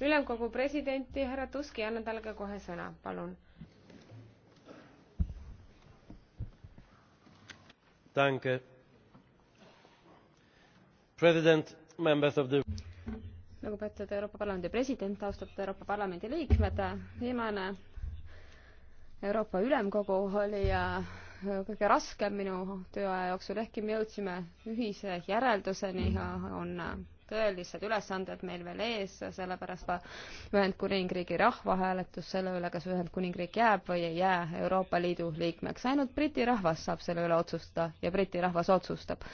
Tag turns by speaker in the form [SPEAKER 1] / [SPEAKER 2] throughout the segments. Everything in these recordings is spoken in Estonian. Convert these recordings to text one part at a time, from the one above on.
[SPEAKER 1] ülemkogu presidenti härra Tuski, annan talle ka kohe sõna, palun.
[SPEAKER 2] Danke.
[SPEAKER 3] president, members of the
[SPEAKER 4] lugupeetud Euroopa Parlamendi president, austatud Euroopa Parlamendi liikmed, viimane Euroopa Ülemkogu oli äh, kõige raskem minu tööaja jooksul, ehkki me jõudsime ühise järelduseni, on äh, tõelised ülesanded meil veel ees, sellepärast Ühendkuningriigi rahvahääletus selle üle, kas Ühendkuningriik jääb või ei jää Euroopa Liidu liikmeks. ainult Briti rahvas saab selle üle otsustada ja Briti rahvas otsustab.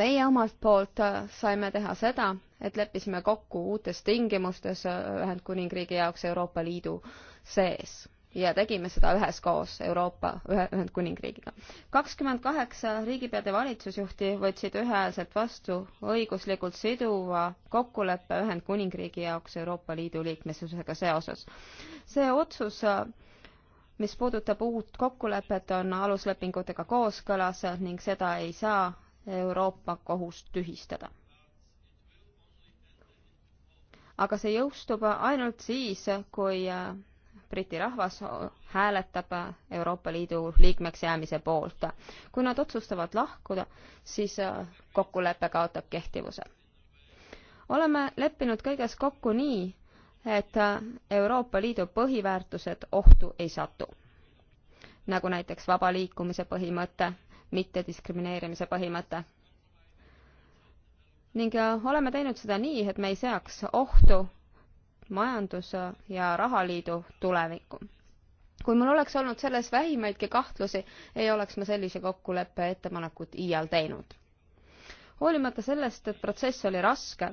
[SPEAKER 4] meie omalt poolt saime teha seda, et leppisime kokku uutes tingimustes Ühendkuningriigi jaoks Euroopa Liidu sees ja tegime seda üheskoos Euroopa ühe, Ühendkuningriigiga. kakskümmend kaheksa riigipead ja valitsusjuhti võtsid ühehäälselt vastu õiguslikult siduva kokkuleppe Ühendkuningriigi jaoks Euroopa Liidu liikmesusega seoses. see otsus mis puudutab uut kokkulepet, on aluslepingutega kooskõlas ning seda ei saa Euroopa Kohus tühistada. aga see jõustub ainult siis, kui Briti rahvas hääletab Euroopa Liidu liikmeks jäämise poolt. kui nad otsustavad lahkuda, siis äh, kokkulepe kaotab kehtivuse. oleme leppinud kõiges kokku nii, et äh, Euroopa Liidu põhiväärtused ohtu ei satu. nagu näiteks vaba liikumise põhimõte, mittediskrimineerimise põhimõte. ning äh, oleme teinud seda nii, et me ei seaks ohtu majandus- ja rahaliidu tulevikku. kui mul oleks olnud selles vähimaidki kahtlusi, ei oleks ma sellise kokkuleppe ettepanekut iial teinud. hoolimata sellest, et protsess oli raske,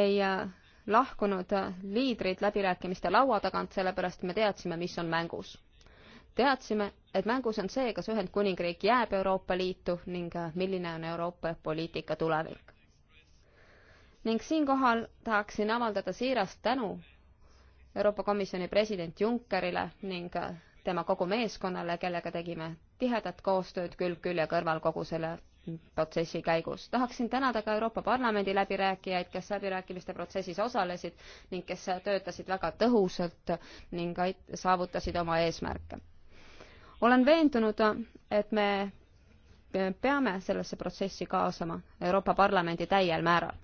[SPEAKER 4] ei äh, lahkunud äh, liidrid läbirääkimiste laua tagant, sellepärast me teadsime, mis on mängus. teadsime, et mängus on see, kas Ühendkuningriik jääb Euroopa Liitu ning äh, milline on Euroopa poliitika tulevik ning siinkohal tahaksin avaldada siirast tänu Euroopa Komisjoni president Junckerile ning tema kogu meeskonnale, kellega tegime tihedat koostööd külg külje kõrval kogu selle protsessi käigus. tahaksin tänada ka Euroopa Parlamendi läbirääkijaid, kes läbirääkimiste protsessis osalesid ning kes töötasid väga tõhusalt ning saavutasid oma eesmärke. olen veendunud, et me peame sellesse protsessi kaasama Euroopa Parlamendi täiel määral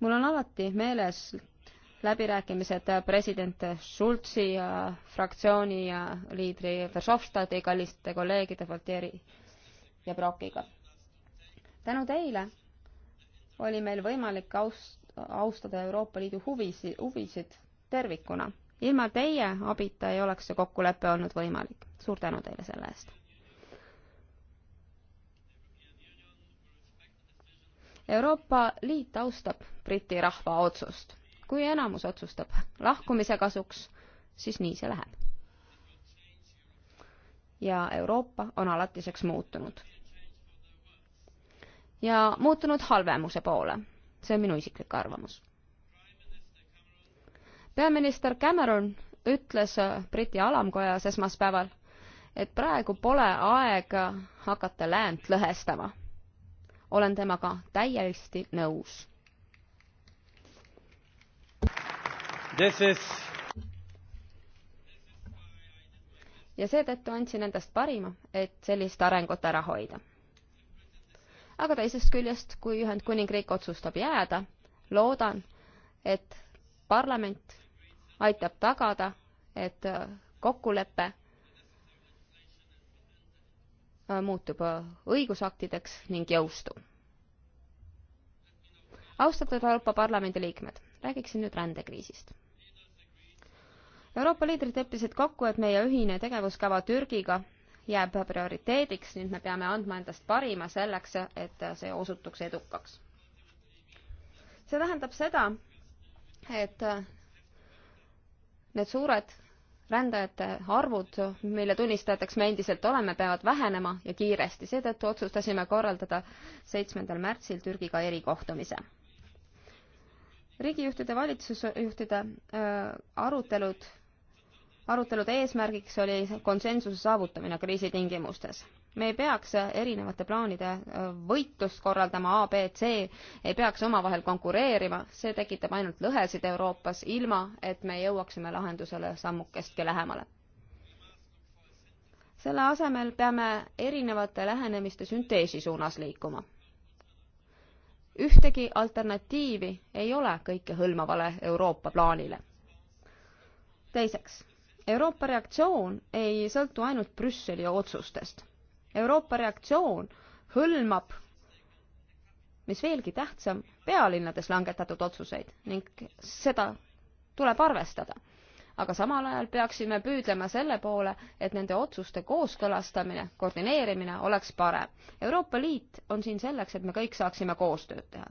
[SPEAKER 4] mul on alati meeles läbirääkimised president Schulzi ja fraktsiooni ja liidri Verhofstadti kalliste kolleegide Valteri ja Brokiga. tänu teile oli meil võimalik aus-, austada Euroopa Liidu huvisid, huvisid tervikuna. ilma teie abita ei oleks see kokkulepe olnud võimalik. suur tänu teile selle eest! Euroopa Liit austab Briti rahva otsust. kui enamus otsustab lahkumise kasuks, siis nii see läheb. ja Euroopa on alatiseks muutunud. ja muutunud halvemuse poole. see on minu isiklik arvamus. peaminister Cameron ütles Briti alamkojas esmaspäeval, et praegu pole aega hakata läänt lõhestama olen temaga täiesti nõus. Is... ja seetõttu andsin endast parima, et sellist arengut ära hoida. aga teisest küljest, kui Ühendkuningriik otsustab jääda, loodan, et parlament aitab tagada, et kokkulepe Äh, muutub äh, õigusaktideks ning jõustub. austatud Euroopa Parlamendi liikmed, räägiksin nüüd rändekriisist. Euroopa liidrid leppisid kokku, et meie ühine tegevuskava Türgiga jääb prioriteediks, nüüd me peame andma endast parima selleks, et see osutuks edukaks. see tähendab seda, et need suured rändajate arvud, mille tunnistajateks me endiselt oleme, peavad vähenema ja kiiresti, seetõttu otsustasime korraldada seitsmendal märtsil Türgiga erikohtumise. riigijuhtide, valitsusjuhtide arutelud, arutelude eesmärgiks oli konsensuse saavutamine kriisi tingimustes me ei peaks erinevate plaanide äh, võitlust korraldama, A, B, C, ei peaks omavahel konkureerima, see tekitab ainult lõhesid Euroopas, ilma et me jõuaksime lahendusele sammukestki lähemale. selle asemel peame erinevate lähenemiste sünteesi suunas liikuma. ühtegi alternatiivi ei ole kõikehõlmavale Euroopa plaanile. teiseks Euroopa reaktsioon ei sõltu ainult Brüsseli otsustest. Euroopa reaktsioon hõlmab, mis veelgi tähtsam, pealinnades langetatud otsuseid ning seda tuleb arvestada. aga samal ajal peaksime püüdlema selle poole, et nende otsuste kooskõlastamine, koordineerimine oleks parem. Euroopa Liit on siin selleks, et me kõik saaksime koostööd teha.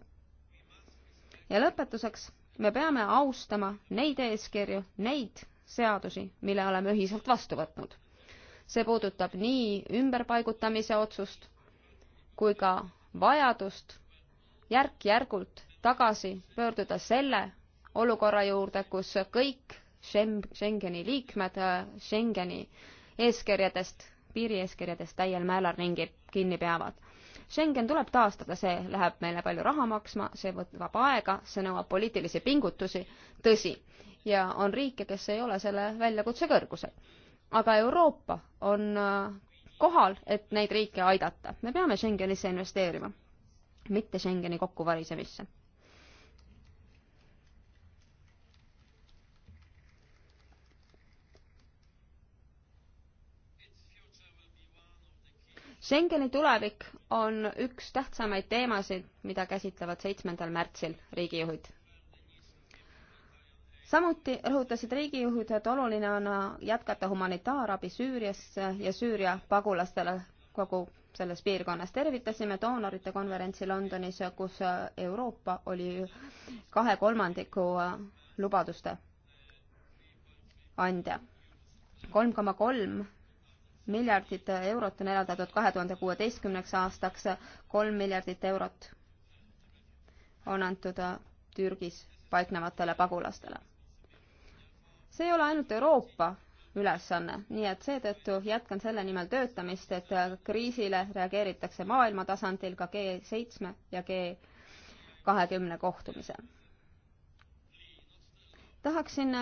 [SPEAKER 4] ja lõpetuseks, me peame austama neid eeskirju, neid seadusi, mille oleme ühiselt vastu võtnud see puudutab nii ümberpaigutamise otsust kui ka vajadust järk-järgult tagasi pöörduda selle olukorra juurde, kus kõik Schengeni liikmed äh, Schengeni eeskirjadest, piirieeskirjadest täiel määral ringi kinni peavad. Schengen tuleb taastada, see läheb meile palju raha maksma, see võtab aega, see nõuab poliitilisi pingutusi, tõsi, ja on riike, kes ei ole selle väljakutse kõrgusel aga Euroopa on äh, kohal, et neid riike aidata. me peame Schengenisse investeerima, mitte Schengeni kokkuvarisemisse. Schengeni tulevik on üks tähtsamaid teemasid, mida käsitlevad seitsmendal märtsil riigijuhid samuti rõhutasid riigijuhid, et oluline on jätkata humanitaarabi Süüriasse ja Süüria pagulastele kogu selles piirkonnas. tervitasime doonorite konverentsi Londonis, kus Euroopa oli kahe kolmandiku lubaduste andja. kolm koma kolm miljardit eurot on eraldatud kahe tuhande kuueteistkümneks aastaks, kolm miljardit eurot on antud Türgis paiknevatele pagulastele see ei ole ainult Euroopa ülesanne, nii et seetõttu jätkan selle nimel töötamist, et kriisile reageeritakse maailma tasandil ka G7 ja G20 kohtumisel. tahaksin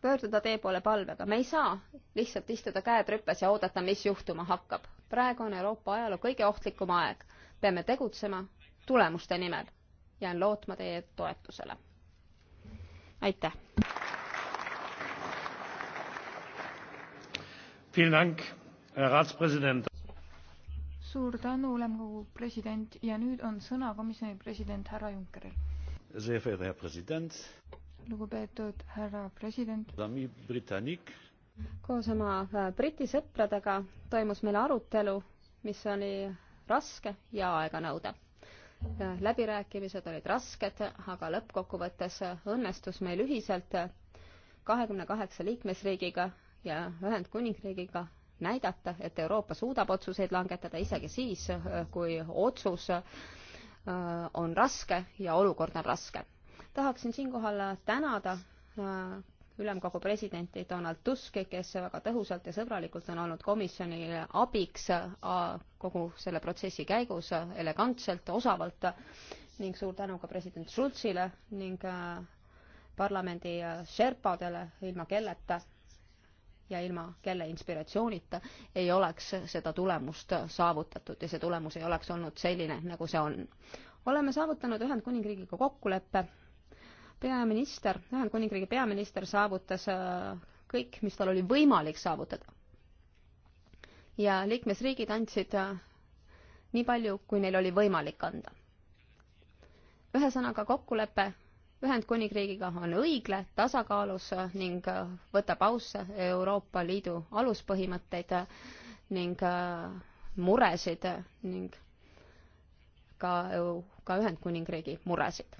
[SPEAKER 4] pöörduda teie poole palvega, me ei saa lihtsalt istuda käed rüpes ja oodata, mis juhtuma hakkab. praegu on Euroopa ajaloo kõige ohtlikum aeg. peame tegutsema tulemuste nimel jään lootma teie toetusele.
[SPEAKER 2] aitäh!
[SPEAKER 5] suur tänu, ülemkogu president ja nüüd on sõna komisjoni president härra Junckeril. lugupeetud härra president.
[SPEAKER 4] koos oma äh, Briti sõpradega toimus meil arutelu, mis oli raske ja aeganõudev läbirääkimised olid rasked, aga lõppkokkuvõttes õnnestus meil ühiselt kahekümne kaheksa liikmesriigiga ja Ühendkuningriigiga näidata, et Euroopa suudab otsuseid langetada isegi siis, kui otsus äh, on raske ja olukord on raske. tahaksin siinkohal tänada äh, ülemkogu presidenti Donald Tuski, kes väga tõhusalt ja sõbralikult on olnud komisjonile abiks kogu selle protsessi käigus elegantselt, osavalt ning suur tänu ka president Schulzile ning parlamendi šerpadele, ilma kelleta ja ilma kelle inspiratsioonita ei oleks seda tulemust saavutatud ja see tulemus ei oleks olnud selline, nagu see on. oleme saavutanud Ühendkuningriigiga kokkuleppe peaminister, Ühendkuningriigi peaminister saavutas äh, kõik, mis tal oli võimalik saavutada. ja liikmesriigid andsid äh, nii palju, kui neil oli võimalik anda. ühesõnaga, kokkulepe Ühendkuningriigiga on õigle, tasakaalus äh, ning võtab ausse Euroopa Liidu aluspõhimõtteid ning muresid ning ka, ka Ühendkuningriigi muresid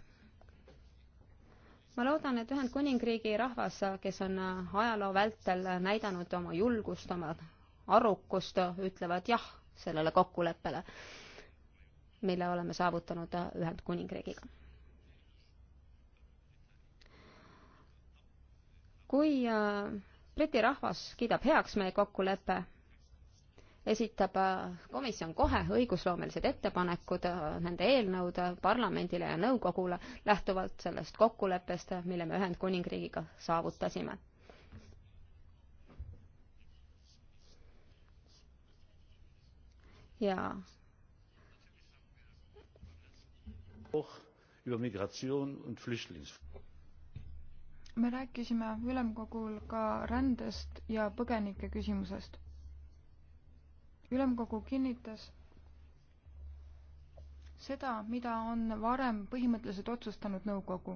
[SPEAKER 4] ma loodan, et Ühendkuningriigi rahvas, kes on ajaloo vältel näidanud oma julgust, oma arukust, ütlevad jah sellele kokkuleppele, mille oleme saavutanud Ühendkuningriigiga. kui äh, Briti rahvas kiidab heaks meie kokkuleppe, esitab äh, komisjon kohe õigusloomelised ettepanekud, äh, nende eelnõud äh, parlamendile ja nõukogule lähtuvalt sellest kokkuleppest, mille me Ühendkuningriigiga saavutasime. ja
[SPEAKER 5] me rääkisime ülemkogul ka rändest ja põgenike küsimusest ülemkogu kinnitas seda, mida on varem põhimõtteliselt otsustanud nõukogu.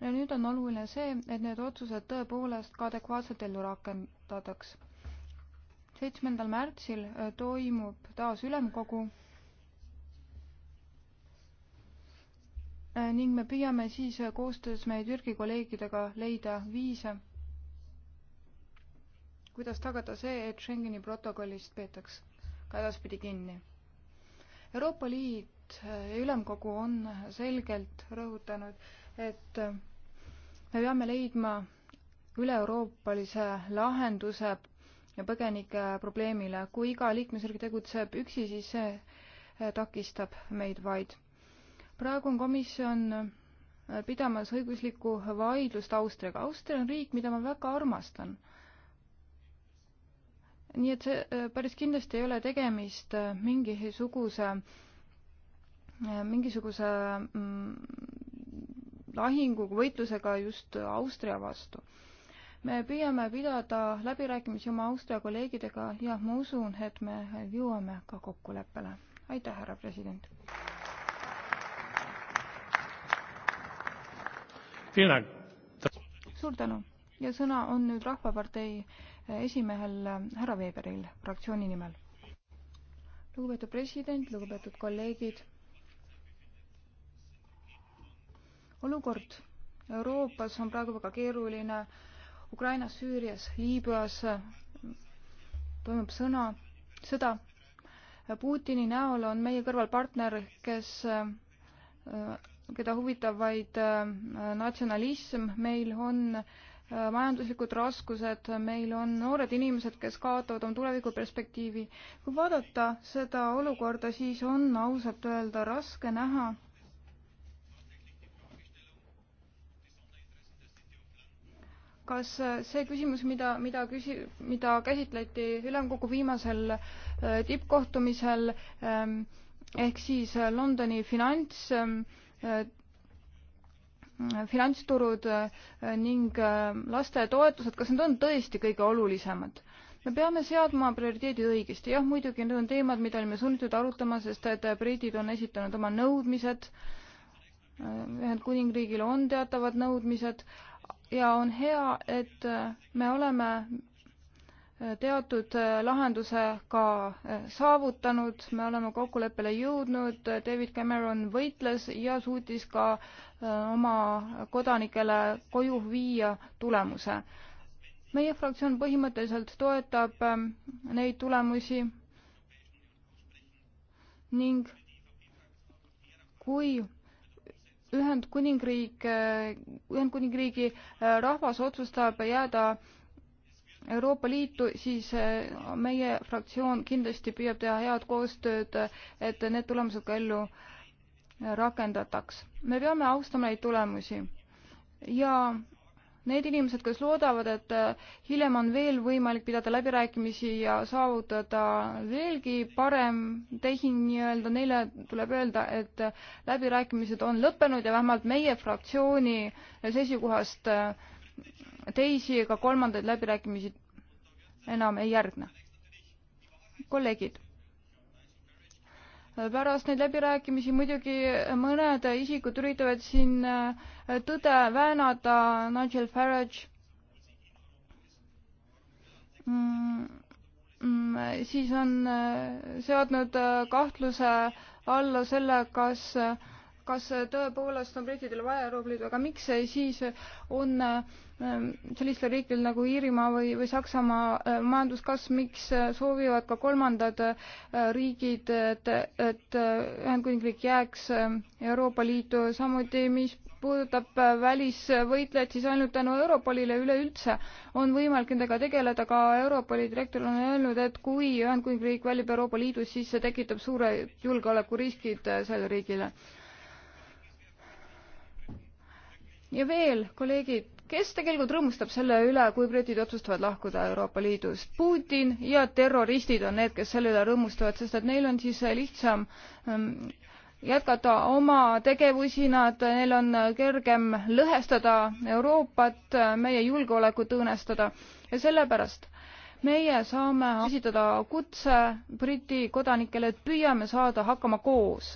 [SPEAKER 5] ja nüüd on oluline see, et need otsused tõepoolest ka adekvaatselt ellu rakendataks. seitsmendal märtsil äh, toimub taas ülemkogu äh, ning me püüame siis äh, koostöös meie Türgi kolleegidega leida viise kuidas tagada see, et Schengeni protokollist peetaks ka edaspidi kinni? Euroopa Liit ja Ülemkogu on selgelt rõhutanud, et me peame leidma üle-euroopalise lahenduse põgenike probleemile. kui iga liikmesriik tegutseb üksi, siis see takistab meid vaid. praegu on komisjon pidamas õiguslikku vaidlust Austriaga. Austria on riik, mida ma väga armastan nii et see äh, päris kindlasti ei ole tegemist äh, mingisuguse, äh, mingisuguse mm, lahinguga, võitlusega just Austria vastu. me püüame pidada läbirääkimisi oma Austria kolleegidega ja ma usun, et me jõuame ka kokkuleppele. aitäh, härra president! suur tänu ja sõna on nüüd Rahvapartei esimehel äh, härra Veberil fraktsiooni nimel. lugupeetud president, lugupeetud kolleegid. olukord Euroopas on praegu väga keeruline. Ukrainas, Süürias, Liibüas äh, toimub sõna, sõda. Putini näol on meie kõrval partner, kes, äh, keda huvitab vaid natsionalism, meil on äh, Äh, majanduslikud raskused, meil on noored inimesed, kes kaotavad oma tulevikuperspektiivi. kui vaadata seda olukorda, siis on ausalt öelda raske näha, kas see küsimus, mida, mida küsi-, mida käsitleti ülemkogu viimasel äh, tippkohtumisel ähm, ehk siis Londoni finants ähm, äh, finantsturud äh, ning äh, lastetoetused, kas need on tõesti kõige olulisemad? me peame seadma prioriteedid õigesti, jah, muidugi need on teemad, mida olime sunnitud arutama, sest et britid on esitanud oma nõudmised, äh, Ühendkuningriigil on teatavad nõudmised ja on hea, et me oleme teatud äh, lahenduse ka äh, saavutanud, me oleme kokkuleppele jõudnud, David Cameron võitles ja suutis ka äh, oma kodanikele koju viia tulemuse. meie fraktsioon põhimõtteliselt toetab ähm, neid tulemusi ning kui Ühendkuningriik, Ühendkuningriigi rahvas otsustab jääda äh, Euroopa Liitu, siis äh, meie fraktsioon kindlasti püüab teha head koostööd, et need tulemused ka ellu rakendataks. me peame austama neid tulemusi ja need inimesed, kes loodavad, et äh, hiljem on veel võimalik pidada läbirääkimisi ja saavutada veelgi parem tehing nii-öelda, neile tuleb öelda, et äh, läbirääkimised on lõppenud ja vähemalt meie fraktsiooni seisukohast äh, teisi ega kolmandaid läbirääkimisi enam ei järgne. kolleegid, pärast neid läbirääkimisi muidugi mõned isikud üritavad siin äh, tõde väänada, Nigel Farage mm, mm, siis on äh, seadnud äh, kahtluse alla selle, kas äh, kas tõepoolest on brittidel vaja Euroopa Liidu, aga miks siis on ähm, sellistel riikidel nagu Iirimaa või, või Saksamaa äh, majanduskasv, miks äh, soovivad ka kolmandad äh, riigid, et, et Ühendkuningriik jääks Euroopa Liitu, samuti mis puudutab välisvõitlejaid, siis ainult tänu Europolile üleüldse on võimalik nendega tegeleda, ka Europoli direktor on öelnud, et kui Ühendkuningriik väljub Euroopa Liidust, siis see tekitab suured julgeolekuriskid sellele riigile ja veel, kolleegid, kes tegelikult rõõmustab selle üle, kui britid otsustavad lahkuda Euroopa Liidust? Putin ja terroristid on need, kes selle üle rõõmustavad, sest et neil on siis lihtsam ähm, jätkata oma tegevusi, nad, neil on kergem lõhestada Euroopat, meie julgeolekut õõnestada ja sellepärast meie saame esitada kutse Briti kodanikele, et püüame saada hakkama koos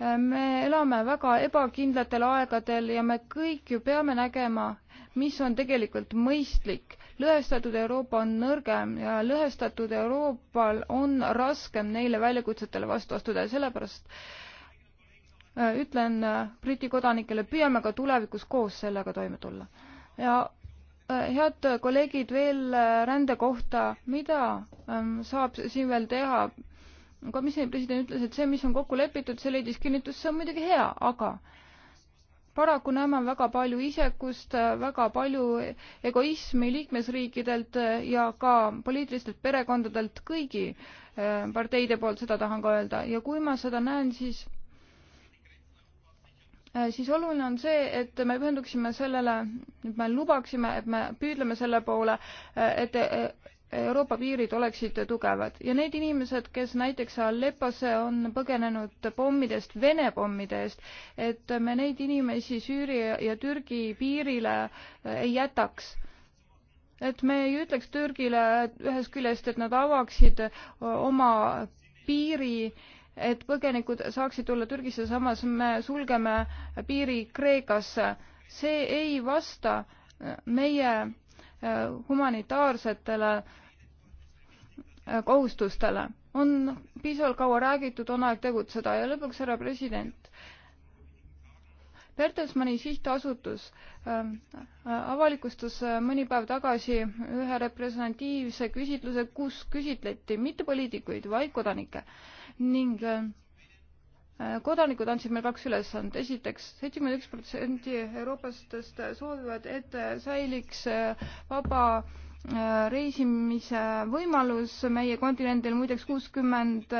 [SPEAKER 5] me elame väga ebakindlatel aegadel ja me kõik ju peame nägema, mis on tegelikult mõistlik. lõhestatud Euroopa on nõrgem ja lõhestatud Euroopal on raskem neile väljakutsetele vastu astuda ja sellepärast äh, ütlen äh, Briti kodanikele, püüame ka tulevikus koos sellega toime tulla. ja äh, head kolleegid, veel rände kohta, mida ähm, saab siin veel teha? komisjoni president ütles, et see, mis on kokku lepitud, see leidis kinnitust, see on muidugi hea, aga paraku näeme väga palju isekust, väga palju egoismi liikmesriikidelt ja ka poliitilistelt perekondadelt kõigi eh, parteide poolt, seda tahan ka öelda, ja kui ma seda näen, siis eh, siis oluline on see, et me pühenduksime sellele, et me lubaksime, et me püüdleme selle poole, eh, et Euroopa piirid oleksid tugevad ja need inimesed, kes näiteks Alepose on põgenenud pommidest, Vene pommide eest, et me neid inimesi Süüri ja Türgi piirile äh, ei jätaks. et me ei ütleks Türgile ühest küljest, et nad avaksid äh, oma piiri, et põgenikud saaksid tulla Türgisse, samas me sulgeme piiri Kreekasse. see ei vasta äh, meie humanitaarsetele äh, kohustustele. on piisavalt kaua räägitud, on aeg tegutseda ja lõpuks, härra president, Bertelsmanni sihtasutus äh, äh, avalikustas mõni päev tagasi ühe representatiivse küsitluse, kus küsitleti mitte poliitikuid, vaid kodanikke ning Äh, kodanikud andsid meile kaks ülesand. esiteks, seitsekümmend üks protsenti eurooplastest soovivad, et säiliks äh, vaba äh, reisimise võimalus meie kontinendil, muideks kuuskümmend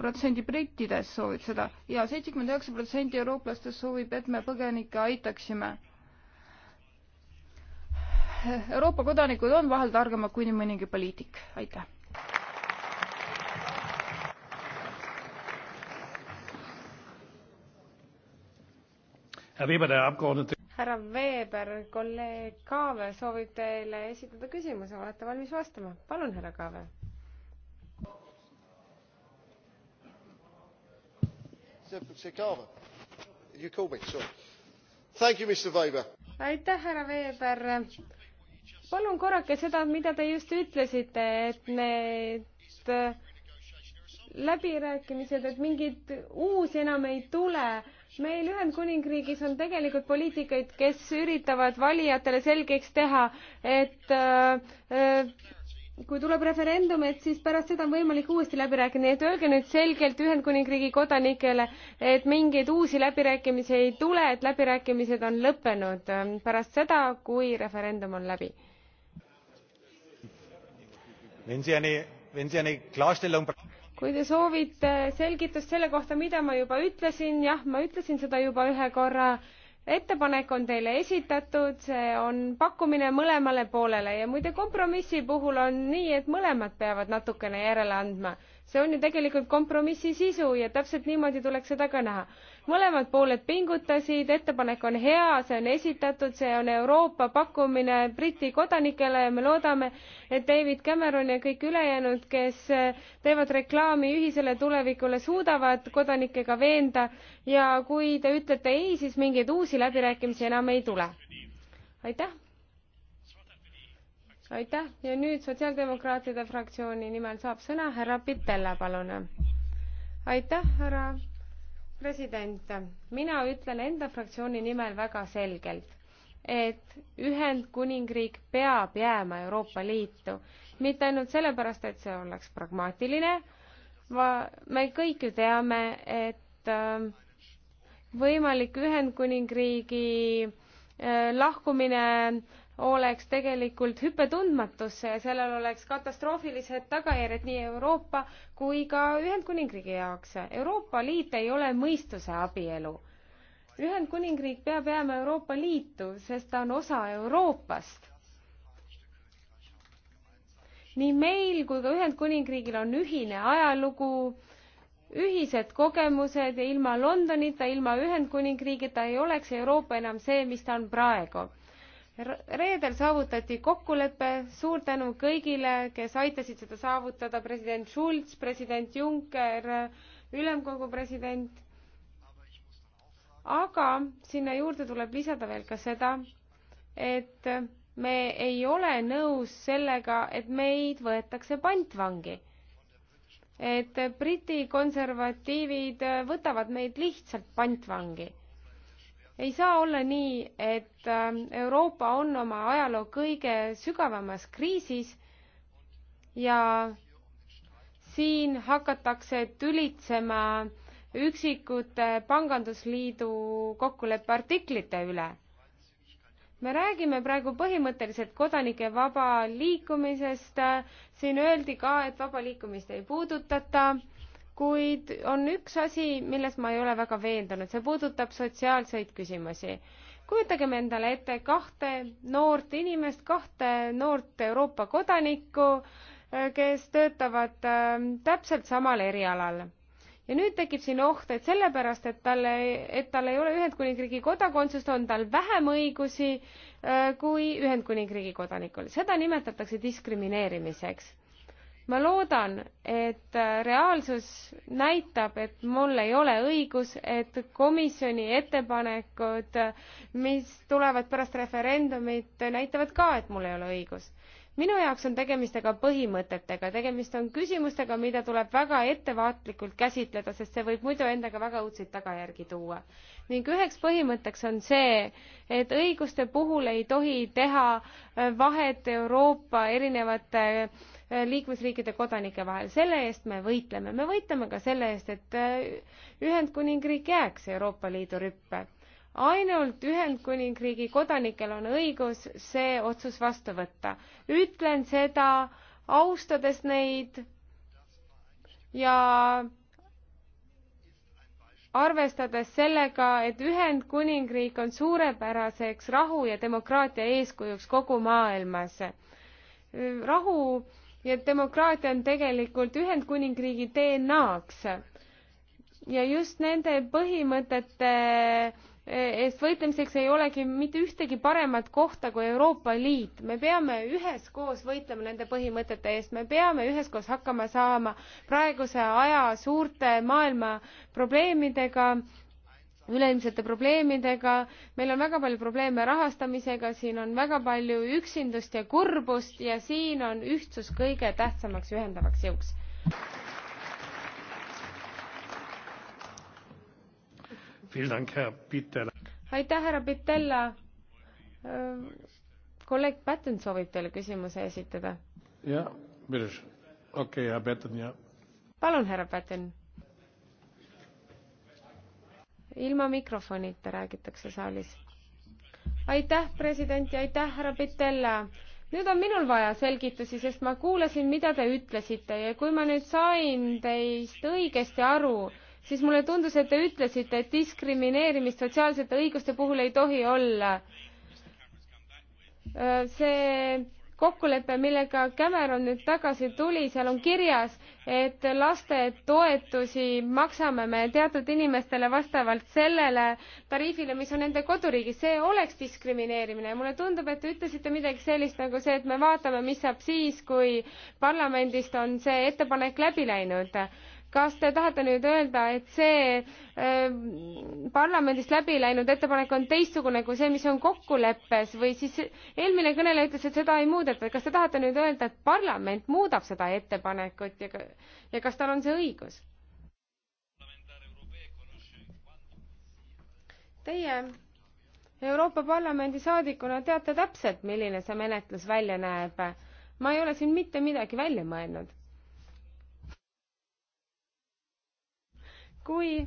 [SPEAKER 5] protsenti brittidest soovib seda ja seitsekümmend üheksa protsenti eurooplastest soovib, et me põgenikke aitaksime. Euroopa kodanikud on vahel targemad kui nii mõnigi poliitik. aitäh!
[SPEAKER 1] härra Weber, kolleeg Kaave soovib teile esitada küsimuse, olete valmis vastama? palun, härra Kaave. aitäh, härra Weber. palun korrake seda, mida te just ütlesite, et need äh, läbirääkimised, et mingeid uusi enam ei tule meil Ühendkuningriigis on tegelikult poliitikaid, kes üritavad valijatele selgeks teha, et äh, äh kui tuleb referendum, et siis pärast seda on võimalik uuesti läbi rääkida, nii et öelge nüüd selgelt Ühendkuningriigi kodanikele, et mingeid uusi läbirääkimisi ei tule, et läbirääkimised on lõppenud äh, pärast seda, kui referendum on läbi.
[SPEAKER 3] Wenn Sie eine, wenn Sie eine Klarstellung kui
[SPEAKER 1] te soovite selgitust selle kohta, mida ma juba ütlesin, jah, ma ütlesin seda juba ühe korra, ettepanek on teile esitatud, see on pakkumine mõlemale poolele ja muide kompromissi puhul on nii, et mõlemad peavad natukene järele andma. see on ju tegelikult kompromissi sisu ja täpselt niimoodi tuleks seda ka näha mõlemad pooled pingutasid, ettepanek on hea, see on esitatud, see on Euroopa pakkumine Briti kodanikele ja me loodame, et David Cameron ja kõik ülejäänud, kes teevad reklaami ühisele tulevikule, suudavad kodanikega veenda ja kui te ütlete ei, siis mingeid uusi läbirääkimisi enam ei tule. aitäh! aitäh ja nüüd sotsiaaldemokraatide fraktsiooni nimel saab sõna härra Pitella, palun. aitäh, härra president, mina ütlen enda fraktsiooni nimel väga selgelt, et Ühendkuningriik peab jääma Euroopa Liitu, mitte ainult sellepärast, et see oleks pragmaatiline, va-, me kõik ju teame, et äh, võimalik Ühendkuningriigi äh, lahkumine äh, oleks tegelikult hüpe tundmatusse ja sellel oleks katastroofilised tagajärjed nii Euroopa kui ka Ühendkuningriigi jaoks. Euroopa Liit ei ole mõistuse abielu. Ühendkuningriik peab jääma Euroopa Liitu, sest ta on osa Euroopast. nii meil kui ka Ühendkuningriigil on ühine ajalugu, ühised kogemused ja ilma Londonita, ilma Ühendkuningriigita ei oleks Euroopa enam see, mis ta on praegu reedel saavutati kokkulepe, suur tänu kõigile, kes aitasid seda saavutada, president Schulz, president Juncker, ülemkogu president. aga sinna juurde tuleb lisada veel ka seda, et me ei ole nõus sellega, et meid võetakse pantvangi. et Briti konservatiivid võtavad meid lihtsalt pantvangi ei saa olla nii, et ähm, Euroopa on oma ajaloo kõige sügavamas kriisis ja siin hakatakse tülitsema üksikute pangandusliidu kokkuleppe artiklite üle. me räägime praegu põhimõtteliselt kodanike vaba liikumisest, siin öeldi ka, et vaba liikumist ei puudutata kuid on üks asi, milles ma ei ole väga veendunud, see puudutab sotsiaalseid küsimusi. kujutagem endale ette kahte noort inimest, kahte noort Euroopa kodanikku, äh, kes töötavad ähm, täpselt samal erialal. ja nüüd tekib siin oht, et sellepärast, et talle, et tal ei ole Ühendkuningriigi kodakondsust, on tal vähem õigusi äh, kui Ühendkuningriigi kodanikul. seda nimetatakse diskrimineerimiseks ma loodan, et äh, reaalsus näitab, et mul ei ole õigus, et komisjoni ettepanekud, mis tulevad pärast referendumit, näitavad ka, et mul ei ole õigus. minu jaoks on tegemist aga põhimõtetega, tegemist on küsimustega, mida tuleb väga ettevaatlikult käsitleda, sest see võib muidu endaga väga õudseid tagajärgi tuua. ning üheks põhimõtteks on see, et õiguste puhul ei tohi teha äh, vahet Euroopa erinevate Eh, liikmesriikide kodanike vahel. selle eest me võitleme. me võitleme ka selle eest, et eh, Ühendkuningriik jääks Euroopa Liidu rüppe. ainult Ühendkuningriigi kodanikel on õigus see otsus vastu võtta. ütlen seda austades neid ja arvestades sellega, et Ühendkuningriik on suurepäraseks rahu ja demokraatia eeskujuks kogu maailmas. rahu ja demokraatia on tegelikult Ühendkuningriigi DNA-ks. ja just nende põhimõtete e, eest võitlemiseks ei olegi mitte ühtegi paremat kohta kui Euroopa Liit. me peame üheskoos võitlema nende põhimõtete eest, me peame üheskoos hakkama saama praeguse aja suurte maailma probleemidega üleilmsete probleemidega, meil on väga palju probleeme rahastamisega, siin on väga palju üksindust ja kurbust ja siin on ühtsus kõige tähtsamaks ühendavaks jõuks. aitäh, härra Pitella. Äh, kolleeg Patten soovib teile küsimuse esitada.
[SPEAKER 2] jah, okei okay,, härra Patten, jah.
[SPEAKER 1] palun, härra Patten ilma mikrofonita räägitakse saalis. aitäh, president ja aitäh, härra Pitella. nüüd on minul vaja selgitusi, sest ma kuulasin, mida te ütlesite ja kui ma nüüd sain teist õigesti aru, siis mulle tundus, et te ütlesite, et diskrimineerimist sotsiaalsete õiguste puhul ei tohi olla. see kokkulepe, millega Cameron nüüd tagasi tuli, seal on kirjas, et lastetoetusi maksame me teatud inimestele vastavalt sellele tariifile, mis on nende koduriigis, see oleks diskrimineerimine ja mulle tundub, et te ütlesite midagi sellist nagu see, et me vaatame, mis saab siis, kui parlamendist on see ettepanek läbi läinud kas te tahate nüüd öelda, et see äh, parlamendist läbi läinud ettepanek on teistsugune kui see, mis on kokkuleppes või siis eelmine kõneleja ütles, et seda ei muudeta, kas te tahate nüüd öelda, et parlament muudab seda ettepanekut ja, ja kas tal on see õigus? Teie Euroopa Parlamendi saadikuna teate täpselt, milline see menetlus välja näeb. ma ei ole siin mitte midagi välja mõelnud kui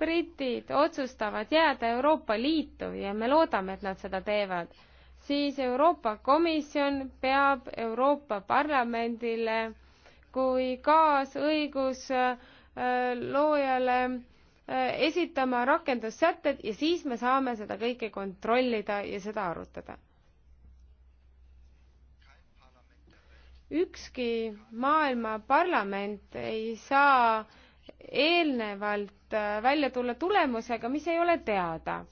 [SPEAKER 1] britid otsustavad jääda Euroopa Liitu ja me loodame, et nad seda teevad, siis Euroopa Komisjon peab Euroopa Parlamendile kui kaasõigusloojale äh, äh, esitama rakendussätted ja siis me saame seda kõike kontrollida ja seda arutada. ükski maailma parlament ei saa eelnevalt äh, välja tulla tulemusega, mis ei ole teada.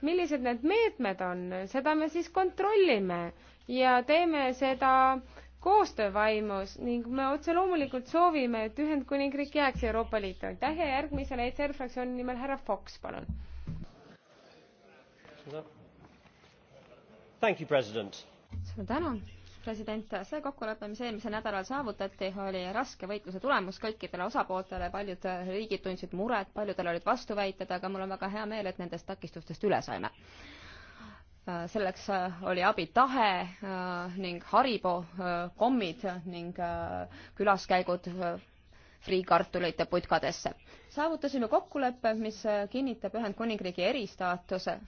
[SPEAKER 1] millised need meetmed on, seda me siis kontrollime ja teeme seda koostöövaimus ning me otse loomulikult soovime, et Ühendkuningriik jääks Euroopa Liitu. aitäh ja järgmisele ECR fraktsiooni nimel härra Fox, palun.
[SPEAKER 3] suur
[SPEAKER 4] tänu president, see kokkulepe, mis eelmisel nädalal saavutati, oli raske võitluse tulemus kõikidele osapooltele, paljud riigid tundsid muret, paljudel olid vastuväited, aga mul on väga hea meel, et nendest takistustest üle saime. selleks oli abitahe äh, ning Haribo äh, kommid ning äh, külaskäigud friikartulite putkadesse. saavutasime kokkuleppe, mis kinnitab Ühendkuningriigi eristaatuse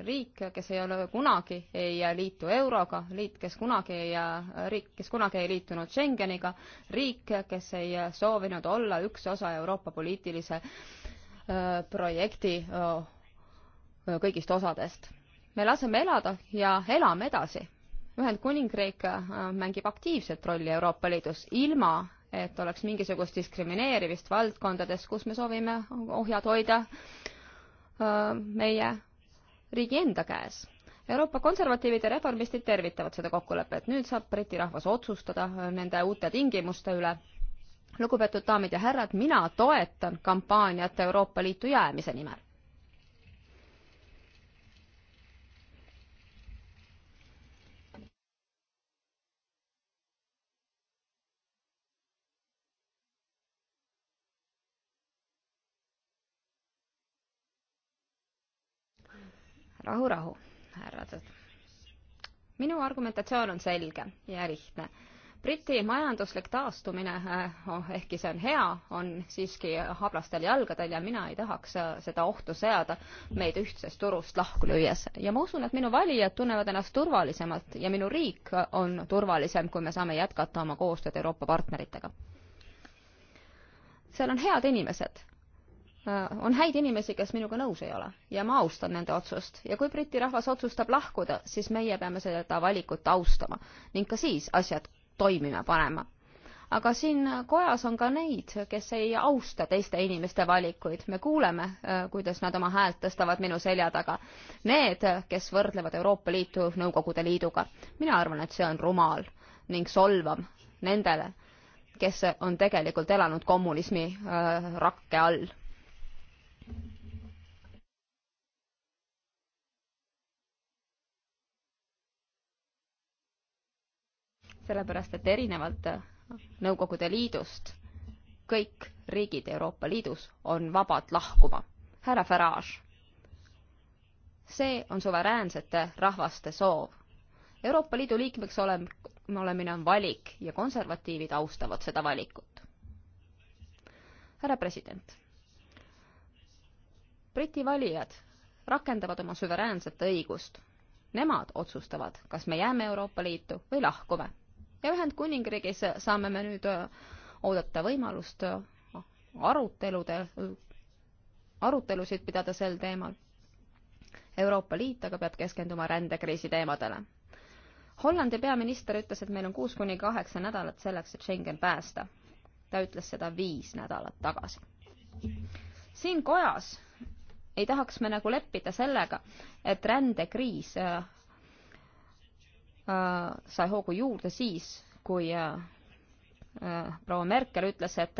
[SPEAKER 4] riik, kes ei ole kunagi, ei liitu euroga, liit, kes kunagi ei, riik, kes kunagi ei liitunud Schengeniga, riik, kes ei soovinud olla üks osa Euroopa poliitilise projekti kõigist osadest. me laseme elada ja elame edasi. Ühendkuningriik mängib aktiivset rolli Euroopa Liidus ilma, et oleks mingisugust diskrimineerimist valdkondades, kus me soovime ohjad hoida meie riigi enda käes. Euroopa konservatiivid ja reformistid tervitavad seda kokkulepet, nüüd saab Briti rahvas otsustada äh, nende uute tingimuste üle. lugupeetud daamid ja härrad, mina toetan kampaaniat Euroopa Liitu jäämise nimel rahu, rahu, härrad. minu argumentatsioon on selge ja lihtne. Briti majanduslik taastumine, eh, oh, ehkki see on hea, on siiski hablastel jalgadel ja mina ei tahaks eh, seda ohtu seada meid ühtsest turust lahku lüües. ja ma usun, et minu valijad tunnevad ennast turvalisemalt ja minu riik on turvalisem, kui me saame jätkata oma koostööd Euroopa partneritega. seal on head inimesed Äh, on häid inimesi, kes minuga nõus ei ole ja ma austan nende otsust ja kui Briti rahvas otsustab lahkuda, siis meie peame seda valikut austama ning ka siis asjad toimima panema. aga siin kojas on ka neid, kes ei austa teiste inimeste valikuid, me kuuleme, äh, kuidas nad oma häält tõstavad minu selja taga. Need, kes võrdlevad Euroopa Liitu Nõukogude Liiduga, mina arvan, et see on rumal ning solvav nendele, kes on tegelikult elanud kommunismi äh, rakke all sellepärast et erinevalt Nõukogude Liidust kõik riigid Euroopa Liidus on vabad lahkuma. härra Farage, see on suveräänsete rahvaste soov. Euroopa Liidu liikmeks olem-, olemine on valik ja konservatiivid austavad seda valikut. härra president, Briti valijad rakendavad oma suveräänset õigust. Nemad otsustavad, kas me jääme Euroopa Liitu või lahkume ja Ühendkuningriigis saame me nüüd äh, oodata võimalust äh, arutelude, arutelusid pidada sel teemal. Euroopa Liit aga peab keskenduma rändekriisi teemadele. Hollandi peaminister ütles, et meil on kuus kuni kaheksa nädalat selleks, et Schengen päästa. ta ütles seda viis nädalat tagasi. siin kojas ei tahaks me nagu leppida sellega, et rändekriis äh, Äh, sai hoogu juurde siis, kui äh, äh, proua Merkel ütles, et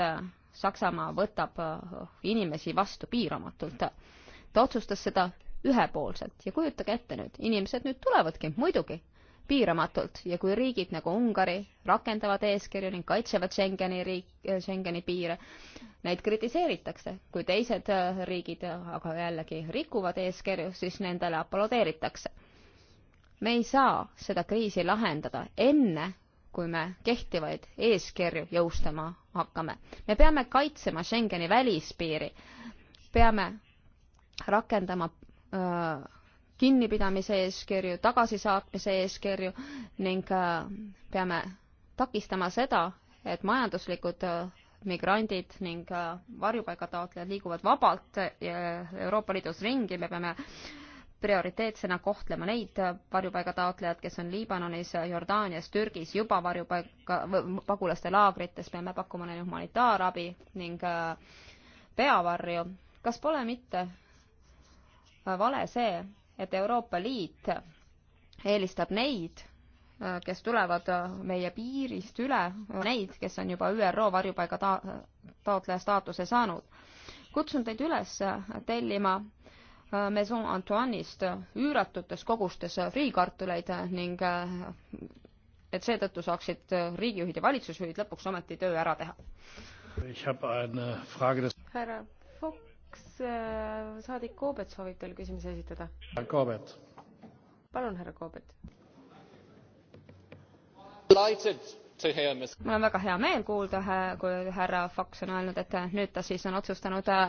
[SPEAKER 4] Saksamaa võtab inimesi vastu piiramatult. ta otsustas seda ühepoolselt ja kujutage ette nüüd, inimesed nüüd tulevadki, muidugi, piiramatult ja kui riigid nagu Ungari rakendavad eeskirju ning kaitsevad Schengeni riik, Schengeni piire, neid kritiseeritakse. kui teised riigid aga jällegi rikuvad eeskirju, siis nendele aplodeeritakse me ei saa seda kriisi lahendada enne, kui me kehtivaid eeskirju jõustama hakkame. me peame kaitsema Schengeni välispiiri, peame rakendama öö, kinnipidamise eeskirju, tagasisaatmise eeskirju ning öö, peame takistama seda, et majanduslikud öö, migrandid ning varjupaigataotlejad liiguvad vabalt Euroopa Liidus ringi, me peame öö, prioriteetsena kohtlema neid varjupaigataotlejad, kes on Liibanonis, Jordaanias, Türgis juba varjupaiga, pagulaste laagrites, peame pakkuma neile humanitaarabi ning äh, peavarju. kas pole mitte äh, vale see, et Euroopa Liit eelistab neid, äh, kes tulevad meie piirist üle, neid, kes on juba ÜRO varjupaiga ta-, taotleja staatuse saanud. kutsun teid üles tellima Äh, Maison Antoine'ist äh, üüratutes kogustes äh, friikartuleid ning et seetõttu saaksid riigijuhid ja valitsusjuhid lõpuks ometi töö ära teha.
[SPEAKER 1] härra Fox, saadik Koobet soovib teile küsimuse
[SPEAKER 4] esitada. Koobet. palun, härra Koobet. mul on väga hea meel kuulda, kui härra Fox on öelnud, et nüüd ta siis on otsustanud äh,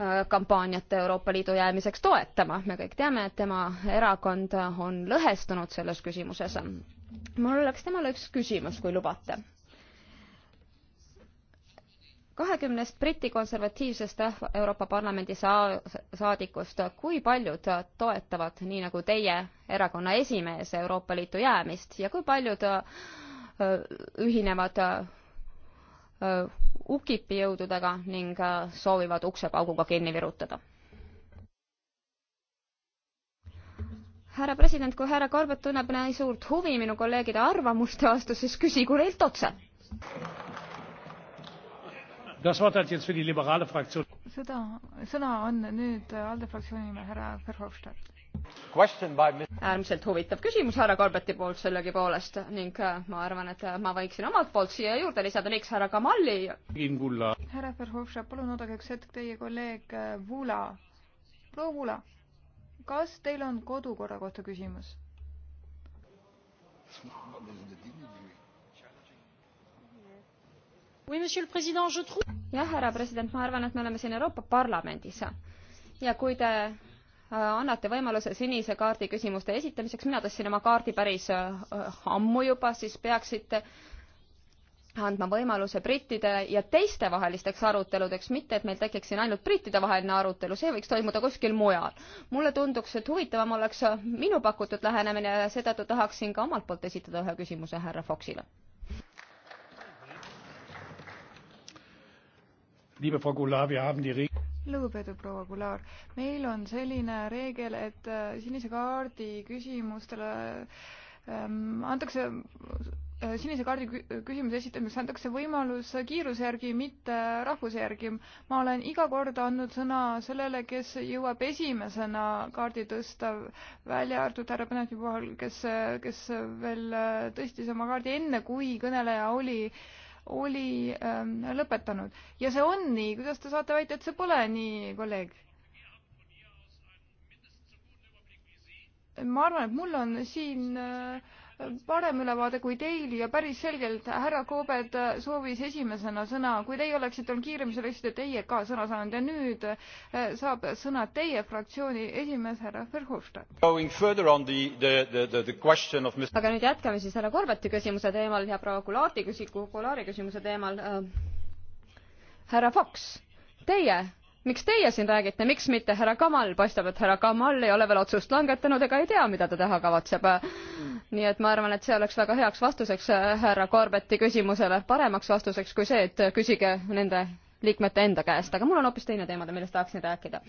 [SPEAKER 4] Äh, kampaaniat Euroopa Liidu jäämiseks toetama. me kõik teame, et tema erakond on lõhestunud selles küsimuses. mul oleks temale üks küsimus, kui lubate. kahekümnest Briti konservatiivsest Euroopa Parlamendi saa-, saadikust, kui paljud toetavad, nii nagu teie erakonna esimees, Euroopa Liitu jäämist ja kui paljud äh, ühinevad Äh, UKIP-i jõududega ning äh, soovivad ukse pauguga kinni virutada. härra president, kui härra Korbet tunneb nii suurt huvi minu kolleegide arvamuste vastu, siis küsigu neilt otse.
[SPEAKER 5] sõda, sõna on nüüd ALDE fraktsiooni nimel härra Verhofstadt
[SPEAKER 2] äärmiselt huvitav
[SPEAKER 4] küsimus härra Colberti poolt sellegipoolest ning äh, ma arvan, et äh, ma võiksin omalt poolt siia juurde lisada näiteks härra Kamali.
[SPEAKER 5] härra Verhofstadt, palun oodake üks hetk, teie kolleeg äh, Vula, proua Vula, kas teil on kodukorra kohta küsimus?
[SPEAKER 4] jah, härra president, ma arvan, et me oleme siin Euroopa Parlamendis ja kui te Äh, annate võimaluse sinise kaardi küsimuste esitamiseks, mina tõstsin oma kaardi päris äh, ammu juba, siis peaksite andma võimaluse brittide ja teiste vahelisteks aruteludeks, mitte et meil tekiks siin ainult brittide vaheline arutelu, see võiks toimuda kuskil mujal. mulle tunduks, et huvitavam oleks minu pakutud lähenemine ja seetõttu tahaksin ka omalt poolt esitada ühe küsimuse härra Foxile.
[SPEAKER 2] Liebe Frau Goulart, wir haben die Reg-
[SPEAKER 5] lugupeetud proua Kular, meil on selline reegel, et äh, sinise kaardi küsimustele ähm, antakse äh, sinise kaardi küsimuse esitamiseks antakse võimalus kiiruse järgi, mitte rahvuse järgi. ma olen iga kord andnud sõna sellele, kes jõuab esimesena kaardi tõsta, välja arvatud härra Põnetipuhal, kes, kes veel äh, tõstis oma kaardi enne, kui kõneleja oli äh, oli ähm, lõpetanud. ja see on nii, kuidas te saate väita, et see pole nii, kolleeg? ma arvan, et mul on siin äh, parem ülevaade kui teil ja päris selgelt härra Koobed soovis esimesena sõna. kui teie oleksite olnud kiirem, siis oleksite teie ka sõna saanud ja nüüd äh, saab sõna teie fraktsiooni esimees härra Verhofstadt.
[SPEAKER 3] aga nüüd jätkame siis
[SPEAKER 4] härra Korbeti küsimuse teemal ja proua Gulaati küsimuse, Gulaari küsimuse teemal. Äh, härra Fox, teie miks teie siin räägite, miks mitte härra Kamal, paistab, et härra Kamal ei ole veel otsust langetanud ega ei tea, mida ta teha kavatseb. nii et ma arvan, et see oleks väga heaks vastuseks äh, härra Corbetti küsimusele, paremaks vastuseks kui see, et küsige nende liikmete enda käest, aga mul on hoopis teine teema, millest tahaksin rääkida.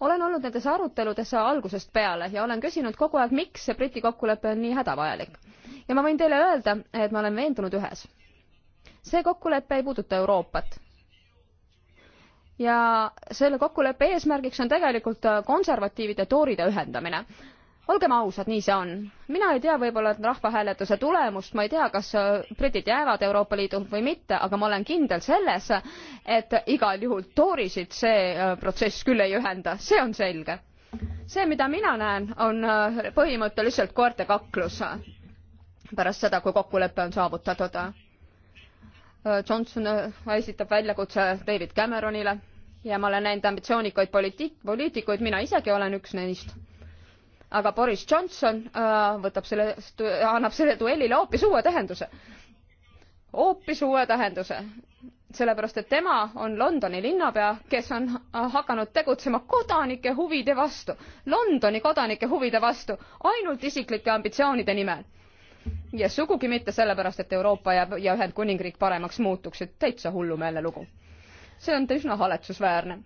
[SPEAKER 4] olen olnud nendes aruteludes algusest peale ja olen küsinud kogu aeg, miks see Briti kokkulepe on nii hädavajalik. ja ma võin teile öelda, et ma olen veendunud ühes. see kokkulepe ei puuduta Euroopat ja selle kokkuleppe eesmärgiks on tegelikult äh, konservatiivide tooride ühendamine olgem ausad nii see on mina ei tea võibolla rahvahääletuse tulemust ma ei tea kas äh, britid jäävad euroopa liidu või mitte aga ma olen kindel selles et igal juhul toorisid see äh, protsess küll ei ühenda see on selge see mida mina näen on põhimõtteliselt koerte kaklus pärast seda kui kokkulepe on saavutatud johnson esitab väljakutse david cameronile ja ma olen näinud ambitsioonikaid poliitik-, poliitikuid, mina isegi olen üks neist. aga Boris Johnson äh, võtab selle, annab selle duellile hoopis uue tähenduse. hoopis uue tähenduse. sellepärast, et tema on Londoni linnapea, kes on äh, hakanud tegutsema kodanike huvide vastu, Londoni kodanike huvide vastu, ainult isiklike ambitsioonide nimel ja sugugi mitte sellepärast, et Euroopa ja, ja Ühendkuningriik paremaks muutuksid, täitsa hullumeelne lugu see on üsna haletsusväärne.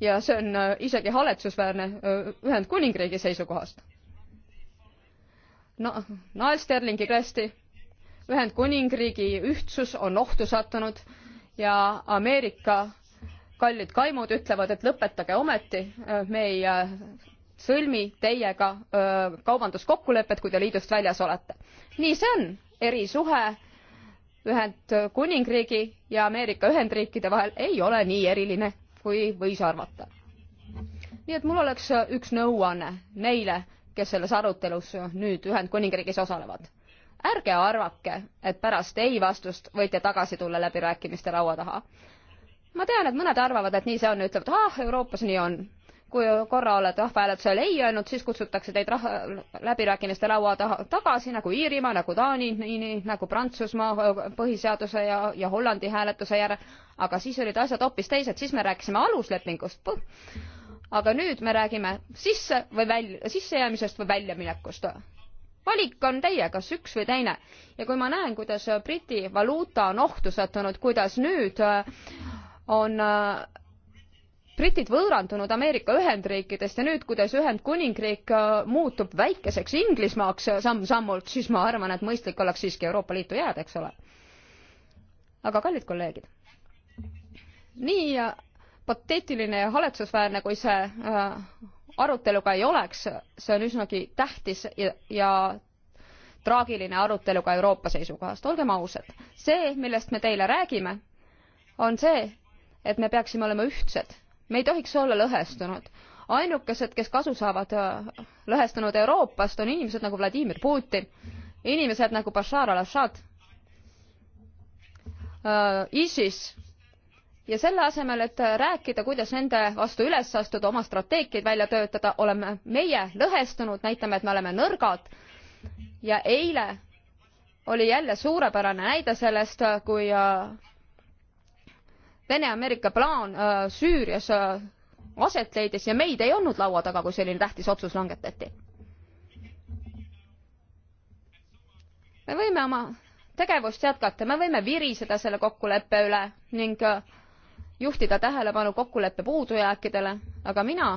[SPEAKER 4] ja see on äh, isegi haletsusväärne äh, Ühendkuningriigi seisukohast. no, naelsterlingi tõesti, Ühendkuningriigi ühtsus on ohtu sattunud ja Ameerika kallid kaimud ütlevad, et lõpetage ometi, äh, me ei sõlmi teiega kaubanduskokkulepet, kui te liidust väljas olete. nii see on, erisuhe Ühendkuningriigi ja Ameerika Ühendriikide vahel ei ole nii eriline, kui võis arvata. nii et mul oleks üks nõuanne neile, kes selles arutelus nüüd Ühendkuningriigis osalevad. ärge arvake, et pärast ei vastust võite tagasi tulla läbirääkimiste laua taha. ma tean, et mõned arvavad, et nii see on ja ütlevad, ah, Euroopas nii on kui korra olete rahvahääletusel ei öelnud, siis kutsutakse teid rah-, läbirääkimiste laua taha tagasi nagu Iirimaa, nagu Taani, nii nagu Prantsusmaa põhiseaduse ja, ja Hollandi hääletuse järel, aga siis olid asjad hoopis teised, siis me rääkisime aluslepingust. aga nüüd me räägime sisse või välja, sissejäämisest või väljaminekust valik on teie, kas üks või teine. ja kui ma näen, kuidas Briti valuuta on ohtu sattunud, kuidas nüüd on britid võõrandunud Ameerika Ühendriikidest ja nüüd, kuidas Ühendkuningriik äh, muutub väikeseks Inglismaaks äh, samm-sammult, siis ma arvan, et mõistlik oleks siiski Euroopa Liitu jääda, eks ole. aga kallid kolleegid, nii äh, pateetiline ja haletsusväärne, kui see arutelu ka ei oleks, see on üsnagi tähtis ja, ja traagiline arutelu ka Euroopa seisukohast, olgem ausad. see, millest me teile räägime, on see, et me peaksime olema ühtsed me ei tohiks olla lõhestunud. ainukesed, kes kasu saavad äh, lõhestunud Euroopast, on inimesed nagu Vladimir Putin, inimesed nagu Bashar al-Assad, äh, ISIS ja selle asemel, et rääkida, kuidas nende vastu üles astuda, oma strateegiaid välja töötada, oleme meie lõhestunud, näitame, et me oleme nõrgad. ja eile oli jälle suurepärane näide sellest, kui äh, Vene-Ameerika plaan äh, Süürias äh, aset leidis ja meid ei olnud laua taga, kui selline tähtis otsus langetati. me võime oma tegevust jätkata, me võime viriseda selle kokkuleppe üle ning äh, juhtida tähelepanu kokkuleppe puudujääkidele, aga mina,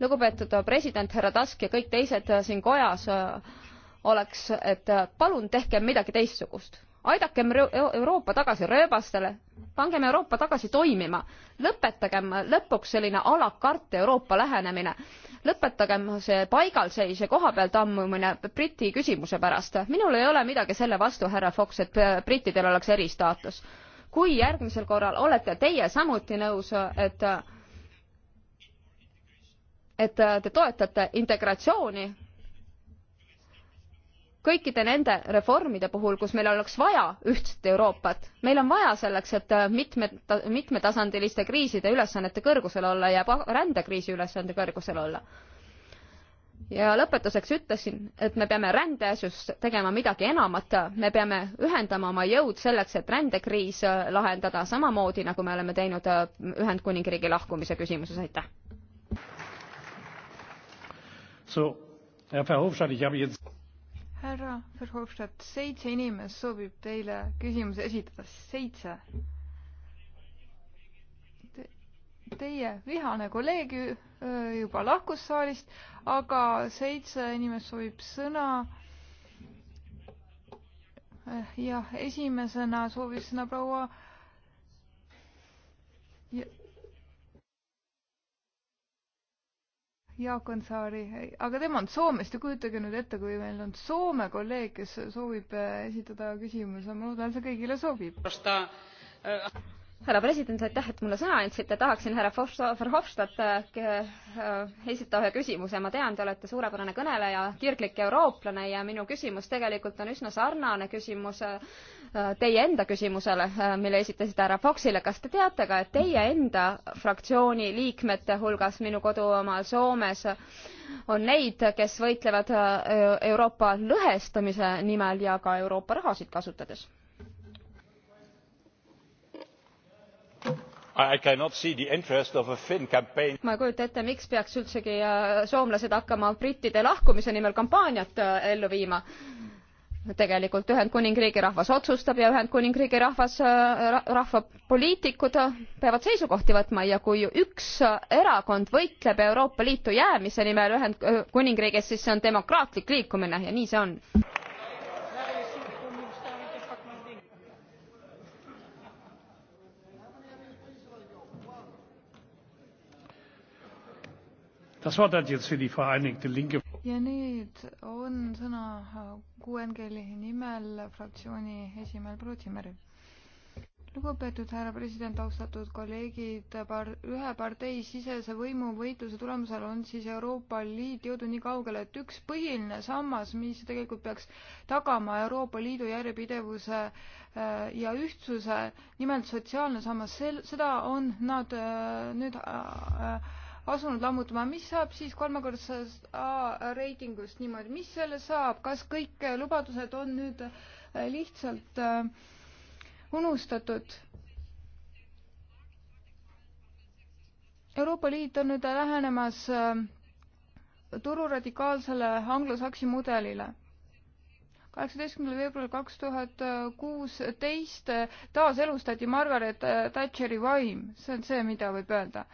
[SPEAKER 4] lugupeetud president härra Tusk ja kõik teised siin kojas, oleks, et palun tehke midagi teistsugust aidakem Euroopa tagasi rööbastele, pangem Euroopa tagasi toimima, lõpetagem lõpuks selline a la carte Euroopa lähenemine, lõpetagem see paigalseis ja kohapeal tammumine Briti küsimuse pärast. minul ei ole midagi selle vastu, härra Fox, et brittidel oleks eristaatus. kui järgmisel korral olete teie samuti nõus, et et te toetate integratsiooni kõikide nende reformide puhul, kus meil oleks vaja ühtset Euroopat, meil on vaja selleks, et äh, mitme, mitmetasandiliste kriiside ülesannete kõrgusel olla ja rändekriisi ülesande kõrgusel olla. ja lõpetuseks ütlesin, et me peame rände asjus tegema midagi enamat, me peame ühendama oma jõud selleks, et rändekriis äh, lahendada samamoodi, nagu me oleme teinud äh, Ühendkuningriigi lahkumise küsimuses, aitäh!
[SPEAKER 2] So, Herr Verhofstadt, ich habe jetzt
[SPEAKER 5] härra Verhofstadt, seitse inimest soovib teile küsimuse esitada, seitse Te,. Teie vihane kolleeg juba lahkus saalist, aga seitse inimest soovib sõna. Äh, jah, esimesena soovis sõna proua Jaak Ansaari, aga tema on Soomest ja kujutage nüüd ette, kui meil on Soome kolleeg, kes soovib äh, esitada küsimuse, ma loodan, see kõigile sobib.
[SPEAKER 4] härra president, aitäh, et mulle sõna andsite, tahaksin härra Verhofstadt äh, esitada ühe küsimuse, ma tean, te olete suurepärane kõneleja, kirglik eurooplane ja minu küsimus tegelikult on üsna sarnane küsimus Äh, teie enda küsimusele, äh, mille esitasite härra Foxile, kas te teate ka, et teie enda fraktsiooni liikmete hulgas minu kodumaal Soomes on neid, kes võitlevad äh, Euroopa lõhestamise nimel ja ka Euroopa rahasid kasutades? ma ei kujuta ette miks peaks üldsegi soomlased hakkama brittide lahkumise nimel kampaaniat ellu viima tegelikult Ühendkuningriigi rahvas otsustab ja Ühendkuningriigi rahvas, äh, rahvapoliitikud peavad seisukohti võtma ja kui üks erakond võitleb Euroopa Liitu jäämise nimel Ühendkuningriigis, siis see on demokraatlik liikumine ja nii see on.
[SPEAKER 5] ja nüüd on sõna QNGL-i nimel fraktsiooni esimehel proua Timmeril. lugupeetud härra president, austatud kolleegid, par-, ühe partei sisese võimuvõitluse tulemusel on siis Euroopa Liit jõudnud nii kaugele, et üks põhiline sammas, mis tegelikult peaks tagama Euroopa Liidu järjepidevuse äh, ja ühtsuse, nimelt sotsiaalne sammas, sel-, seda on nad äh, nüüd äh, asunud lammutama, mis saab siis kolmekordsest A-reitingust niimoodi, mis sellest saab, kas kõik lubadused on nüüd äh, lihtsalt äh, unustatud? Euroopa Liit on nüüd lähenemas äh, turu radikaalsele anglosaksi mudelile kaheksateistkümnendal veebruaril kaks tuhat kuusteist taaselustati Margaret Thatcheri vaim, see on see, mida võib öelda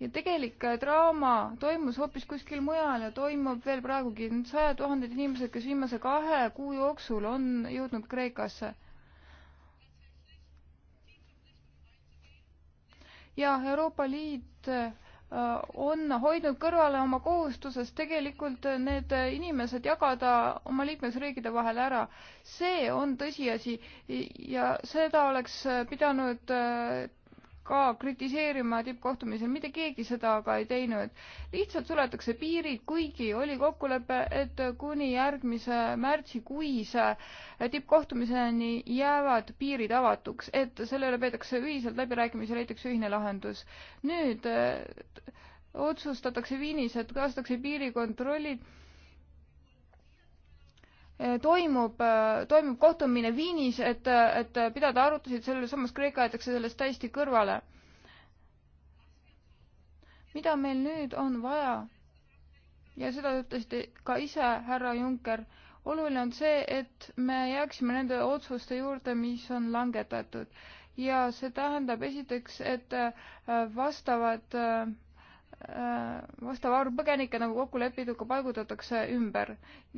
[SPEAKER 5] ja tegelik äh, draama toimus hoopis kuskil mujal ja toimub veel praegugi. Need sajad tuhanded inimesed, kes viimase kahe kuu jooksul on jõudnud Kreekasse. ja Euroopa Liit äh, on hoidnud kõrvale oma kohustusest tegelikult äh, need inimesed jagada oma liikmesriikide vahel ära. see on tõsiasi ja seda oleks pidanud ka kritiseerima tippkohtumisel, mitte keegi seda aga ei teinud. lihtsalt suletakse piirid, kuigi oli kokkulepe, et kuni järgmise märtsikuise tippkohtumiseni jäävad piirid avatuks, et selle üle peetakse ühiselt läbirääkimisi, leitakse ühine lahendus. nüüd öö, äh, otsustatakse Viinis, et kaasatakse piirikontrollid Äh, toimub, äh, toimub kohtumine Viinis, et, et pidada arutusi sellele, samas Kreeka jäetakse sellest täiesti kõrvale. mida meil nüüd on vaja? ja seda ütlesite ka ise, härra Juncker, oluline on see, et me jääksime nende otsuste juurde, mis on langetatud ja see tähendab esiteks, et äh, vastavad äh, Äh, vastav arv põgenikke, nagu kokku lepitud, ka paigutatakse ümber.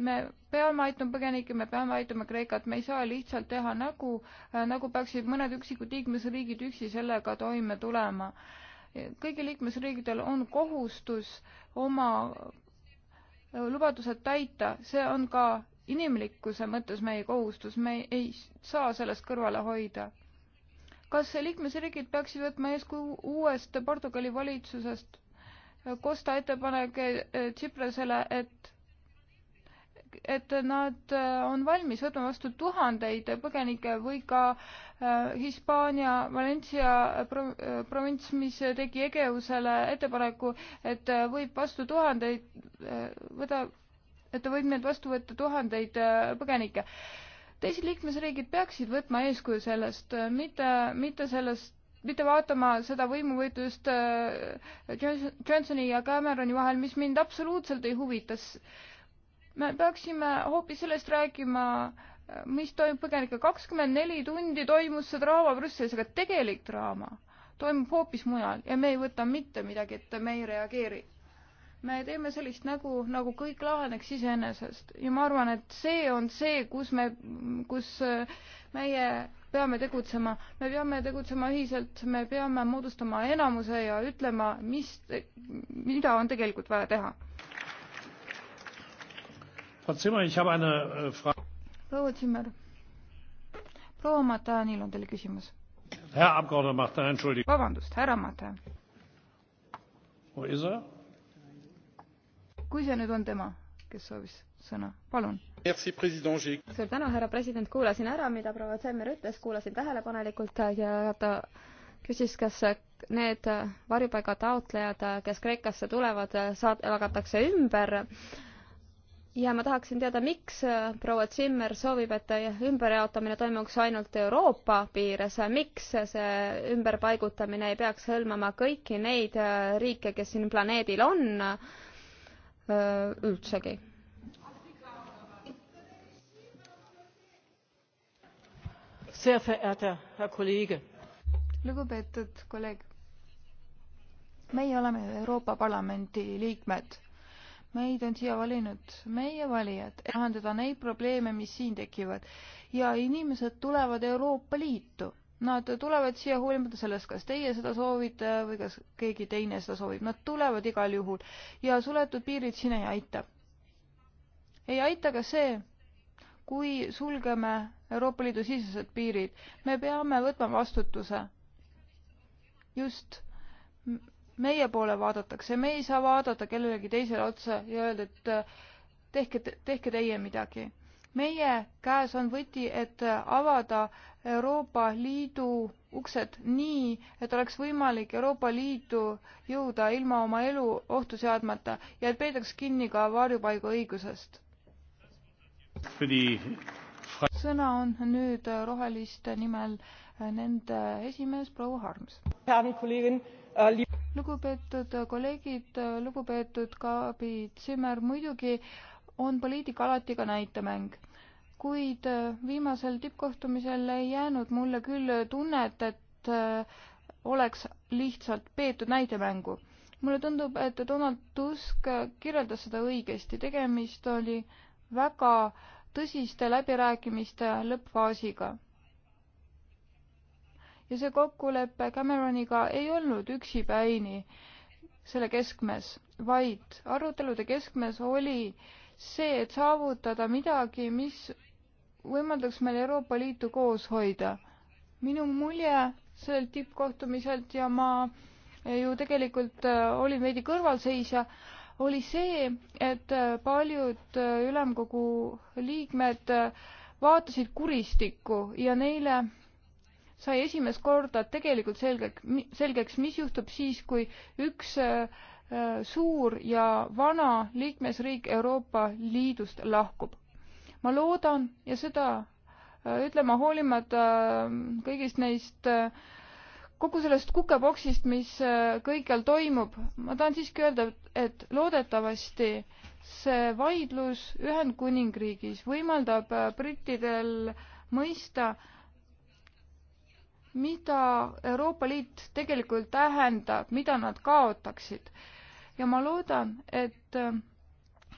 [SPEAKER 5] me peame aitama põgenikke, me peame aitama Kreekat, me ei saa lihtsalt teha nägu, äh, nagu peaksid mõned üksikud liikmesriigid üksi sellega toime tulema. kõigil liikmesriigidel on kohustus oma äh, lubadused täita, see on ka inimlikkuse mõttes meie kohustus, me ei saa sellest kõrvale hoida kas liikmesriigid peaksid võtma eeskuju uuest Portugali valitsusest, Kosta ettepanek eh, Tsiprasele, et et nad eh, on valmis võtma vastu tuhandeid põgenikke või ka eh, Hispaania Valencia provints, mis tegi Egeusele ettepaneku, et võib vastu tuhandeid võda, et ta võib neid vastu võtta tuhandeid põgenikke. teised liikmesriigid peaksid võtma eeskuju sellest, mitte, mitte sellest mitte vaatama seda võimuvõitlust äh, Johnsoni ja Cameroni vahel, mis mind absoluutselt ei huvitas. me peaksime hoopis sellest rääkima, äh, mis toimub põgenikega. kakskümmend neli tundi toimus see draama Brüsselis, aga tegelik draama toimub hoopis mujal ja me ei võta mitte midagi ette, me ei reageeri. me teeme sellist nägu, nagu kõik laheneks iseenesest ja ma arvan, et see on see, kus me, kus äh, meie peame tegutsema, me peame tegutsema ühiselt, me peame moodustama enamuse ja ütlema, mis, mida on tegelikult vaja teha.
[SPEAKER 2] Äh,
[SPEAKER 5] proua Zimmer, proua Matanil on teile küsimus. vabandust, härra Matan. Er? kui see nüüd on tema, kes soovis sõna, palun suur
[SPEAKER 4] tänu, härra president, kuulasin ära, mida proua Zemmer ütles, kuulasin tähelepanelikult äh, ja ta küsis, kas äh, need äh, varjupaiga taotlejad, kes Kreekasse tulevad, saad-, jagatakse ümber. ja ma tahaksin teada, miks proua Zimmer soovib, et ümberjaotamine toimuks ainult Euroopa piires, miks see ümberpaigutamine ei peaks hõlmama kõiki neid riike, kes siin planeedil on üldsegi?
[SPEAKER 6] sehr verehrter Herr Kollege!
[SPEAKER 5] lugupeetud kolleeg, meie oleme Euroopa Parlamendi liikmed. meid on siia valinud meie valijad, lahendada neid probleeme, mis siin tekivad. ja inimesed tulevad Euroopa Liitu. Nad tulevad siia hoolimata sellest, kas teie seda soovite või kas keegi teine seda soovib. Nad tulevad igal juhul ja suletud piirid siin ei aita. ei aita ka see kui sulgeme Euroopa Liidu sisesed piirid. me peame võtma vastutuse. just meie poole vaadatakse, me ei saa vaadata kellelegi teisele otsa ja öelda, et äh, tehke, tehke teie midagi. meie käes on võti, et avada Euroopa Liidu uksed nii, et oleks võimalik Euroopa Liitu jõuda ilma oma elu ohtu seadmata ja et peetaks kinni ka varjupaigu õigusest sõna on nüüd roheliste nimel äh, nende esimees proua Harms. Äh, lugupeetud kolleegid, äh, lugupeetud Kaabi Zimmer, muidugi on poliitika alati ka näitemäng, kuid viimasel tippkohtumisel ei jäänud mulle küll tunnet, et oleks lihtsalt peetud näitemängu. mulle tundub, et Donald Tusk kirjeldas seda õigesti, tegemist oli äh, väga tõsiste läbirääkimiste lõppfaasiga. ja see kokkulepe Cameroniga ei olnud üksipäini selle keskmes, vaid arutelude keskmes oli see, et saavutada midagi, mis võimaldaks meil Euroopa Liitu koos hoida. minu mulje sellelt tippkohtumiselt ja ma ju tegelikult äh, olin veidi kõrvalseisja, oli see, et äh, paljud äh, ülemkogu liikmed äh, vaatasid kuristikku ja neile sai esimest korda tegelikult selgeks, selgeks, mis juhtub siis, kui üks suur ja vana liikmesriik Euroopa Liidust lahkub. ma loodan ja seda ütlema hoolimata kõigist neist äh, kogu sellest kukepoksist, mis äh, kõikjal toimub, ma tahan siiski öelda, et loodetavasti see vaidlus Ühendkuningriigis võimaldab äh, brittidel mõista, mida Euroopa Liit tegelikult tähendab, mida nad kaotaksid. ja ma loodan, et äh,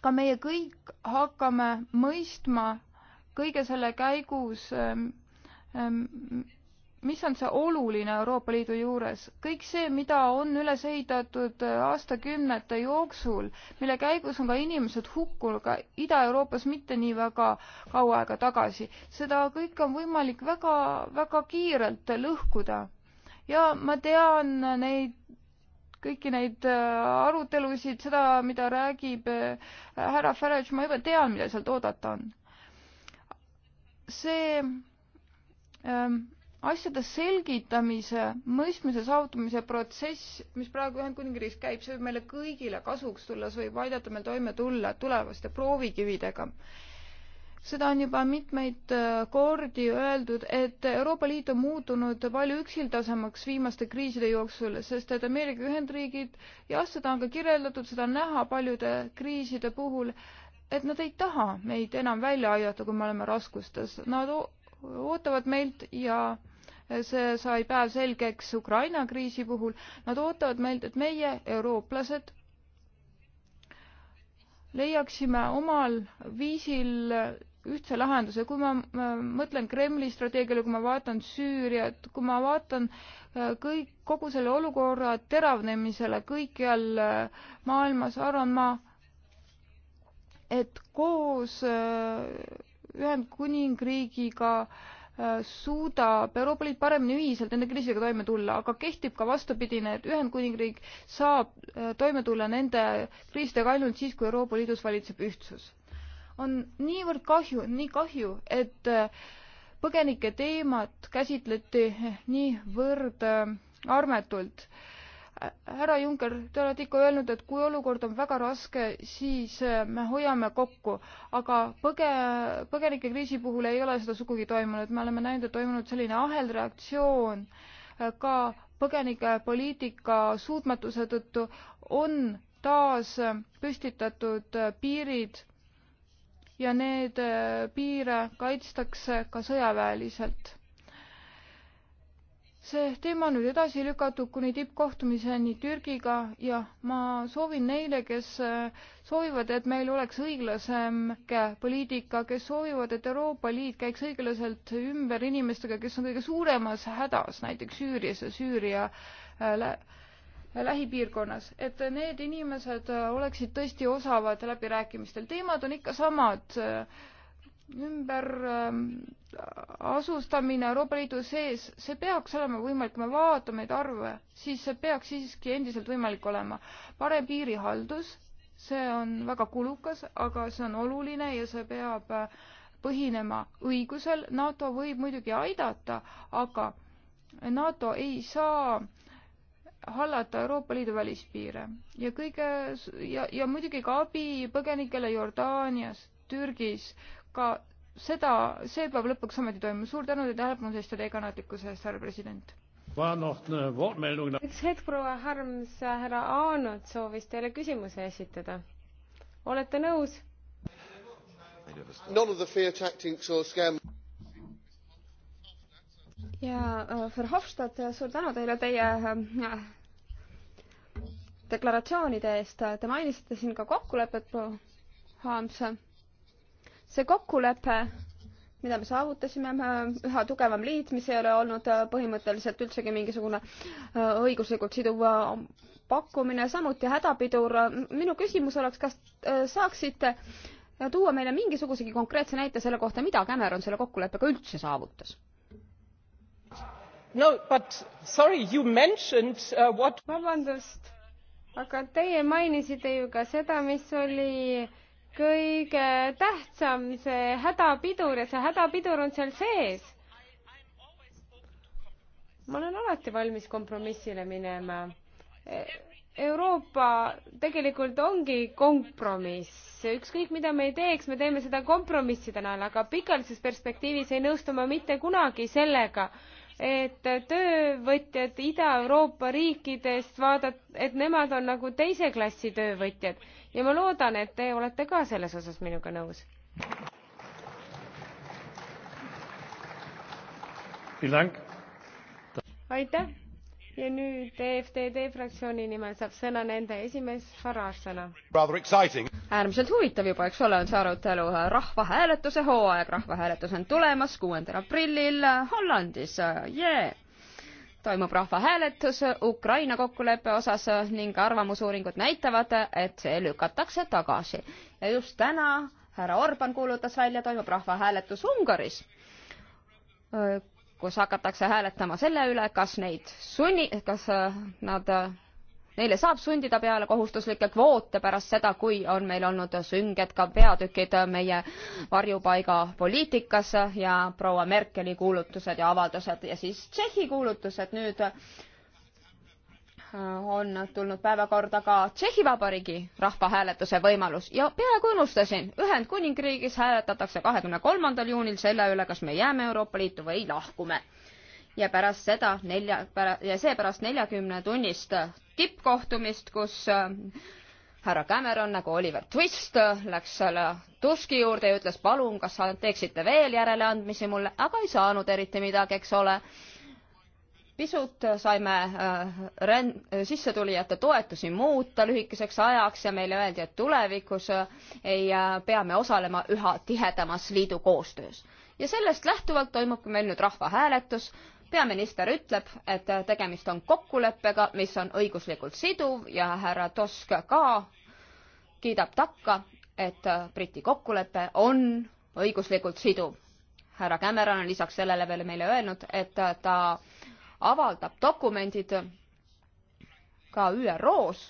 [SPEAKER 5] ka meie kõik hakkame mõistma kõige selle käigus, ähm, ähm, mis on see oluline Euroopa Liidu juures? kõik see, mida on üles ehitatud äh, aastakümnete jooksul, mille käigus on ka inimesed hukkunud ka Ida-Euroopas mitte nii väga kaua aega tagasi, seda kõike on võimalik väga, väga kiirelt lõhkuda. ja ma tean neid, kõiki neid äh, arutelusid, seda, mida räägib äh, härra Farage, ma juba tean, mida sealt oodata on. see ähm, asjade selgitamise, mõistmise saavutamise protsess, mis praegu Ühendkuningriigis käib, see võib meile kõigile kasuks tulla, see võib aidata meil toime tulla tulevaste proovikividega. seda on juba mitmeid äh, kordi öeldud, et Euroopa Liit on muutunud palju üksildasemaks viimaste kriiside jooksul, sest et Ameerika Ühendriigid, jah, seda on ka kirjeldatud, seda on näha paljude kriiside puhul, et nad ei taha meid enam välja aidata, kui me oleme raskustes. Nad ootavad meilt ja see sai päevselgeks Ukraina kriisi puhul. Nad ootavad meilt, et meie, eurooplased, leiaksime omal viisil ühtse lahenduse, kui ma mõtlen Kremli strateegiale, kui ma vaatan Süüriat, kui ma vaatan äh, kõik, kogu selle olukorra teravnemisele kõikjal äh, maailmas, arvan ma, et koos äh, Ühendkuningriigiga äh, Äh, suudab Euroopa Liit paremini ühiselt nende kriisidega toime tulla, aga kehtib ka vastupidine, et Ühendkuningriik saab äh, toime tulla nende kriisidega ainult siis, kui Euroopa Liidus valitseb ühtsus. on niivõrd kahju, nii kahju, et äh, põgenike teemat käsitleti niivõrd armetult äh, härra Juncker, te olete ikka öelnud, et kui olukord on väga raske, siis äh, me hoiame kokku, aga põge, põgenikekriisi puhul ei ole seda sugugi toimunud, me oleme näinud, et toimunud selline ahelreaktsioon äh, ka põgenikepoliitika suutmatuse tõttu on taas äh, püstitatud piirid ja need piire kaitstakse ka sõjaväeliselt see teema on nüüd edasi lükatud kuni tippkohtumiseni Türgiga ja ma soovin neile, kes äh, soovivad, et meil oleks õiglasem poliitika, kes soovivad, et Euroopa Liit käiks õiglaselt ümber inimestega, kes on kõige suuremas hädas, näiteks Süürias ja Süüria äh, lä lähipiirkonnas, et need inimesed äh, oleksid tõesti osavad läbirääkimistel. teemad on ikka samad äh, ümberasustamine ähm, Euroopa Liidu sees, see peaks olema võimalik, kui me vaatame neid arve, siis see peaks siiski endiselt võimalik olema. parem piirihaldus, see on väga kulukas, aga see on oluline ja see peab äh, põhinema õigusel, NATO võib muidugi aidata, aga NATO ei saa hallata Euroopa Liidu välispiire ja kõige ja, ja muidugi ka abi põgenikele Jordaanias, Türgis, ka seda, see peab lõpuks ometi toimuma. suur tänu teie tähelepanu eest ja teie kannatlikkuse eest, härra president.
[SPEAKER 2] üks
[SPEAKER 5] hetk, proua
[SPEAKER 1] Harms, härra Aanot soovis
[SPEAKER 5] teile küsimuse
[SPEAKER 1] esitada. olete nõus?
[SPEAKER 4] ja äh, Verhofstadt, suur tänu teile teie äh, deklaratsioonide eest. Te mainisite siin ka kokkulepet, proua Haamse see kokkulepe, mida me saavutasime, üha tugevam liit, mis ei ole olnud äh, põhimõtteliselt üldsegi mingisugune äh, õiguslikult siduv äh, pakkumine, samuti hädapidur. minu küsimus oleks, kas saaksite tuua meile mingisugusegi konkreetse näite selle kohta, mida Cameron selle kokkuleppega üldse saavutas?
[SPEAKER 6] no but sorry you mentioned uh, what
[SPEAKER 1] vabandust, aga teie mainisite ju ka seda, mis oli uh, kõige tähtsam, see hädapidur ja see hädapidur on seal sees. ma olen alati valmis kompromissile minema. E, Euroopa tegelikult ongi kompromiss, ükskõik mida me ei teeks, me teeme seda kompromisside najal, aga pikalises perspektiivis ei nõustu ma mitte kunagi sellega, et töövõtjad Ida-Euroopa riikidest vaadat-, et nemad on nagu teise klassi töövõtjad ja ma loodan, et te olete ka selles osas minuga nõus. aitäh ja nüüd EFTD fraktsiooni nimel saab sõna nende esimees härra
[SPEAKER 4] Arsena.
[SPEAKER 3] äärmiselt
[SPEAKER 4] huvitav juba, eks ole, on see arutelu äh, rahvahääletuse hooaeg, rahvahääletus on tulemas kuuendal aprillil äh, Hollandis yeah., äh, toimub rahvahääletus Ukraina kokkuleppe osas ning arvamusuuringud näitavad, et see lükatakse tagasi. ja just täna härra Orban kuulutas välja, toimub rahvahääletus Ungaris, kus hakatakse hääletama selle üle, kas neid sunni, kas nad neile saab sundida peale kohustuslikke kvoote pärast seda kui on meil olnud sünged ka peatükid meie varjupaigapoliitikas ja proua merkeli kuulutused ja avaldused ja siis tšehhi kuulutused nüüd äh, on tulnud päevakorda ka Tšehhi Vabariigi rahvahääletuse võimalus ja peaaegu unustasin, Ühendkuningriigis hääletatakse kahekümne kolmandal juunil selle üle, kas me jääme Euroopa Liitu või lahkume ja pärast seda nelja, ja seepärast neljakümne tunnist tippkohtumist, kus äh, härra Cameron nagu Oliver Twist äh, läks selle Tuski juurde ja ütles palun, kas teeksite veel järeleandmisi mulle, aga ei saanud eriti midagi, eks ole pisut saime äh, ren-, sissetulijate toetusi muuta lühikeseks ajaks ja meile öeldi, et tulevikus äh, ei äh,, peame osalema üha tihedamas liidu koostöös. ja sellest lähtuvalt toimubki meil nüüd rahvahääletus, peaminister ütleb, et tegemist on kokkuleppega, mis on õiguslikult siduv ja härra Tusk ka kiidab takka, et Briti kokkulepe on õiguslikult siduv. härra Cameron on lisaks sellele veel meile öelnud, et ta avaldab dokumendid ka ÜRO-s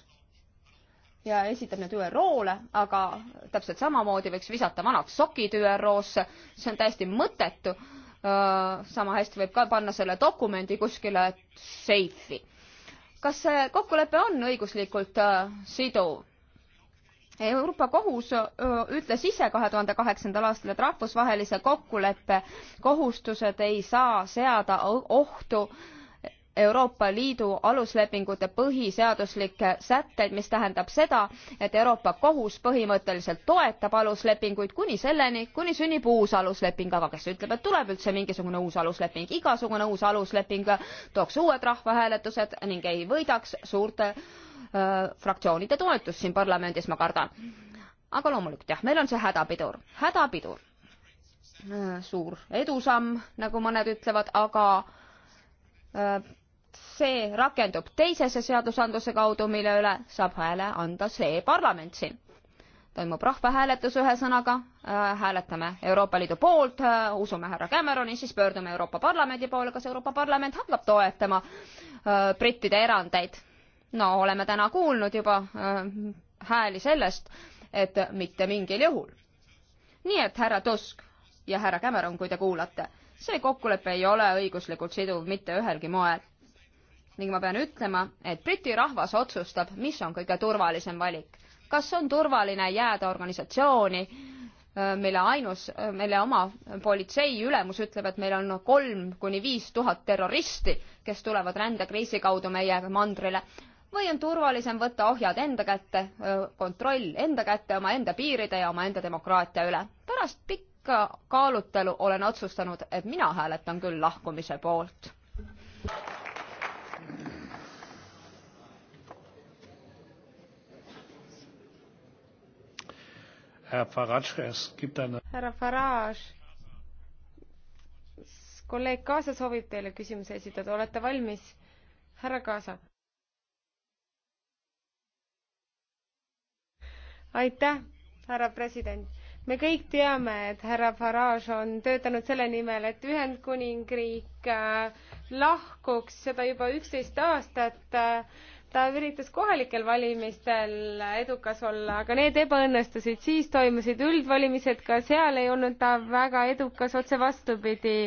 [SPEAKER 4] ja esitab need ÜRO-le, aga täpselt samamoodi võiks visata vanad sokid ÜRO-sse, see on täiesti mõttetu Äh, sama hästi võib ka panna selle dokumendi kuskile seifi. kas see kokkulepe on õiguslikult äh, siduv? Euroopa Kohus äh, ütles ise kahe tuhande kaheksandal aastal, et rahvusvahelise kokkuleppe kohustused ei saa seada ohtu äh, Euroopa Liidu aluslepingute põhiseaduslikke sätteid, mis tähendab seda, et Euroopa Kohus põhimõtteliselt toetab aluslepinguid kuni selleni, kuni sünnib uus alusleping, aga kes ütleb, et tuleb üldse mingisugune uus alusleping, igasugune uus alusleping tooks uued rahvahääletused ning ei võidaks suurte äh, fraktsioonide toetust siin parlamendis, ma kardan. aga loomulikult jah, meil on see hädapidur, hädapidur suur edusamm, nagu mõned ütlevad, aga see rakendub teisese seadusandluse kaudu, mille üle saab hääle anda see parlament siin. toimub rahvahääletus, ühesõnaga äh, hääletame Euroopa Liidu poolt, äh, usume härra Cameroni, siis pöördume Euroopa Parlamendi poole, kas Euroopa Parlament hakkab toetama äh, brittide erandeid? no oleme täna kuulnud juba hääli sellest, et mitte mingil juhul. nii et härra Tusk ja härra Cameron, kui te kuulate, see kokkulepe ei ole õiguslikult siduv mitte ühelgi moel ning ma pean ütlema, et Briti rahvas otsustab, mis on kõige turvalisem valik. kas on turvaline jääda organisatsiooni, mille ainus, mille oma politsei ülemus ütleb, et meil on kolm kuni viis tuhat terroristi, kes tulevad rändekriisi kaudu meie mandrile, või on turvalisem võtta ohjad enda kätte, kontroll enda kätte omaenda piiride ja omaenda demokraatia üle. pärast pikka kaalutelu olen otsustanud, et mina hääletan küll lahkumise poolt.
[SPEAKER 2] härra
[SPEAKER 1] Farage, kolleeg Kaasa soovib teile küsimuse esitada, olete valmis? härra Kaasa. aitäh, härra president. me kõik teame, et härra Farage on töötanud selle nimel, et Ühendkuningriik äh, lahkuks, seda juba üksteist aastat äh, ta üritas kohalikel valimistel edukas olla, aga need ebaõnnestusid, siis toimusid üldvalimised, ka seal ei olnud ta väga edukas, otse vastupidi.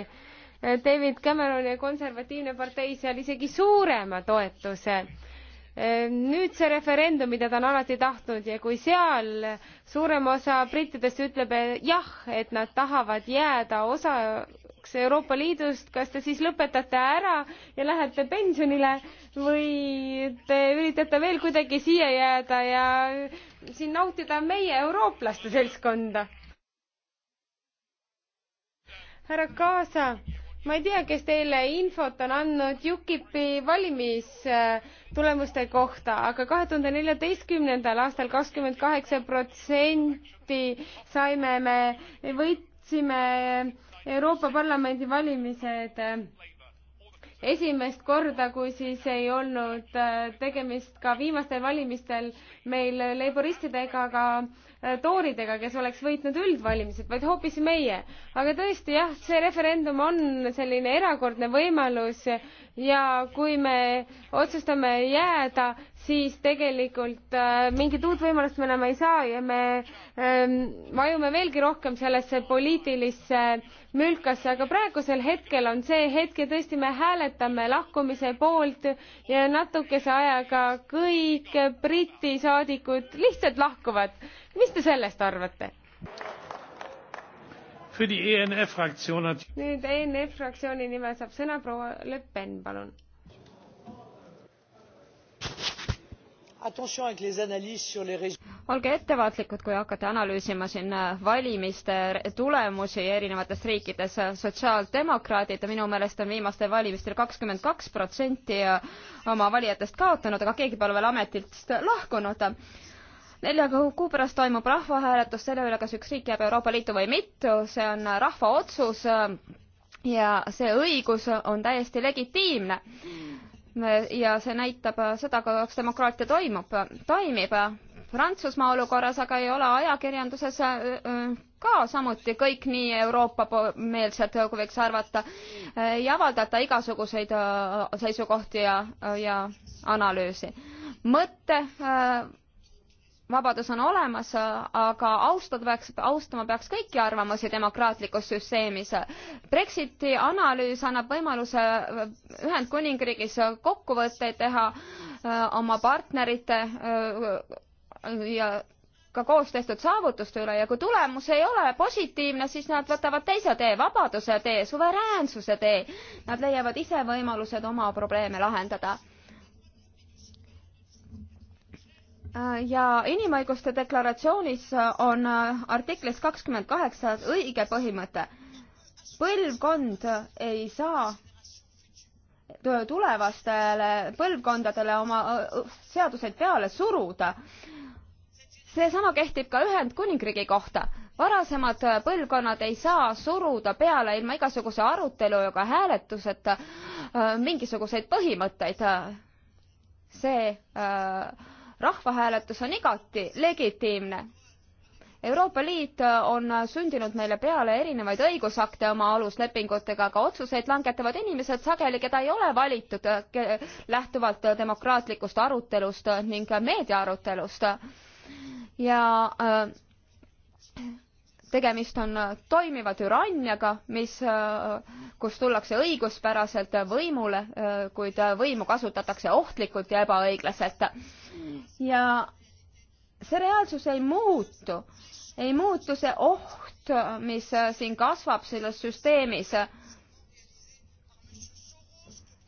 [SPEAKER 1] David Cameron ja konservatiivne partei seal isegi suurema toetuse. nüüd see referendum, mida ta on alati tahtnud ja kui seal suurem osa brittidest ütleb jah, et nad tahavad jääda osa kaugemaks Euroopa Liidust, kas te siis lõpetate ära ja lähete pensionile või te üritate veel kuidagi siia jääda ja siin nautida meie eurooplaste seltskonda? härra Kaasa, ma ei tea, kes teile infot on andnud UKIP-i valimistulemuste kohta, aga kahe tuhande neljateistkümnendal aastal kakskümmend kaheksa protsenti saime me võitsime Euroopa Parlamendi valimised eh, esimest korda, kui siis ei olnud eh, tegemist ka viimastel valimistel meil leiboristidega, aga eh, tooridega, kes oleks võitnud üldvalimised, vaid hoopis meie. aga tõesti jah, see referendum on selline erakordne võimalus ja kui me otsustame jääda siis tegelikult äh, mingit uut võimalust me enam ei saa ja me ähm, vajume veelgi rohkem sellesse poliitilisse mülkasse, aga praegusel hetkel on see hetk ja tõesti me hääletame lahkumise poolt ja natukese ajaga kõik Briti saadikud lihtsalt lahkuvad. mis te sellest arvate?
[SPEAKER 2] E nüüd
[SPEAKER 1] ENF fraktsiooni nimel saab sõna proua Le Pen, palun
[SPEAKER 4] olge ettevaatlikud kui hakkate analüüsima siin äh, valimiste tulemusi erinevates riikides sotsiaaldemokraadid minu meelest on viimastel valimistel kakskümmend kaks protsenti äh, oma valijatest kaotanud aga keegi pole veel ametist lahkunud nelja kuu pärast toimub rahvahääletus selle üle kas üks riik jääb euroopa liitu või mitte see on äh, rahva otsus ja see õigus on täiesti legitiimne ja see näitab seda, kuidas demokraatia toimub, toimib. Prantsusmaa olukorras aga ei ole ajakirjanduses äh, äh, ka samuti kõik nii Euroopa-meelsed, kui võiks arvata, äh, ei avaldata igasuguseid seisukohti ja, ja analüüsi. mõtte vabadus on olemas, aga austada peaks, austama peaks kõiki arvamusi demokraatlikus süsteemis. Brexiti analüüs annab võimaluse Ühendkuningriigis kokkuvõtteid teha oma partnerite ja ka koos tehtud saavutuste üle ja kui tulemus ei ole positiivne, siis nad võtavad teise tee, vabaduse tee, suveräänsuse tee. Nad leiavad ise võimalused oma probleeme lahendada Äh, ja inimõiguste deklaratsioonis äh, on äh, artiklis kakskümmend kaheksa õige põhimõte. põlvkond ei saa tulevastele põlvkondadele oma seaduseid peale suruda. seesama kehtib ka Ühendkuningriigi kohta. varasemad põlvkonnad ei saa suruda peale ilma igasuguse arutelu ega hääletuseta mingisuguseid põhimõtteid. see äh, rahvahääletus on igati legitiimne. Euroopa Liit on sundinud meile peale erinevaid õigusakte oma aluslepingutega, aga otsuseid langetavad inimesed sageli, keda ei ole valitud lähtuvalt demokraatlikust arutelust ning meediaarutelust. ja äh, tegemist on äh, toimiva türanniaga, mis, äh, kus tullakse õiguspäraselt võimule, äh, kuid võimu kasutatakse ohtlikult ja ebaõiglaselt. ja see reaalsus ei muutu, ei muutu see oht, mis siin kasvab selles süsteemis.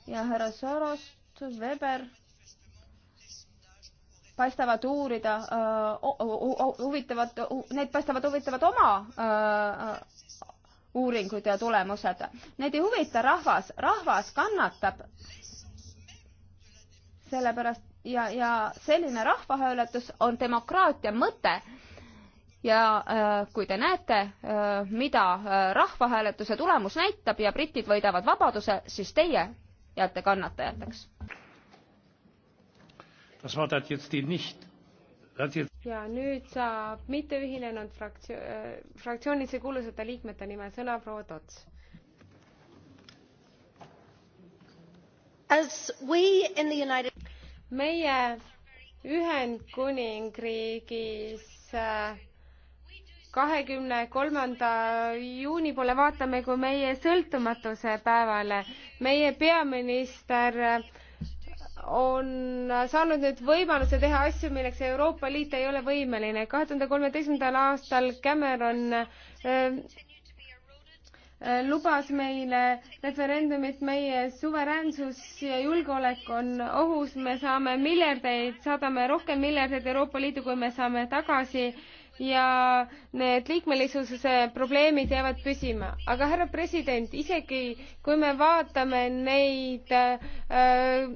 [SPEAKER 4] ja härra Soros, Weber paistavad uurida huvitavad, neid paistavad huvitavad oma uuringud ja tulemused. Neid ei huvita rahvas, rahvas kannatab. sellepärast ja, ja selline rahvahääletus on demokraatia mõte. ja kui te näete, mida rahvahääletuse tulemus näitab ja britid võidavad vabaduse, siis teie jääte kannatajateks
[SPEAKER 2] ja
[SPEAKER 1] nüüd saab mitteühinenud fraktsioon äh,, fraktsioonilise kuulusate liikmete nimel sõna proua Tots. United... meie Ühendkuningriigis äh, kahekümne kolmanda juuni poole vaatame kui meie sõltumatuse päevale. meie peaminister äh, on saanud nüüd võimaluse teha asju, milleks Euroopa Liit ei ole võimeline. kahe tuhande kolmeteistkümnendal aastal Cameron ähm, äh, lubas meile referendumit, meie suveräänsus ja julgeolek on ohus, me saame miljardeid, saadame rohkem miljardeid Euroopa Liidu, kui me saame tagasi ja need liikmelisuse probleemid jäävad püsima. aga härra president, isegi kui me vaatame neid äh,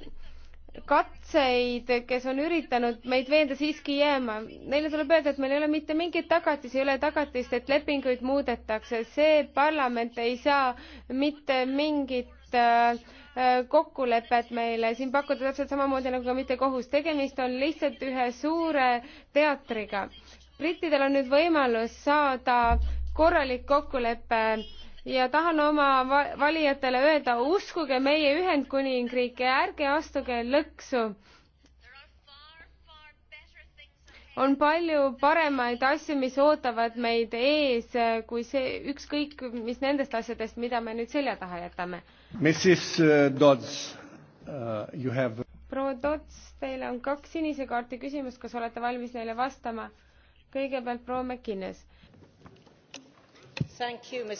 [SPEAKER 1] katseid, kes on üritanud meid veenda siiski jääma. Neile tuleb öelda, et meil ei ole mitte mingeid tagatisi, ei ole tagatist, et lepinguid muudetakse. see parlament ei saa mitte mingit äh, äh kokkulepet meile siin pakkuda täpselt samamoodi nagu ka mitte kohus. tegemist on lihtsalt ühe suure teatriga. brittidel on nüüd võimalus saada korralik kokkulepe äh, ja tahan oma valijatele öelda, uskuge meie Ühendkuningriiki, ärge astuge lõksu. on palju paremaid asju, mis ootavad meid ees, kui see ükskõik, mis nendest asjadest, mida me nüüd selja taha jätame.
[SPEAKER 3] Mrs äh, Dodds uh,, you have.
[SPEAKER 1] proua Dodds, teile on kaks sinise kaarti küsimust, kas olete valmis neile vastama? kõigepealt proua McInnes You,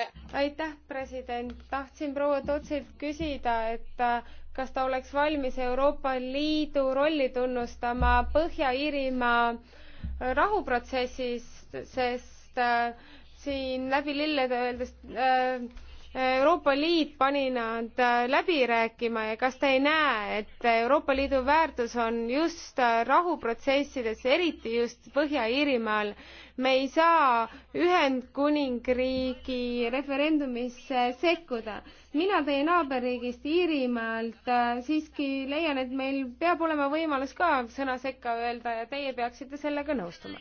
[SPEAKER 1] I... aitäh president tahtsin proua todžilt küsida et äh, kas ta oleks valmis euroopa liidu rolli tunnustama põhja iirimaa äh, rahuprotsessis sest äh, siin läbi lillede öeldes äh, Euroopa Liit pani nad äh, läbi rääkima ja kas te ei näe, et Euroopa Liidu väärtus on just äh, rahuprotsessides, eriti just Põhja-Iirimaal? me ei saa Ühendkuningriigi referendumisse sekkuda. mina teie naaberriigist Iirimaalt äh, siiski leian, et meil peab olema võimalus ka sõna sekka öelda ja teie peaksite sellega nõustuma.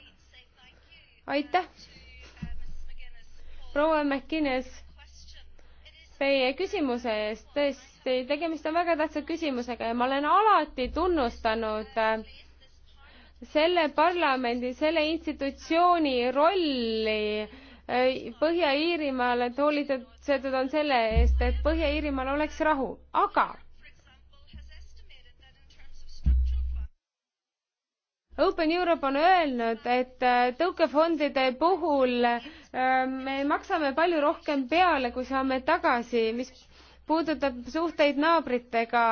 [SPEAKER 1] aitäh! proua McInnes teie küsimuse eest, tõesti, tegemist on väga tähtsa küsimusega ja ma olen alati tunnustanud äh, selle parlamendi, selle institutsiooni rolli äh, Põhja-Iirimaal, et hoolitsetud on selle eest, et Põhja-Iirimaal oleks rahu, aga Open Europe on öelnud, et äh, tõukefondide puhul äh, me maksame palju rohkem peale, kui saame tagasi, mis puudutab suhteid naabritega,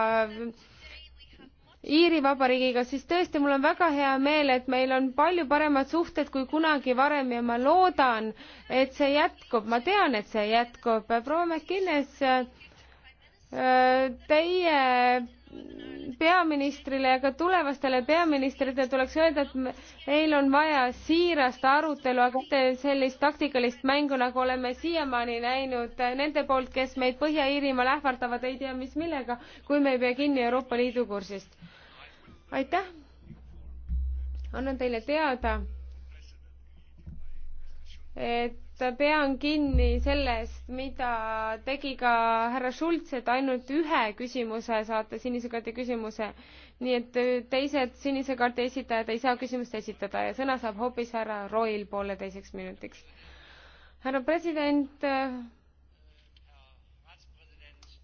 [SPEAKER 1] Iiri Vabariigiga, siis tõesti, mul on väga hea meel, et meil on palju paremad suhted kui kunagi varem ja ma loodan, et see jätkub, ma tean, et see jätkub. proua McInnes, äh, teie peaministrile ja ka tulevastele peaministritele tuleks öelda, et meil on vaja siirast arutelu, aga mitte sellist taktikalist mängu, nagu oleme siiamaani näinud nende poolt, kes meid Põhja-Iirimaal ähvardavad ei tea mis millega, kui me ei pea kinni Euroopa Liidu kursist. aitäh! annan teile teada, et pean kinni sellest, mida tegi ka härra Schulz, et ainult ühe küsimuse saate, sinise kaardi küsimuse. nii et teised sinise kaardi esitajad ei saa küsimust esitada ja sõna saab hoopis härra Roil pooleteiseks minutiks. härra president,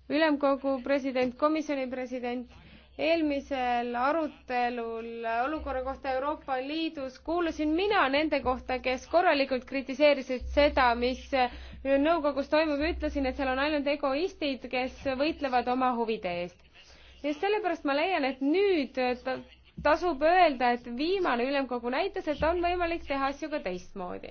[SPEAKER 1] ülemkogu president, komisjoni president eelmisel arutelul olukorra kohta Euroopa Liidus kuulasin mina nende kohta, kes korralikult kritiseerisid seda, mis nõukogus toimub ja ütlesin, et seal on ainult egoistid, kes võitlevad oma huvide eest. just sellepärast ma leian, et nüüd tasub öelda, et viimane ülemkogu näitas, et on võimalik teha asju ka teistmoodi.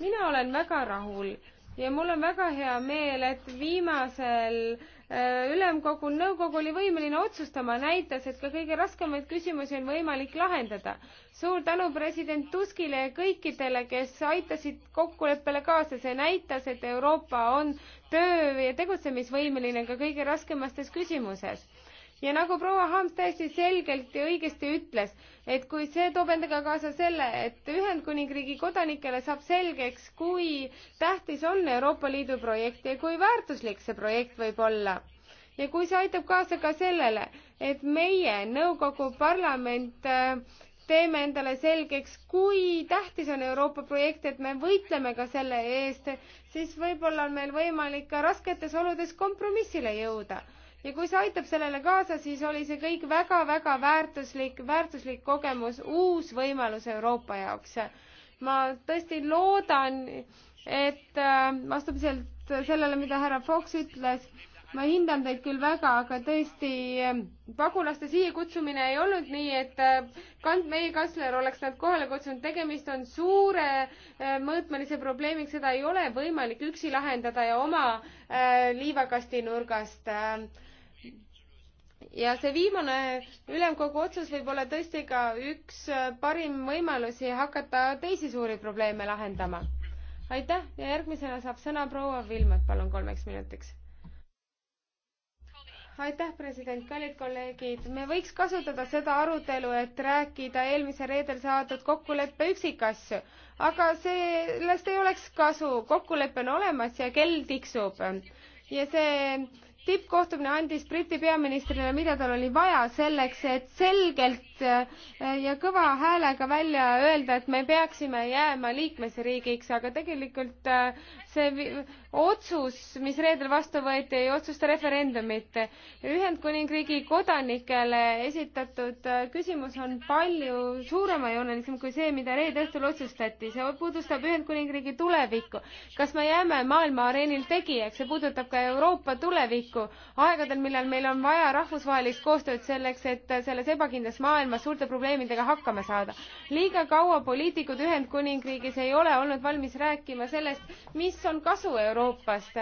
[SPEAKER 1] mina olen väga rahul ja mul on väga hea meel, et viimasel äh, ülemkogul nõukogu oli võimeline otsustama, näitas, et ka kõige raskemaid küsimusi on võimalik lahendada. suur tänu president Tuskile ja kõikidele, kes aitasid kokkuleppele kaasa, see näitas, et Euroopa on töö ja tegutsemisvõimeline ka kõige raskemastes küsimuses ja nagu proua Harms täiesti selgelt ja õigesti ütles, et kui see toob endaga kaasa selle, et Ühendkuningriigi kodanikele saab selgeks, kui tähtis on Euroopa Liidu projekt ja kui väärtuslik see projekt võib olla ja kui see aitab kaasa ka sellele, et meie, nõukogu, parlament äh, teeme endale selgeks, kui tähtis on Euroopa projekt, et me võitleme ka selle eest, siis võib-olla on meil võimalik ka rasketes oludes kompromissile jõuda ja kui see aitab sellele kaasa, siis oli see kõik väga-väga väärtuslik, väärtuslik kogemus, uus võimalus Euroopa jaoks. ma tõesti loodan, et äh, vastupidiselt sellele, mida härra Fox ütles, ma hindan teid küll väga, aga tõesti äh, pagulaste siia kutsumine ei olnud nii, et äh, kand-, meie kantsler oleks nad kohale kutsunud, tegemist on suure mõõtmelise probleemiga, seda ei ole võimalik üksi lahendada ja oma äh, liivakasti nurgast äh, ja see viimane ülemkogu otsus võib olla tõesti ka üks äh, parim võimalusi hakata teisi suuri probleeme lahendama. aitäh ja järgmisena saab sõna proua Vilmet, palun kolmeks minutiks. aitäh, president, kallid kolleegid, me võiks kasutada seda arutelu, et rääkida eelmisel reedel saadud kokkuleppe üksikasju, aga sellest ei oleks kasu, kokkulepe on olemas ja kell tiksub ja see tippkohtumine andis Briti peaministrile, mida tal oli vaja selleks, et selgelt Eh, ja kõva häälega välja öelda, et me peaksime jääma liikmesriigiks, aga tegelikult eh, see otsus, mis reedel vastu võeti, ei otsusta referendumit. Ühendkuningriigi kodanikele esitatud eh, küsimus on palju suuremajoonelisem kui see, mida reede õhtul otsustati. see puudustab Ühendkuningriigi tulevikku. kas me jääme maailma areenil tegijaks, see puudutab ka Euroopa tulevikku aegadel, millal meil on vaja rahvusvahelist koostööd selleks, et selles ebakindlas maailmas maailmas suurte probleemidega hakkama saada. liiga kaua poliitikud Ühendkuningriigis ei ole olnud valmis rääkima sellest, mis on kasu Euroopast.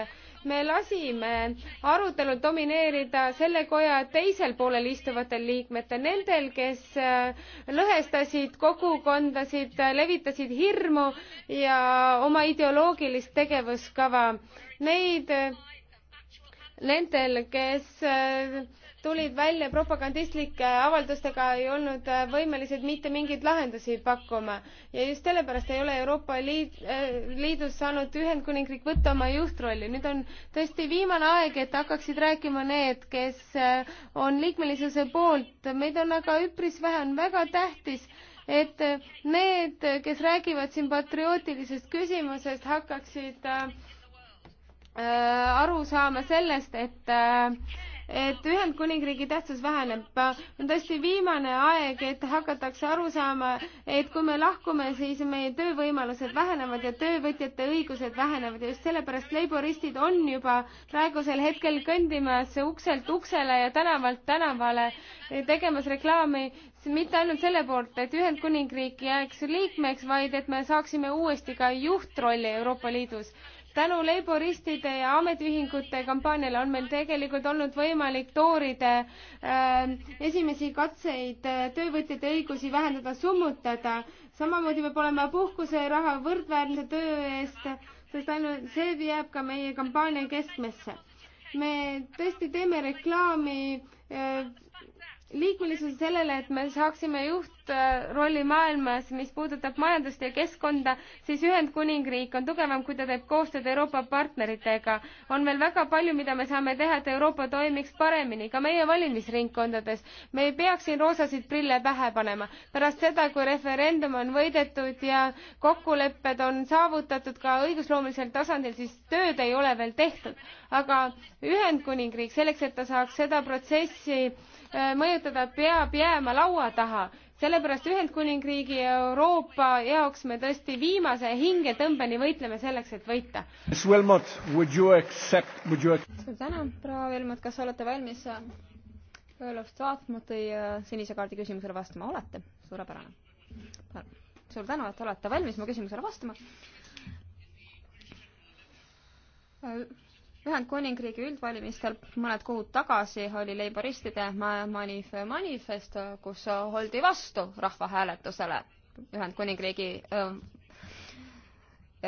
[SPEAKER 1] me lasime arutelul domineerida selle koja teisel poolel istuvatel liikmetel, nendel, kes äh, lõhestasid kogukondasid, äh, levitasid hirmu ja oma ideoloogilist tegevuskava. Neid, äh, nendel, kes tulid välja propagandistlike avaldustega, ei olnud äh, võimelised mitte mingeid lahendusi pakkuma. ja just sellepärast ei ole Euroopa Liit, äh, Liidus saanud Ühendkuningriik võtta oma juhtrolli. nüüd on tõesti viimane aeg, et hakkaksid rääkima need, kes äh, on liikmelisuse poolt. meid on aga üpris vähe, on väga tähtis, et need, kes räägivad siin patriootilisest küsimusest, hakkaksid äh, aru saama sellest, et äh, et Ühendkuningriigi tähtsus väheneb. on tõesti viimane aeg, et hakatakse aru saama, et kui me lahkume, siis meie töövõimalused vähenevad ja töövõtjate õigused vähenevad ja just sellepärast leiboristid on juba praegusel hetkel kõndimas ukselt uksele ja tänavalt tänavale, tegemas reklaami mitte ainult selle poolt, et Ühendkuningriik jääks liikmeks, vaid et me saaksime uuesti ka juhtrolli Euroopa Liidus tänu laboristide ja ametiühingute kampaaniale on meil tegelikult olnud võimalik tooride äh, esimesi katseid äh, töövõtjate õigusi vähendada, summutada. samamoodi peab olema puhkuseraha võrdväärse töö eest, sest ainult see jääb ka meie kampaania keskmesse. me tõesti teeme reklaami äh, liikumisel sellele, et me saaksime juhtrolli maailmas, mis puudutab majandust ja keskkonda, siis Ühendkuningriik on tugevam, kui ta teeb koostööd Euroopa partneritega. on veel väga palju, mida me saame teha, et Euroopa toimiks paremini, ka meie valimisringkondades. me ei peaks siin roosasid prille pähe panema. pärast seda, kui referendum on võidetud ja kokkulepped on saavutatud ka õigusloomelisel tasandil, siis tööd ei ole veel tehtud. aga Ühendkuningriik selleks, et ta saaks seda protsessi Äh, mõjutada, peab jääma laua taha. sellepärast Ühendkuningriigi ja Euroopa jaoks me tõesti viimase hingetõmbeni võitleme selleks, et võita.
[SPEAKER 3] suur
[SPEAKER 4] tänu, proua Velmot, kas olete valmis Õelust äh, Vaatmuti äh, sinise kaardi küsimusele vastama? olete, suurepärane. suur tänu, et olete valmis mu küsimusele vastama Ühendkuningriigi üldvalimistel mõned kuud tagasi oli leiboristide manif manifest, kus oldi vastu rahvahääletusele Ühendkuningriigi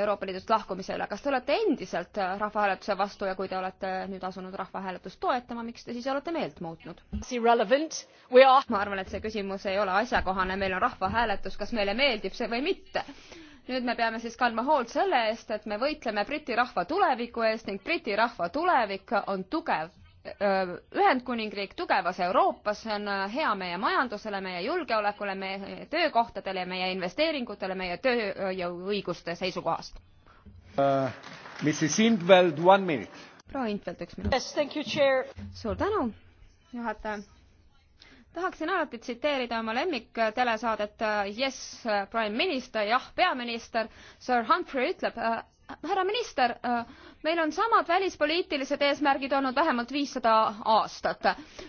[SPEAKER 4] Euroopa Liidust lahkumisele. kas te olete endiselt rahvahääletuse vastu ja kui te olete nüüd asunud rahvahääletust toetama, miks te siis olete meelt muutnud? ma arvan, et see küsimus ei ole asjakohane, meil on rahvahääletus, kas meile meeldib see või mitte nüüd me peame siis kandma hoolt selle eest, et me võitleme Briti rahva tuleviku eest ning Briti rahva tulevik on tugev Ühendkuningriik tugevas Euroopas, see on äh, hea meie majandusele, meie julgeolekule, meie töökohtadele, meie investeeringutele, meie tööjõuõiguste seisukohast
[SPEAKER 3] uh,. Äh, Mrs Infeld, one minute.
[SPEAKER 4] proua Infeld, üks minut. Yes, thank you, chair. suur tänu, juhataja tahaksin alati tsiteerida oma lemmiktelesaadet äh, Yes, äh, Prime Minister, jah, peaminister, Sir Humphrey ütleb äh,, härra minister äh,, meil on samad välispoliitilised eesmärgid olnud vähemalt viissada aastat.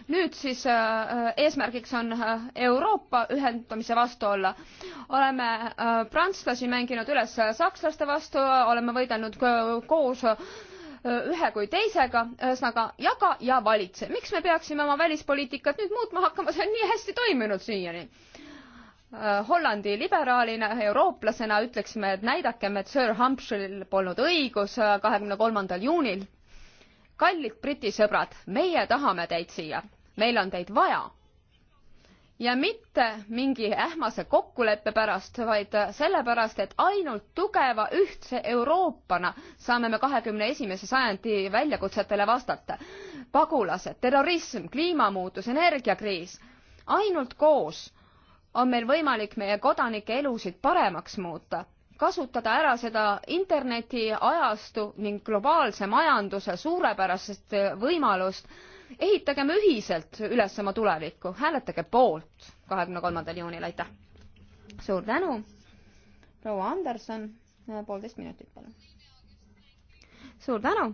[SPEAKER 4] nüüd siis äh, äh eesmärgiks on Euroopa ühendamise vastu olla. oleme prantslasi mänginud üles sakslaste vastu, oleme võidelnud koos ühe kui teisega, ühesõnaga jaga ja valitse. miks me peaksime oma välispoliitikat nüüd muutma hakkama, see on nii hästi toiminud siiani. Hollandi liberaalina, eurooplasena ütleksime, et näidakem, et Sir Hampshiril polnud õigus kahekümne kolmandal juunil. kallid Briti sõbrad, meie tahame teid siia, meil on teid vaja ja mitte mingi ähmase kokkuleppe pärast, vaid sellepärast, et ainult tugeva ühtse Euroopana saame me kahekümne esimese sajandi väljakutsetele vastata. pagulased, terrorism, kliimamuutus, energiakriis, ainult koos on meil võimalik meie kodanike elusid paremaks muuta, kasutada ära seda internetiajastu ning globaalse majanduse suurepärast võimalust ehitagem ühiselt üles oma tulevikku, hääletage poolt kahekümne kolmandal juunil, aitäh! suur tänu, proua Anderson, poolteist minutit, palun. suur tänu!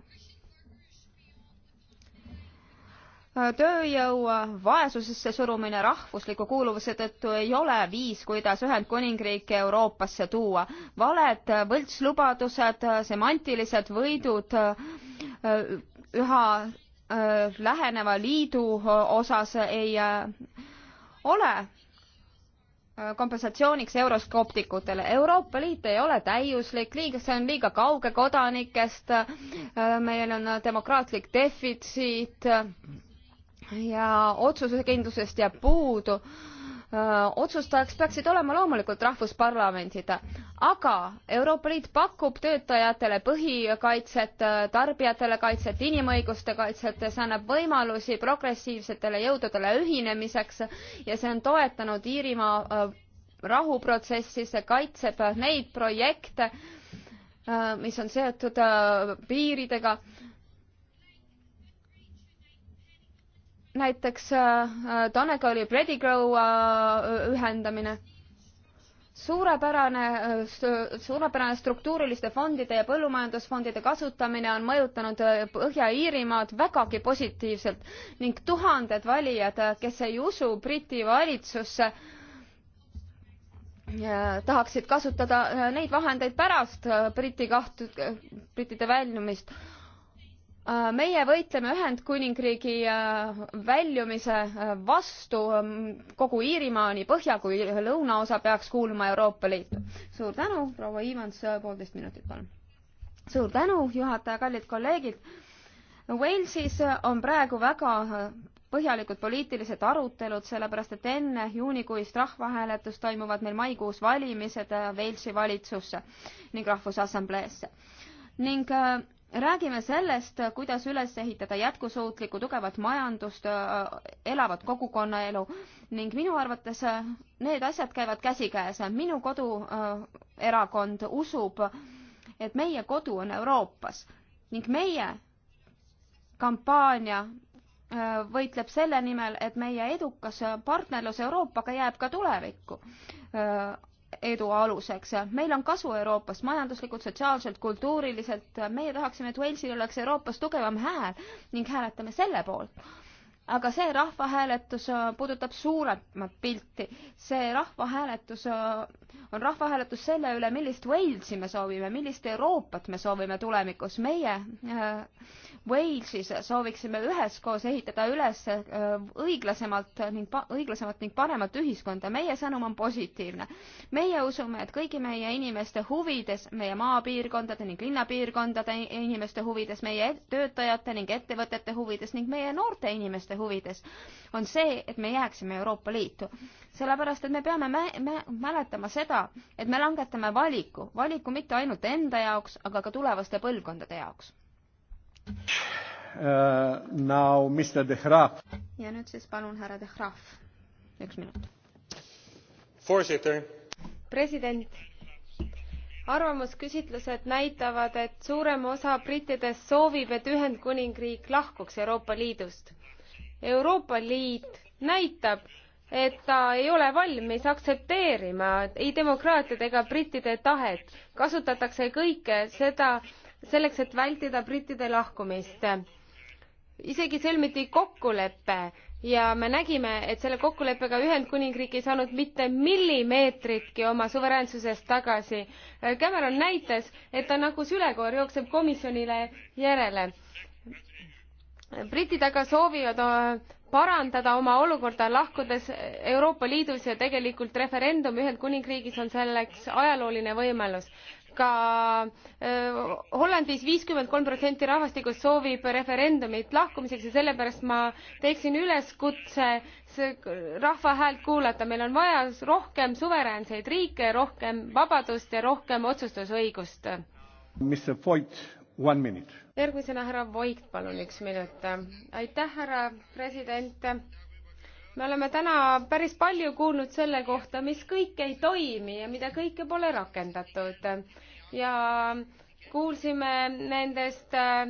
[SPEAKER 4] tööjõu vaesusesse surumine rahvusliku kuuluvuse tõttu ei ole viis, kuidas Ühendkuningriiki Euroopasse tuua. valed võltslubadused, semantilised võidud üha Äh, läheneva liidu äh, osas ei äh, ole kompensatsiooniks euroskoptikutele. Euroopa Liit ei ole täiuslik, liiga, see on liiga kauge kodanikest, meil on demokraatlik defitsiit ja otsusekindlusest jääb puudu otsustajaks peaksid olema loomulikult rahvusparlamendid, aga Euroopa Liit pakub töötajatele põhikaitset, tarbijatele kaitset, inimõiguste kaitset, see annab võimalusi progressiivsetele jõududele ühinemiseks ja see on toetanud Iirimaa rahuprotsessi, see kaitseb neid projekte, mis on seotud piiridega näiteks Donegali äh, äh, Predigrow äh, ühendamine, suurepärane, suurepärane struktuuriliste fondide ja põllumajandusfondide kasutamine on mõjutanud Põhja-Iirimaad vägagi positiivselt ning tuhanded valijad, kes ei usu Briti valitsusse, tahaksid kasutada neid vahendeid pärast Briti kaht-, brittide väljumist Äh, meie võitleme Ühendkuningriigi äh, väljumise äh, vastu, ähm, kogu Iirimaani põhja kui lõunaosa peaks kuuluma Euroopa Liitu. suur tänu, proua Ivans, poolteist minutit, palun. suur tänu, juhataja, kallid kolleegid. Walesis on praegu väga põhjalikud poliitilised arutelud, sellepärast et enne juunikuist rahvahääletust toimuvad meil maikuus valimised Walesi valitsusse ning Rahvusassambleesse. ning räägime sellest, kuidas üles ehitada jätkusuutlikku tugevat majandust, äh, elavat kogukonnaelu ning minu arvates äh, need asjad käivad käsikäes. minu koduerakond äh, usub, et meie kodu on Euroopas ning meie kampaania võitleb selle nimel, et meie edukas partnerlus Euroopaga jääb ka tulevikku edu aluseks. meil on kasu Euroopast majanduslikult, sotsiaalselt, kultuuriliselt, meie tahaksime, et Walesil oleks Euroopas tugevam hääl ning hääletame selle poolt aga see rahvahääletus äh, puudutab suuremat pilti. see rahvahääletus äh, on rahvahääletus selle üle, millist Walesi me soovime, millist Euroopat me soovime tulevikus. meie äh, Walesis sooviksime üheskoos ehitada üles äh, õiglasemalt ning õiglasemat ning paremat ühiskonda. meie sõnum on positiivne. meie usume, et kõigi meie inimeste huvides, meie maapiirkondade ning linnapiirkondade inimeste huvides, meie töötajate ning ettevõtete huvides ning meie noorte inimeste huvides, huvides on see, et me jääksime Euroopa Liitu. sellepärast, et me peame mä-, mä-, mäletama seda, et me langetame valiku, valiku mitte ainult enda jaoks, aga ka tulevaste põlvkondade jaoks.
[SPEAKER 3] Uh, now Mr De Graaf.
[SPEAKER 4] ja nüüd siis palun härra De Graaf,
[SPEAKER 3] üks minut. Voorzitter.
[SPEAKER 4] president
[SPEAKER 1] arvamusküsitlused näitavad et suurem osa brittidest soovib et ühendkuningriik lahkuks euroopa liidust Euroopa Liit näitab, et ta ei ole valmis aktsepteerima ei demokraatiat ega brittide tahet. kasutatakse kõike seda selleks, et vältida brittide lahkumist. isegi sõlmiti kokkulepe ja me nägime, et selle kokkuleppega Ühendkuningriik ei saanud mitte millimeetritki oma suveräänsusest tagasi. Cameron näitas, et ta nagu sülekoer jookseb komisjonile järele britid aga soovivad äh, parandada oma olukorda lahkudes euroopa liidust ja tegelikult referendum ühendkuningriigis on selleks ajalooline võimalus ka öö, äh, hollandis viiskümmend kolm protsenti rahvastikust soovib referendumit lahkumiseks ja sellepärast ma teeksin üleskutse rahva häält kuulata meil on vaja rohkem suveräänseid riike rohkem vabadust ja rohkem otsustusõigust järgmisena härra Voigt, palun üks minut. aitäh, härra president. me oleme täna päris palju kuulnud selle kohta, mis kõik ei toimi ja mida kõike pole rakendatud ja kuulsime nendest äh,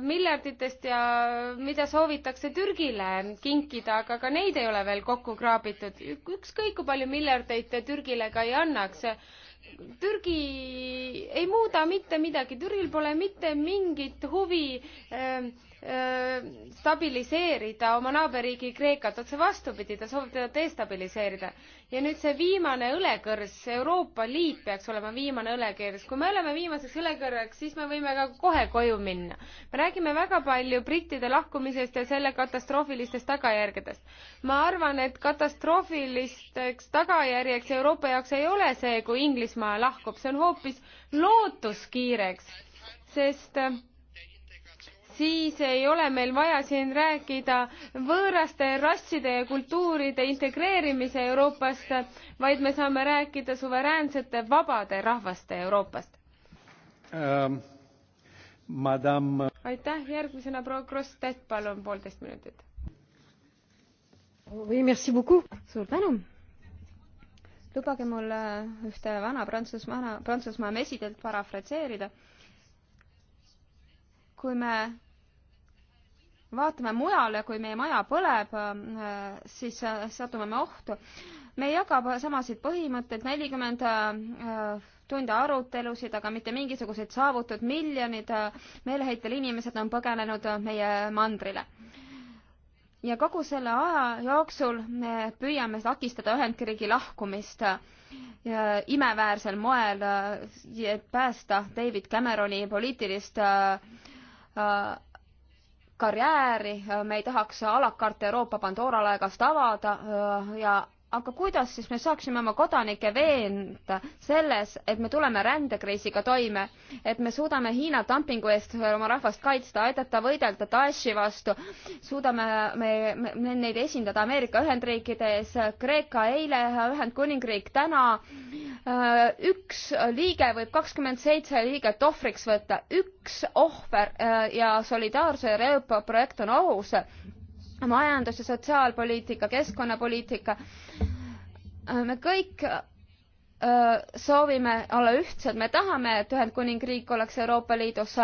[SPEAKER 1] miljarditest ja mida soovitakse Türgile kinkida, aga ka neid ei ole veel kokku kraabitud. ükskõik kui palju miljardeid Türgile ka ei annaks Türgi ei muuda mitte midagi, Türgil pole mitte mingit huvi ähm, Äh, stabiliseerida oma naaberriigi Kreekat, otse vastupidi, ta soovib teda destabiliseerida. ja nüüd see viimane õlekõrs, Euroopa Liit peaks olema viimane õlekõrs, kui me oleme viimaseks õlekõrreks, siis me võime ka kohe koju minna. me räägime väga palju brittide lahkumisest ja selle katastroofilistest tagajärgedest. ma arvan, et katastroofilisteks tagajärjeks Euroopa jaoks ei ole see, kui Inglismaa lahkub, see on hoopis lootuskiireks, sest äh, siis ei ole meil vaja siin rääkida võõraste rasside ja kultuuride integreerimise Euroopast, vaid me saame rääkida suveräänsete vabade rahvaste Euroopast
[SPEAKER 3] ähm,. Madame...
[SPEAKER 1] aitäh, järgmisena proua Krossett, palun poolteist minutit.
[SPEAKER 4] Oui, merci beaucoup. suur tänu lubage mul äh, ühte vana Prantsusmaa, Prantsusmaa presidenti parafraseerida. kui me vaatame mujale, kui meie maja põleb, äh, siis äh, satume me ohtu. me ei jaga samasid põhimõtteid, nelikümmend äh, tunde arutelusid, aga mitte mingisuguseid saavutud miljonid meeleheitel inimesed on põgenenud meie mandrile. ja kogu selle aja jooksul me püüame takistada Ühendkirigi lahkumist imeväärsel moel, et päästa David Cameroni poliitilist karjääri, me ei tahaks alakart Euroopa Pandora laegast avada ja aga kuidas siis me saaksime oma kodanikke veenda selles, et me tuleme rändekriisiga toime, et me suudame Hiina dumpingu eest oma rahvast kaitsta, aidata võidelda Daeshi vastu, suudame me, me neid esindada Ameerika Ühendriikides, Kreeka eile, Ühendkuningriik täna. Äh, üks liige võib kakskümmend seitse liiget ohvriks võtta, üks ohver äh, ja solidaarse Euroopa projekt on ohus majandus- ja sotsiaalpoliitika, keskkonnapoliitika. me kõik äh, soovime olla ühtsed, me tahame, et Ühendkuningriik oleks Euroopa Liidus.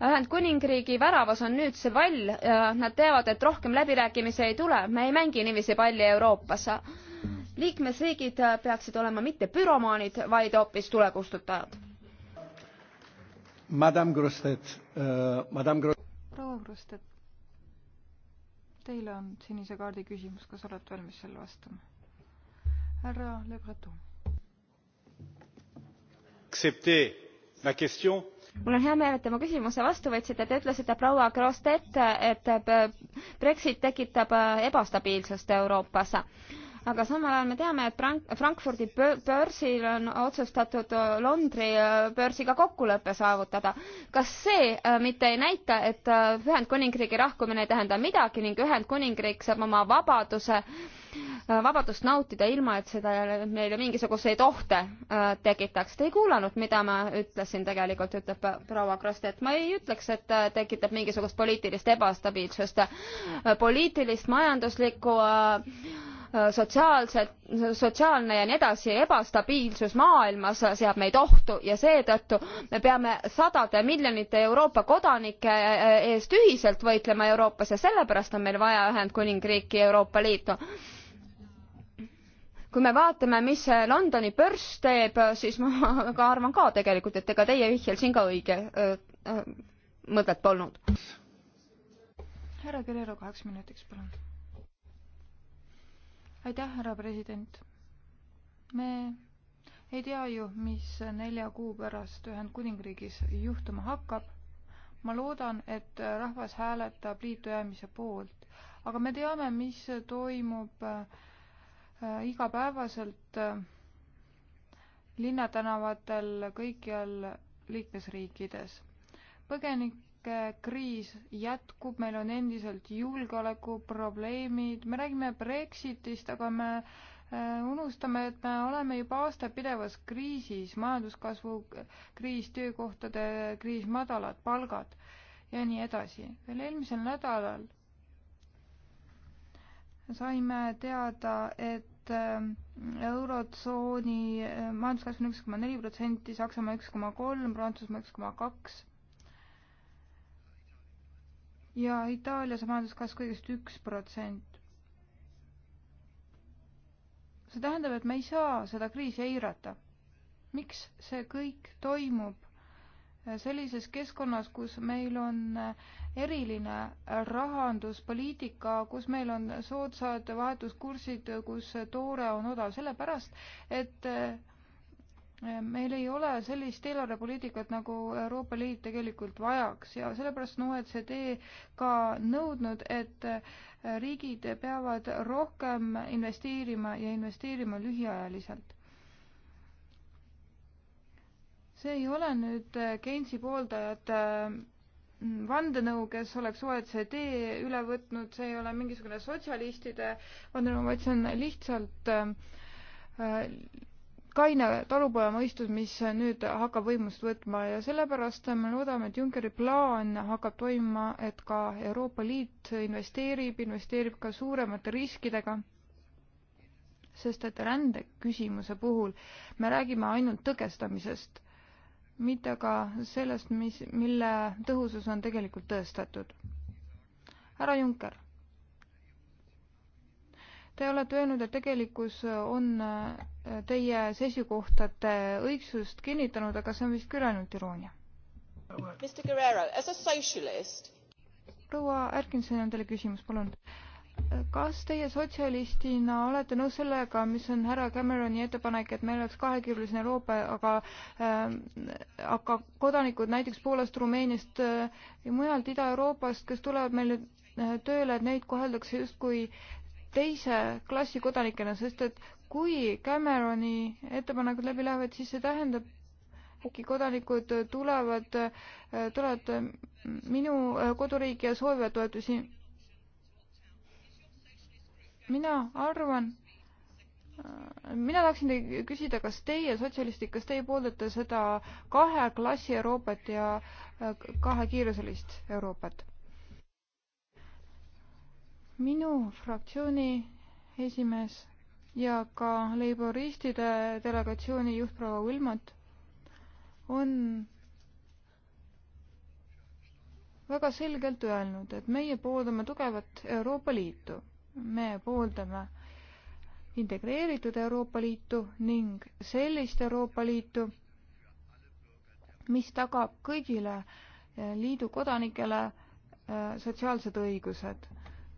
[SPEAKER 4] Ühendkuningriigi väravas on nüüd see vall ja nad teavad, et rohkem läbirääkimisi ei tule, me ei mängi niiviisi palli Euroopas. liikmesriigid peaksid olema mitte büromaanid,
[SPEAKER 5] vaid hoopis tulekustutajad.
[SPEAKER 3] Madame Grostet uh,, Madame Grostet.
[SPEAKER 5] proua Grostet Teile on sinise kaardi küsimus, kas olete valmis selle vastama? härra Le Breton.
[SPEAKER 3] mul on
[SPEAKER 4] hea meel, et
[SPEAKER 5] te mu küsimuse vastu
[SPEAKER 4] võtsite, te ütlesite, proua Grossette, et Brexit tekitab ebastabiilsust Euroopas aga samal ajal me teame, et Frank-, Frankfurdi börsil on otsustatud äh, Londri äh, börsiga kokkulepe saavutada. kas see äh, mitte ei näita, et äh, Ühendkuningriigi lahkumine ei tähenda midagi ning Ühendkuningriik saab oma vabaduse äh,, vabadust nautida ilma, et seda meile mingisuguseid ohte äh, tekitaks. Te ei kuulanud, mida ma ütlesin tegelikult, ütleb proua Krostet. ma ei ütleks, et tekitab mingisugust poliitilist ebastabiilsust, poliitilist, majanduslikku äh, Äh, sotsiaalset, sotsiaalne ja nii edasi ebastabiilsus maailmas seab meid ohtu ja seetõttu me peame sadade miljonite Euroopa kodanike äh, eest ühiselt võitlema Euroopas ja sellepärast on meil vaja Ühendkuningriiki ja Euroopa Liitu. kui me vaatame, mis Londoni börs teeb, siis ma ka arvan ka tegelikult, et ega teie vihjel siin ka õige äh, mõtet polnud.
[SPEAKER 5] härra Guerrero, kaheks minutiks, palun aitäh, härra president. me ei tea ju, mis nelja kuu pärast Ühendkuningriigis juhtuma hakkab. ma loodan, et rahvas hääletab liitu jäämise poolt, aga me teame, mis toimub äh, igapäevaselt äh, linnatänavatel kõikjal liikmesriikides. põgenik kriis jätkub, meil on endiselt julgeolekuprobleemid, me räägime Brexitist, aga me äh, unustame, et me oleme juba aasta pidevas kriisis, majanduskasvu kriis, töökohtade kriis, madalad palgad ja nii edasi. veel eelmisel nädalal saime teada, et äh, Eurotsooni äh, majanduskasv on üks koma neli protsenti, Saksamaa üks koma kolm, Prantsusmaa üks koma kaks ja Itaalias on majanduskasv kõigest üks protsent. see tähendab, et me ei saa seda kriisi eirata. miks see kõik toimub sellises keskkonnas, kus meil on eriline rahanduspoliitika, kus meil on soodsad vahetuskursid, kus toore on odav, sellepärast et meil ei ole sellist eelarvepoliitikat, nagu Euroopa Liit tegelikult vajaks ja sellepärast on OECD ka nõudnud, et äh, riigid peavad rohkem investeerima ja investeerima lühiajaliselt. see ei ole nüüd äh, Keinsi pooldajate äh, vandenõu, kes oleks OECD üle võtnud, see ei ole mingisugune sotsialistide vandenõu, vaid see on lihtsalt äh, kaine talupojamõistus, mis nüüd hakkab võimust võtma ja sellepärast me loodame, et Junckeri plaan hakkab toimima, et ka Euroopa Liit investeerib, investeerib ka suuremate riskidega. sest et rändeküsimuse puhul me räägime ainult tõkestamisest, mitte ka sellest, mis, mille tõhusus on tegelikult tõestatud. härra Juncker Te olete öelnud, et tegelikkus on äh, teie seisukohtade õigsust kinnitanud, aga see on vist küll ainult iroonia. proua Erkinson on teile küsimus, palun. kas teie sotsialistina olete nõus sellega, mis on härra Cameroni ettepanek, et meil oleks kaheküljeline Euroopa, aga äh, aga kodanikud näiteks Poolast, Rumeeniast äh, ja mujalt Ida-Euroopast, kes tulevad meile äh, tööle, et neid koheldakse justkui teise klassi kodanikena, sest et kui Cameroni ettepanekud läbi lähevad, siis see tähendab, äkki kodanikud tulevad, tulevad minu koduriiki ja soovivad toetusi. mina arvan, mina tahaksin teid küsida, kas teie, sotsialistid, kas teie pooldate seda kahe klassi Euroopat ja kahekiiruselist Euroopat? minu fraktsiooni esimees ja ka leiboristide delegatsiooni juht proua Wilmot on väga selgelt öelnud, et meie pooldame tugevat Euroopa Liitu. me pooldame integreeritud Euroopa Liitu ning sellist Euroopa Liitu, mis tagab kõigile liidu kodanikele äh, sotsiaalsed õigused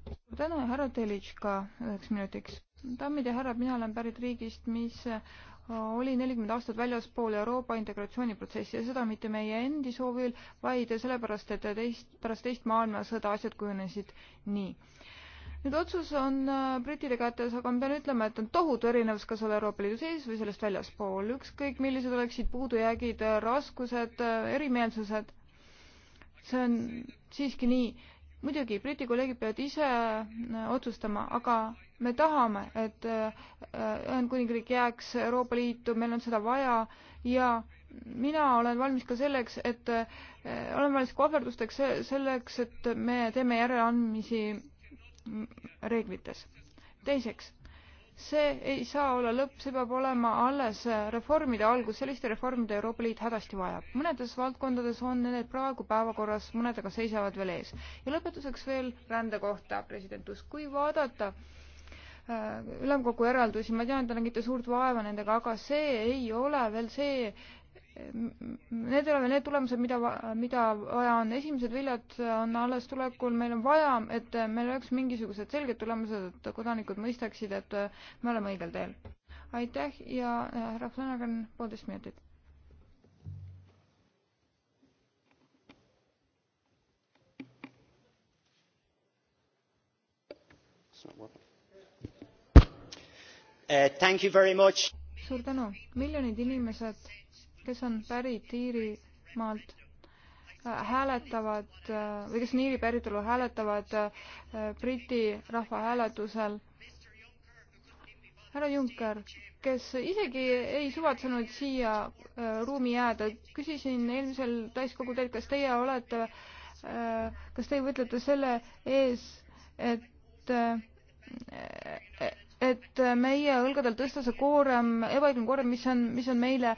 [SPEAKER 5] suur tänu, härra Telitška üheks minutiks. daamid ja härrad, mina olen pärit riigist, mis oli nelikümmend aastat väljaspool Euroopa integratsiooniprotsessi ja seda mitte meie endi soovil, vaid sellepärast, et teist, pärast teist maailmasõda asjad kujunesid nii. nüüd otsus on äh, brittide kätes, aga ma pean ütlema, et on tohutu erinevus, kas olla Euroopa Liidu sees või sellest väljaspool, ükskõik millised oleksid puudujäägid, äh, raskused, äh, erimeelsused, see on siiski nii muidugi, Briti kolleegid peavad ise äh, otsustama, aga me tahame, et äh, Ühendkuningriik jääks Euroopa Liitu, meil on seda vaja ja mina olen valmis ka selleks, et äh, olen valmis ka ohverdusteks selleks, et me teeme järeleandmisi mm, reeglites. teiseks see ei saa olla lõpp, see peab olema alles reformide algus, selliste reformide Euroopa Liit hädasti vajab. mõnedes valdkondades on need praegu päevakorras, mõnedega seisavad veel ees. ja lõpetuseks veel rände kohta, president Tusk, kui vaadata äh, ülemkogu järeldusi, ma tean, te nägite suurt vaeva nendega, aga see ei ole veel see Need ei ole veel need tulemused, mida, mida vaja on, esimesed viljad on alles tulekul, meil on vaja, et meil oleks mingisugused selged tulemused, et kodanikud mõistaksid, et me oleme õigel teel. aitäh ja äh, härra Flanagan, poolteist minutit.
[SPEAKER 3] Uh,
[SPEAKER 5] suur tänu, miljonid inimesed kes on pärit Iirimaalt, äh, hääletavad äh, või kes on Iiri päritolu, hääletavad äh, Briti rahvahääletusel. härra Juncker, kes isegi ei suvatsenud siia ruumi jääda, küsisin eelmisel täiskogu teilt, kas teie olete, kas teie võtlete selle ees, et et meie õlgadel tõsta see koorem, ebaõiglane koorem, mis on, mis on meile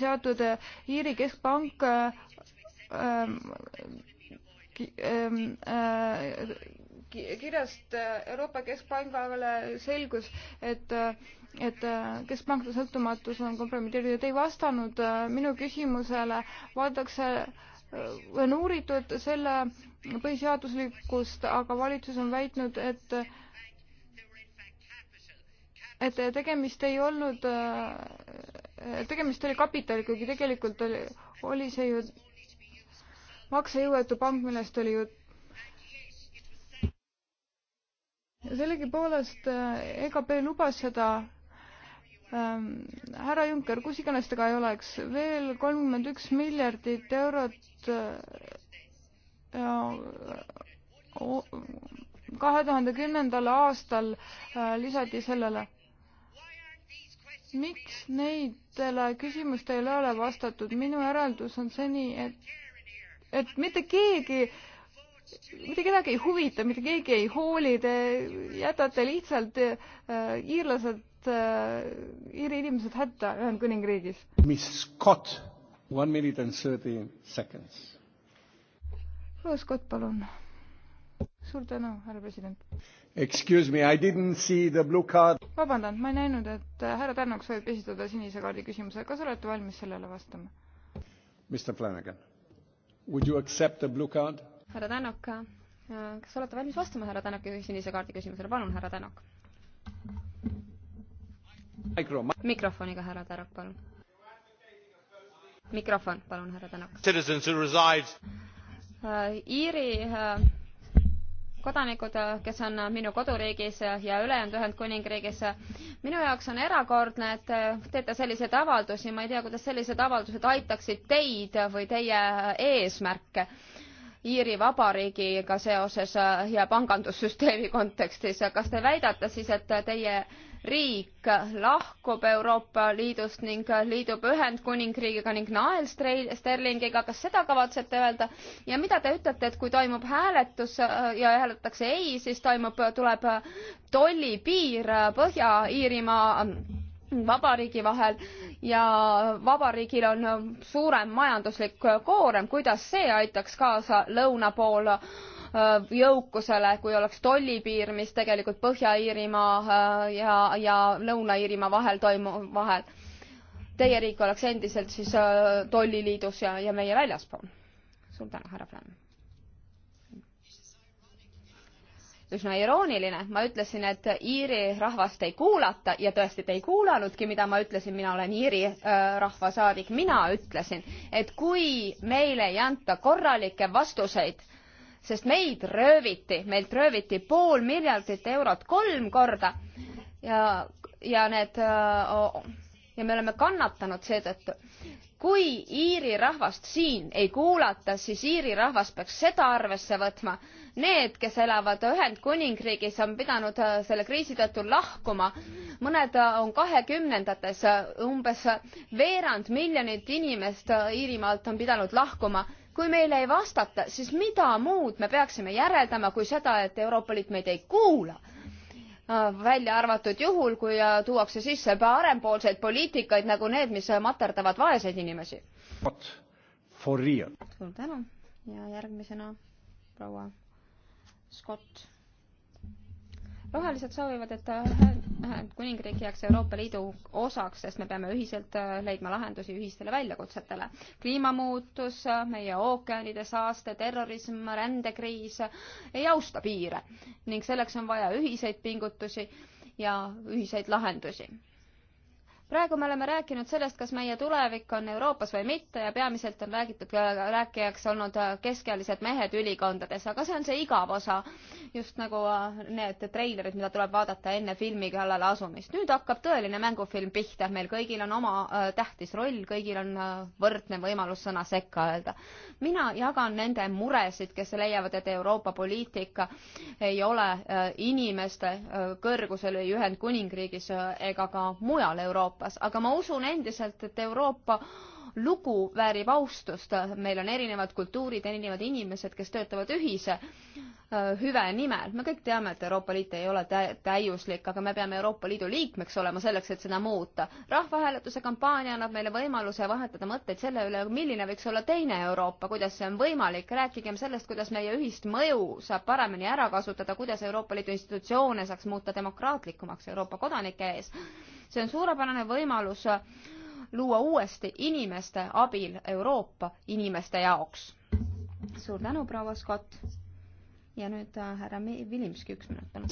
[SPEAKER 5] seatud. Iiri keskpank ähm, ähm, äh, kirjast Euroopa Keskpangale selgus, et et keskpankade sõltumatus on kompromiteeritud ja te ei vastanud äh, minu küsimusele, vaadatakse äh, on uuritud selle põhiseaduslikkust, aga valitsus on väitnud, et et tegemist ei olnud, äh, tegemist oli kapitaliga, kuigi tegelikult oli, oli see ju maksejõuetu pank, millest oli jutt. ja sellegipoolest äh, EKP lubas seda ähm, härra Juncker, kus iganes ta ka ei oleks, veel kolmkümmend üks miljardit eurot äh, kahe tuhande kümnendal aastal äh, lisati sellele miks neidele küsimustele ei ole vastatud? minu järeldus on see nii, et, et mitte keegi, mitte kedagi ei huvita, mitte keegi ei hooli, te jätate lihtsalt äh, iirlased äh,, iiri inimesed hätta Ühendkuningriigis.
[SPEAKER 3] mis Scott, one minute and thirty seconds.
[SPEAKER 5] proua Scott, palun. suur tänu, härra president
[SPEAKER 3] Excuse me, I didn't see the blue card.
[SPEAKER 5] vabandan, ma ei näinud, et äh, härra Tänok soovib esitada sinise kaardi küsimuse, kas olete valmis sellele vastama?
[SPEAKER 3] Mr Flanagan, would you accept the blue card?
[SPEAKER 4] härra Tänok, äh, kas olete valmis vastama härra Tänoki sinise kaardi küsimusele, palun, härra Tänok. mikrofoniga härra Tänok, palun. mikrofon, palun, härra Tänok. Äh, Iiri uh, kodanikud, kes on minu koduriigis ja ülejäänud Ühendkuningriigis. minu jaoks on erakordne, et teete selliseid avaldusi, ma ei tea, kuidas sellised avaldused aitaksid teid või teie eesmärke Iiri Vabariigiga seoses äh, ja pangandussüsteemi kontekstis, kas te väidate siis, et teie riik lahkub Euroopa Liidust ning liidub Ühendkuningriigiga ning Nael Sterlingiga, kas seda kavatsete öelda ja mida te ütlete, et kui toimub hääletus äh, ja hääletatakse ei, siis toimub, tuleb tollipiir äh, Põhja-Iirimaa vabariigi vahel ja vabariigil on suurem majanduslik koorem, kuidas see aitaks kaasa lõuna pool äh, jõukusele, kui oleks tollipiir, mis tegelikult Põhja-Iirimaa äh, ja, ja Lõuna-Iirimaa vahel toimu-, vahel. Teie riik oleks endiselt siis äh, tolliliidus ja, ja meie väljaspool. suur tänu, härra Främm üsna irooniline, ma ütlesin, et Iiri rahvast ei kuulata ja tõesti te ei kuulanudki, mida ma ütlesin, mina olen Iiri äh, rahvasaadik, mina ütlesin, et kui meile ei anta korralikke vastuseid, sest meid rööviti, meilt rööviti pool miljardit eurot kolm korda ja, ja need äh, ja me oleme kannatanud seetõttu kui Iiri rahvast siin ei kuulata, siis Iiri rahvas peaks seda arvesse võtma. Need, kes elavad Ühendkuningriigis, on pidanud äh, selle kriisi tõttu lahkuma. mõned äh, on kahekümnendates, äh, umbes veerand miljonit inimest Iirimaalt on pidanud lahkuma. kui meile ei vastata, siis mida muud me peaksime järeldama kui seda, et Euroopa Liit meid ei kuula Äh, välja arvatud juhul, kui äh, tuuakse sisse parempoolseid poliitikaid nagu need, mis äh, materdavad vaeseid inimesi. suur tänu ja järgmisena proua Scott rohelised soovivad, et Ühendkuningriik äh, äh, jääks Euroopa Liidu osaks, sest me peame ühiselt äh, leidma lahendusi ühistele väljakutsetele. kliimamuutus, meie ookeanide saaste, terrorism, rändekriis ei austa piire ning selleks on vaja ühiseid pingutusi ja ühiseid lahendusi praegu me oleme rääkinud sellest, kas meie tulevik on Euroopas või mitte ja peamiselt on räägitud, rääkijaks olnud keskealised mehed ülikondades, aga see on see igav osa, just nagu äh, need treilerid, mida tuleb vaadata enne filmi kallale asumist. nüüd hakkab tõeline mängufilm pihta, meil kõigil on oma äh, tähtis roll, kõigil on äh, võrdne võimalus sõna sekka öelda. mina jagan nende muresid, kes leiavad, et Euroopa poliitika ei ole inimeste kõrgusel ei Ühendkuningriigis ega ka mujal Euroopas. Euroopas, aga ma usun endiselt, et Euroopa lugu väärib austust, meil on erinevad kultuurid, erinevad inimesed, kes töötavad ühise äh, hüve nimel. me kõik teame, et Euroopa Liit ei ole tä-, täiuslik, aga me peame Euroopa Liidu liikmeks olema selleks, et seda muuta. rahvahääletuse kampaania annab meile võimaluse vahetada mõtteid selle üle, milline võiks olla teine Euroopa, kuidas see on võimalik, rääkigem sellest, kuidas meie ühist mõju saab paremini ära kasutada, kuidas Euroopa Liidu institutsioone saaks muuta demokraatlikumaks Euroopa kodanike ees. see on suurepärane võimalus äh, luua uuesti inimeste abil Euroopa inimeste jaoks. suur tänu, proua Scott ja nüüd äh, härra Vilimski, üks minut palun.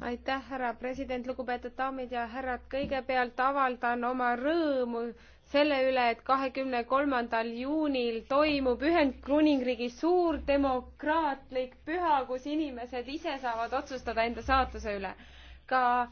[SPEAKER 4] aitäh,
[SPEAKER 1] härra president, lugupeetud daamid ja härrad, kõigepealt avaldan oma rõõmu selle üle, et kahekümne kolmandal juunil toimub Ühendkuningriigi suur demokraatlik püha, kus inimesed ise saavad otsustada enda saatuse üle. ka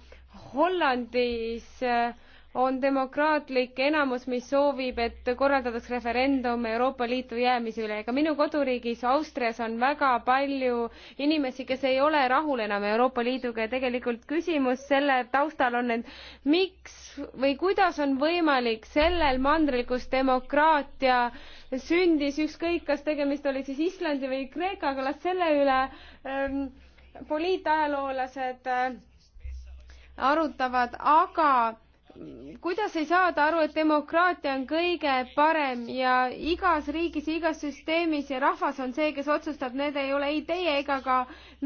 [SPEAKER 1] Hollandis äh, on demokraatlik enamus, mis soovib, et korraldataks referendum Euroopa Liitu jäämise üle. ka minu koduriigis Austrias on väga palju inimesi, kes ei ole rahul enam Euroopa Liiduga ja tegelikult küsimus selle taustal on, et miks või kuidas on võimalik sellel mandril, kus demokraatia sündis, ükskõik kas tegemist oli siis Islandi või Kreekaga, las selle üle ähm, poliitajaloolased äh, arutavad, aga kuidas ei saada aru, et demokraatia on kõige parem ja igas riigis, igas süsteemis ja rahvas on see, kes otsustab, need ei ole ei teie ega ka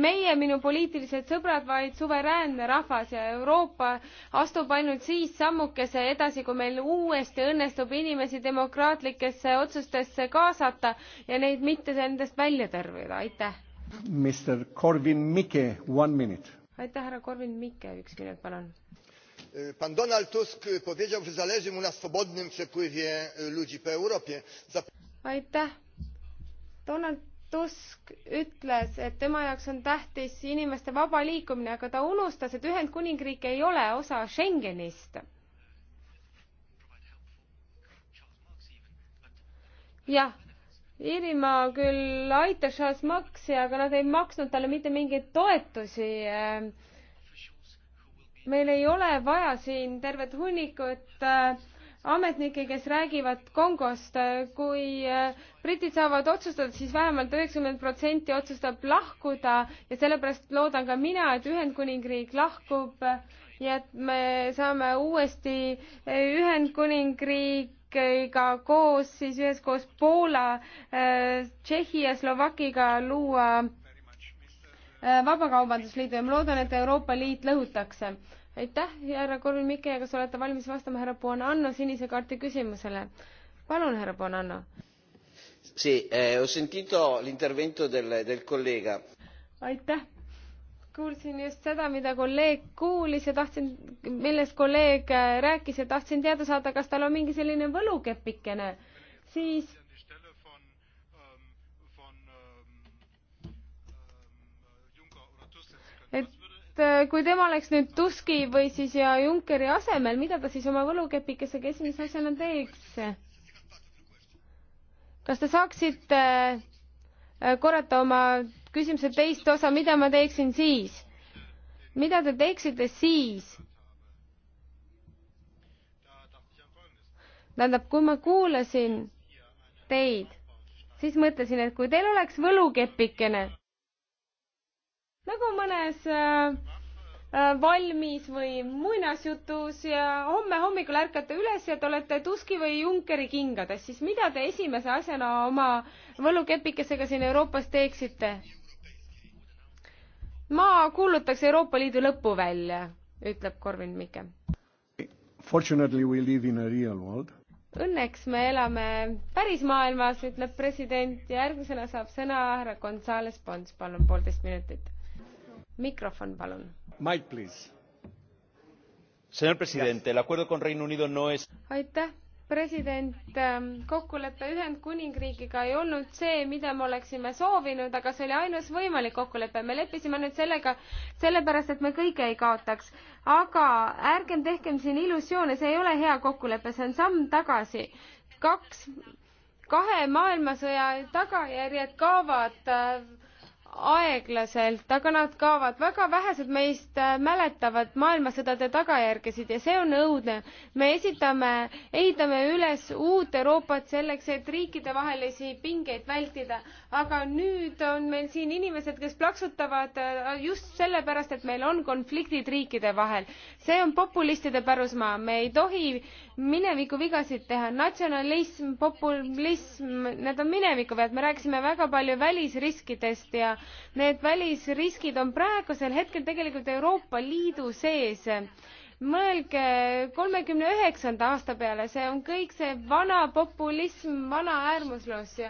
[SPEAKER 1] meie, minu poliitilised sõbrad, vaid suveräänne rahvas ja Euroopa astub ainult siis sammukese edasi, kui meil uuesti õnnestub inimesi demokraatlikesse otsustesse kaasata ja neid mitte endast välja tõrjuda, aitäh.
[SPEAKER 3] Mr Corvin Mikke, one minute.
[SPEAKER 1] aitäh, härra Corvin Mikke,
[SPEAKER 3] üks minut, palun pan donald tusk powiedział że zależy mu na swobodnym przepływie ludzi po europie.
[SPEAKER 1] donald tusk ütles et tema jaoks on tähtis inimeste vaba liikumine aga ta unustas et ühendkuningriik ei ole osa schengenist. jah iirimaa küll aitas charles maxi aga nad ei maksnud talle mitte mingeid toetusi äh, meil ei ole vaja siin tervet hunnikut äh, ametnikke, kes räägivad Kongost, kui äh, britid saavad otsustada, siis vähemalt üheksakümmend protsenti otsustab lahkuda ja sellepärast loodan ka mina, et Ühendkuningriik lahkub ja et me saame uuesti äh, Ühendkuningriigiga koos, siis üheskoos Poola, äh, Tšehhi ja Slovakkiga luua Äh, Vabakaubandusliidu ja ma loodan, et Euroopa Liit lõhutakse. aitäh, härra Korvin Mikke, kas olete valmis vastama härra Buonanno sinise kaarti küsimusele? palun, härra Buonanno. Eh, aitäh, kuulsin just seda, mida kolleeg kuulis ja tahtsin, millest kolleeg äh, rääkis ja tahtsin teada saada, kas tal on mingi selline võlukepikene, siis Äh, kui tema oleks nüüd Tuski või siis ja Junckeri asemel, mida ta siis oma võlukepikesega esimese asjana teeks? kas te saaksite äh, korrata oma küsimuse teist osa, mida ma teeksin siis? mida te teeksite siis? tähendab, kui ma kuulasin teid, siis mõtlesin, et kui teil oleks võlukepikene nagu mõnes äh, äh, valmis või muinasjutus ja homme hommikul ärkate üles ja te olete Tuski või Junckeri kingades, siis mida te esimese asjana oma võlukepikesega siin Euroopas teeksite? ma kuulutaks Euroopa Liidu lõpu välja, ütleb Korvin Mikke.
[SPEAKER 3] Fortunately we live in a real world.
[SPEAKER 1] Õnneks me elame päris maailmas, ütleb president ja järgmisena saab sõna härra Gonzales Pons, palun poolteist minutit mikrofon, palun.
[SPEAKER 3] Mike, please. Senor president, el acuerdo con Reino Unido no es.
[SPEAKER 1] aitäh, president, ähm, kokkulepe Ühendkuningriigiga ei olnud see, mida me oleksime soovinud, aga see oli ainus võimalik kokkulepe. me leppisime nüüd sellega sellepärast, et me kõike ei kaotaks. aga ärgem tehkem siin illusioone, see ei ole hea kokkulepe, see on samm tagasi. kaks, kahe maailmasõja tagajärjed kaovad äh, aeglaselt, aga nad kaovad. väga vähesed meist äh, mäletavad maailmasõdade tagajärgesid ja see on õudne. me esitame, ehitame üles uut Euroopat selleks, et riikidevahelisi pingeid vältida, aga nüüd on meil siin inimesed, kes plaksutavad äh, just sellepärast, et meil on konfliktid riikide vahel. see on populistide pärusmaa, me ei tohi minevikuvigasid teha, natsionalism, populism, need on minevikuvead, me rääkisime väga palju välisriskidest ja need välisriskid on praegusel hetkel tegelikult Euroopa Liidu sees mõelge kolmekümne üheksanda aasta peale, see on kõik see vana populism, vana äärmuslus ja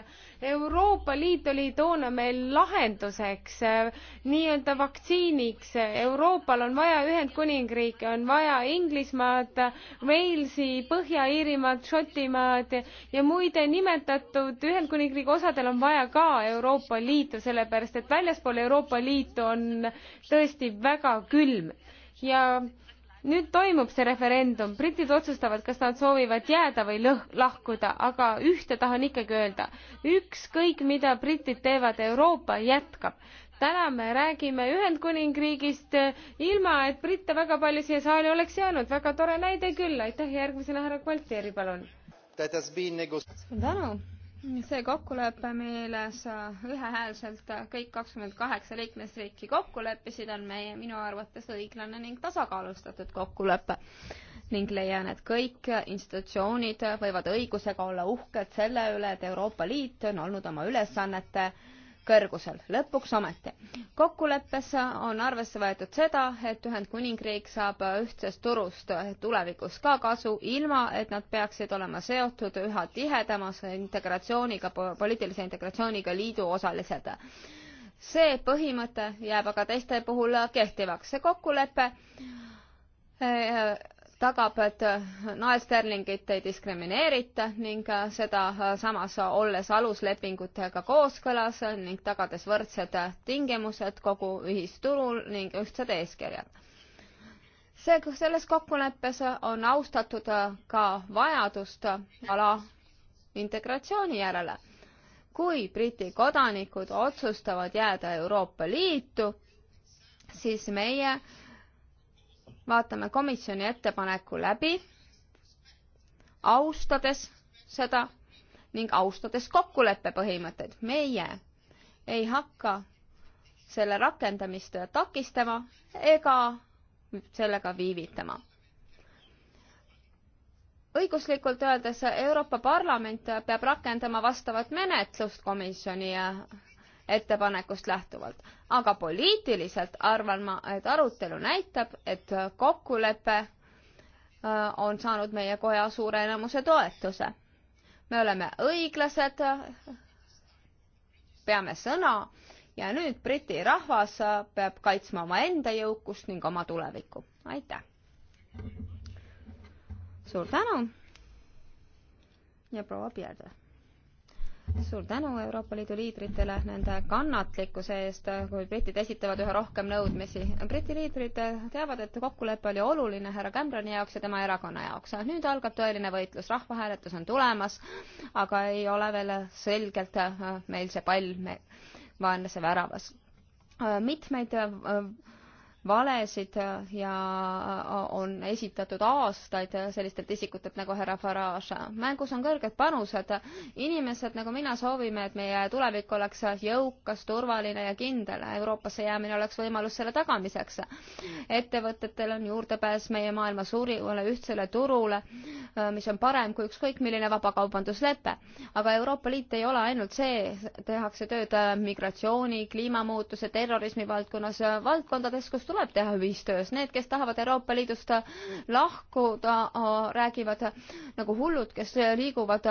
[SPEAKER 1] Euroopa Liit oli toona meil lahenduseks, eh, nii-öelda vaktsiiniks. Euroopal on vaja Ühendkuningriiki, on vaja Inglismaad, Walesi, Põhja-Iirimaad, Šotimaad ja muide nimetatud Ühendkuningriigi osadel on vaja ka Euroopa Liitu, sellepärast et väljaspool Euroopa Liitu on tõesti väga külm ja nüüd toimub see referendum, britid otsustavad, kas nad soovivad jääda või lõh-, lahkuda, aga ühte tahan ikkagi öelda. ükskõik, mida britid teevad, Euroopa jätkab. täna me räägime Ühendkuningriigist ilma, et britte väga palju siia saali oleks jäänud, väga tore näide küll, aitäh, järgmisena härra Kvalteeri, palun.
[SPEAKER 5] suur
[SPEAKER 4] tänu see kokkulepe, milles ühehäälselt kõik kakskümmend kaheksa liikmesriiki kokku leppisid, on meie, minu arvates õiglane ning tasakaalustatud kokkulepe. ning leian, et kõik institutsioonid võivad õigusega olla uhked selle üle, et Euroopa Liit on olnud oma ülesannete äh, kõrgusel. lõpuks ometi. kokkuleppes on arvesse võetud seda, et Ühendkuningriik saab ühtsest turust tulevikus ka kasu, ilma et nad peaksid olema seotud üha tihedamas integratsiooniga, poliitilise integratsiooniga liidu osalised. see põhimõte jääb aga teiste puhul kehtivaks. see kokkulepe eh, tagab, et naesterlingit ei diskrimineerita ning seda samas olles aluslepingutega kooskõlas ning tagades võrdsed tingimused kogu ühisturul ning ühtsed eeskirjad. see, selles kokkuleppes on austatud ka vajadust ala integratsiooni järele. kui Briti kodanikud otsustavad jääda Euroopa Liitu, siis meie äh, vaatame komisjoni ettepaneku läbi, austades seda ning austades kokkuleppe põhimõtteid. meie ei hakka selle rakendamist takistama ega sellega viivitama. õiguslikult öeldes Euroopa Parlament peab rakendama vastavat menetlust komisjoni ettepanekust lähtuvalt. aga poliitiliselt arvan ma, et arutelu näitab, et kokkulepe äh, on saanud meie koja suure enamuse toetuse. me oleme õiglased, peame sõna ja nüüd Briti rahvas peab kaitsma omaenda jõukust ning oma tulevikku. aitäh! suur tänu ja proua Pierde! suur tänu Euroopa Liidu liidritele nende kannatlikkuse eest, kui britid esitavad üha rohkem nõudmisi. Briti liidrid teavad, et kokkulepe oli oluline härra Cameroni jaoks ja tema erakonna jaoks. nüüd algab tõeline võitlus, rahvahääletus on tulemas, aga ei ole veel selgelt äh, meil see pall vaenlase väravas. Äh, mitmeid äh, valesid ja on esitatud aastaid sellistelt isikutelt nagu härra Farage. mängus on kõrged panused. inimesed nagu mina soovime, et meie tulevik oleks jõukas, turvaline ja kindel. Euroopasse jäämine oleks võimalus selle tagamiseks. ettevõtetel on juurdepääs meie maailma suurimale ühtsele turule, mis on parem kui ükskõik milline vabakaubanduslepe. aga Euroopa Liit ei ole ainult see, tehakse tööd migratsiooni, kliimamuutuse, terrorismi valdkonnas, valdkondades, kus tuleb teha ühistöös. Need, kes tahavad Euroopa Liidust äh, lahkuda, äh, räägivad äh, nagu hullud, kes liiguvad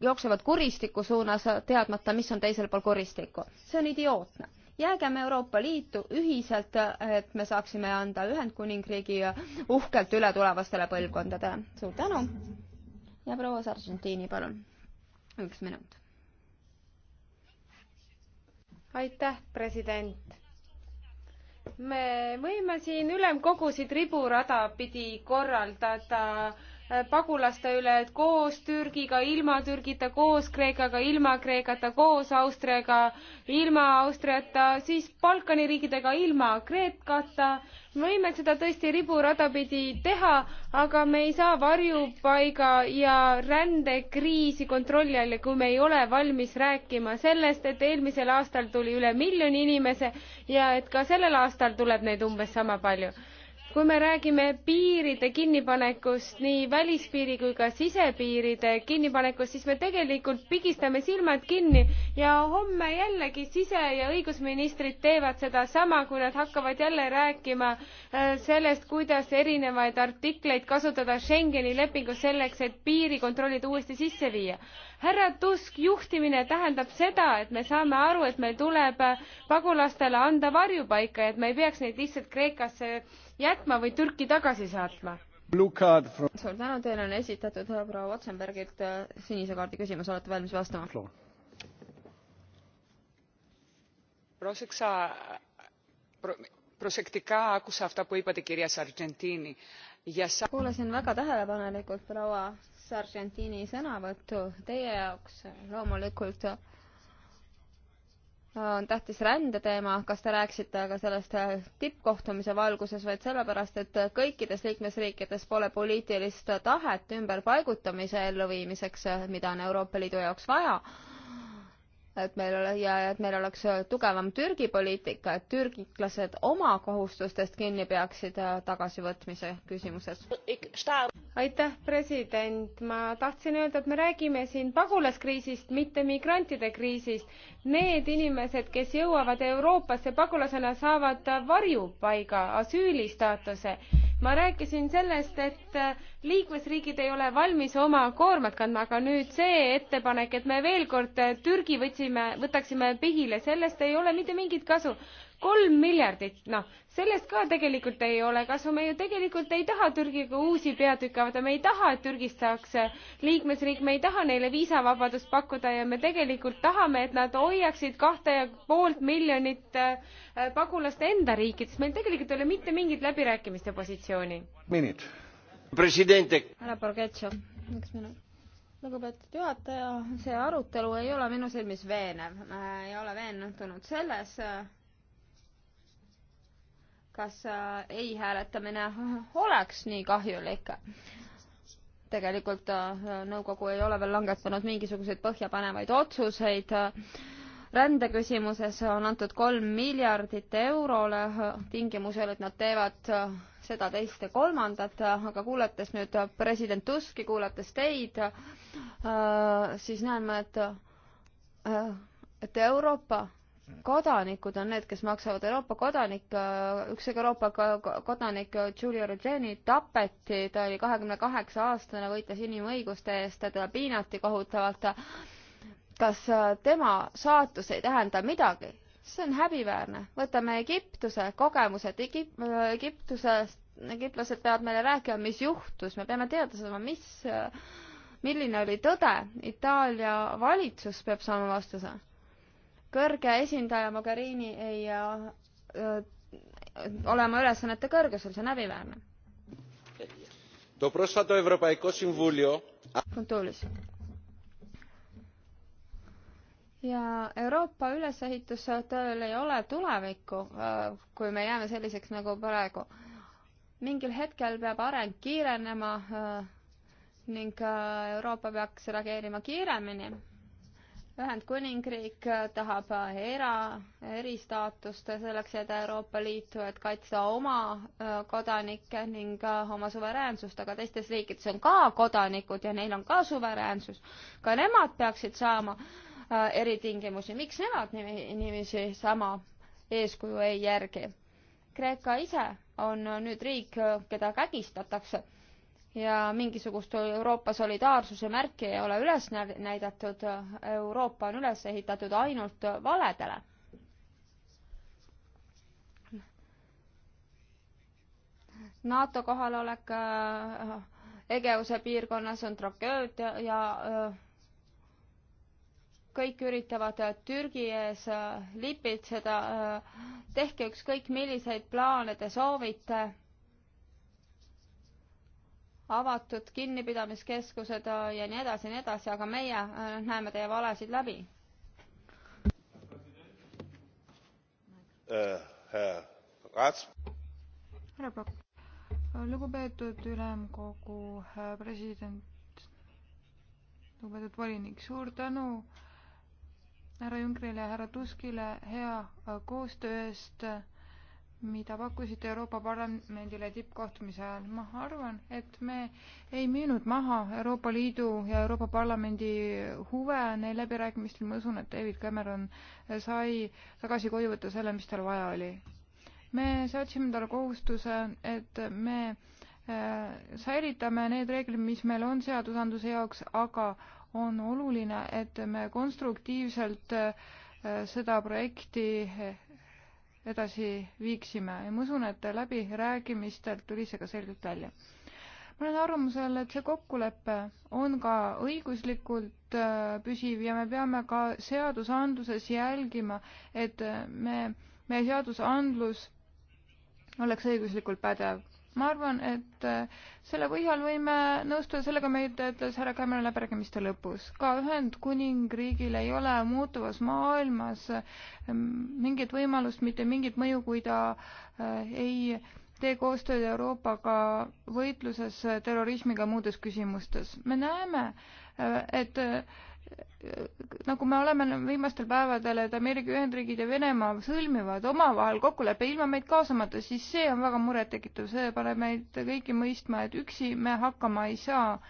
[SPEAKER 4] jooksevad kuristiku suunas, teadmata, mis on teisel pool kuristikku. see on idiootne. jäägem Euroopa Liitu ühiselt, et me saaksime anda Ühendkuningriigi uhkelt üle tulevastele põlvkondadele. suur tänu ja proua Sargentini, palun. üks minut.
[SPEAKER 1] aitäh, president me võime siin ülemkogusid riburada pidi korraldada Äh, pagulaste üle, et koos Türgiga, ilma Türgita, koos Kreekaga, ilma Kreekata, koos Austriaga, ilma Austriata, siis Balkani riikidega ilma Kreekata. me võime seda tõesti riburada pidi teha, aga me ei saa varjupaiga ja rändekriisi kontrolli all ja kui me ei ole valmis rääkima sellest, et eelmisel aastal tuli üle miljoni inimese ja et ka sellel aastal tuleb neid umbes sama palju kui me räägime piiride kinnipanekust, nii välispiiri kui ka sisepiiride kinnipanekust, siis me tegelikult pigistame silmad kinni ja homme jällegi sise- ja õigusministrid teevad sedasama, kui nad hakkavad jälle rääkima äh, sellest, kuidas erinevaid artikleid kasutada Schengeni lepingus selleks, et piirikontrollid uuesti sisse viia härra Tusk, juhtimine tähendab seda, et me saame aru, et meil tuleb pagulastele anda varjupaika ja et me ei peaks neid lihtsalt Kreekasse jätma
[SPEAKER 4] või Türki tagasi saatma?
[SPEAKER 3] From...
[SPEAKER 4] suur tänu, teile on esitatud äh, proua Otsenbergilt äh, sinise kaardi küsimus, olete valmis vastama?
[SPEAKER 5] Πρόσεξα προσεκτικά άκουσα αυτά που είπατε κυρία Σαρτζεντίνη. Για σας... Kuulasin
[SPEAKER 4] väga tähelepanelikult proua Sargentini sõnavõttu. Teie jaoks loomulikult on tähtis rändeteema, kas te rääkisite aga sellest äh, tippkohtumise valguses vaid sellepärast, et kõikides liikmesriikides pole poliitilist tahet ümberpaigutamise elluviimiseks, äh, mida on Euroopa Liidu jaoks vaja et meil ole- ja et meil oleks äh, tugevam Türgi poliitika, et türgiklased oma kohustustest kinni peaksid äh, tagasivõtmise küsimuses. aitäh, president, ma tahtsin
[SPEAKER 1] öelda, et me räägime siin pagulaskriisist, mitte migrantide kriisist. Need inimesed, kes jõuavad Euroopasse pagulasena, saavad varjupaiga, asüülistaatuse ma rääkisin sellest, et äh, liikmesriigid ei ole valmis oma koormat kandma, aga nüüd see ettepanek, et me veel kord äh, Türgi võtsime, võtaksime pihile, sellest ei ole mitte mingit kasu kolm miljardit, noh, sellest ka tegelikult ei ole kasu, me ju tegelikult ei taha Türgiga uusi peatükke avada, me ei taha, et Türgist saaks äh, liikmesriik, me ei taha neile viisavabadust pakkuda ja me tegelikult tahame, et nad hoiaksid kahte ja poolt miljonit äh, äh, pagulast enda riikides, meil tegelikult ei ole mitte mingit läbirääkimiste
[SPEAKER 4] positsiooni.
[SPEAKER 3] minut. president.
[SPEAKER 4] ära Borgetšo, üks minut lugupeetud juhataja, see arutelu ei ole minu silmis veenev. ma ei ole veendunud selles, kas äh, ei hääletamine oleks nii kahjulik? tegelikult äh, nõukogu ei ole veel langetanud mingisuguseid põhjapanevaid otsuseid. rändeküsimuses on antud kolm miljardit eurole tingimusel, et nad teevad äh, seda, teist ja kolmandat, aga kuulates nüüd president Tuski, kuulates teid, siis näen ma, et, et Euroopa kodanikud on need, kes maksavad. Euroopa kodanik, üks Euroopa kodanik Giulio Regeni tapeti, ta oli kahekümne kaheksa aastane, võitles inimõiguste eest, teda piinati kohutavalt. kas tema saatus ei tähenda midagi? see on häbiväärne. võtame Egiptuse kogemused Egip,, Egiptusest, egiptlased peavad meile rääkima, mis juhtus, me peame teada saama, mis, milline oli tõde. Itaalia valitsus peab saama vastuse kõrge esindaja Mogherini ei öö, äh, äh, ole oma ülesannete kõrgusel, see on häbiväärne. Funtuulis. ja Euroopa ülesehitustööl ei ole tulevikku, äh, kui me jääme selliseks nagu praegu. mingil hetkel peab areng kiirenema öö, ning Euroopa peaks reageerima kiiremini Ühendkuningriik tahab era, eristaatust selleks jääda Euroopa Liitu, et kaitsta oma äh, kodanikke ning äh, oma suveräänsust, aga teistes riikides on ka kodanikud ja neil on ka suveräänsus. ka nemad peaksid saama äh, eritingimusi, miks nemad niiviisi sama eeskuju ei järgi? Kreeka ise on nüüd riik, keda kägistatakse ja mingisugust Euroopa solidaarsuse märki ei ole üles näidatud, Euroopa on üles ehitatud ainult valedele. NATO kohalolek äh, Egeuse piirkonnas on tragöödia ja äh, kõik üritavad Türgi ees äh, lipitseda, tehke ükskõik milliseid plaane te soovite avatud kinnipidamiskeskused äh, ja nii edasi ja nii edasi, aga meie äh, näeme teie valesid läbi.
[SPEAKER 2] Äh, härra
[SPEAKER 5] Prokk, lugupeetud ülemkogu president, lugupeetud volinik, suur tänu härra Junkrile ja härra Tuskile hea koostöö eest mida pakkusite Euroopa Parlamendile tippkohtumise ajal. ma arvan, et me ei müünud maha Euroopa Liidu ja Euroopa Parlamendi huve neil läbirääkimistel. ma usun, et David Cameron sai tagasi koju võtta selle, mis tal vaja oli. me seadsime talle kohustuse, et me äh, säilitame need reeglid, mis meil on seadusandluse jaoks, aga on oluline, et me konstruktiivselt äh, seda projekti edasi viiksime ja ma usun, et läbirääkimistelt tuli see ka selgelt välja. ma olen arvamusel, et see kokkulepe on ka õiguslikult äh, püsiv ja me peame ka seadusandluses jälgima, et äh, me, meie seadusandlus oleks õiguslikult pädev ma arvan, et äh, selle põhjal võime nõustuda sellega, mida ütles härra Cameron läbirääkimiste lõpus. ka Ühendkuningriigil ei ole muutuvas maailmas ähm, mingit võimalust, mitte mingit mõju, kui ta äh, ei tee koostööd Euroopaga võitluses terrorismiga muudes küsimustes. me näeme, äh, et nagu me oleme viimastel päevadel, et Ameerika Ühendriigid ja Venemaa sõlmivad omavahel kokkuleppe ilma meid kaasamata, siis see on väga murettekitav, see paneb meid kõiki mõistma, et üksi me hakkama ei saa.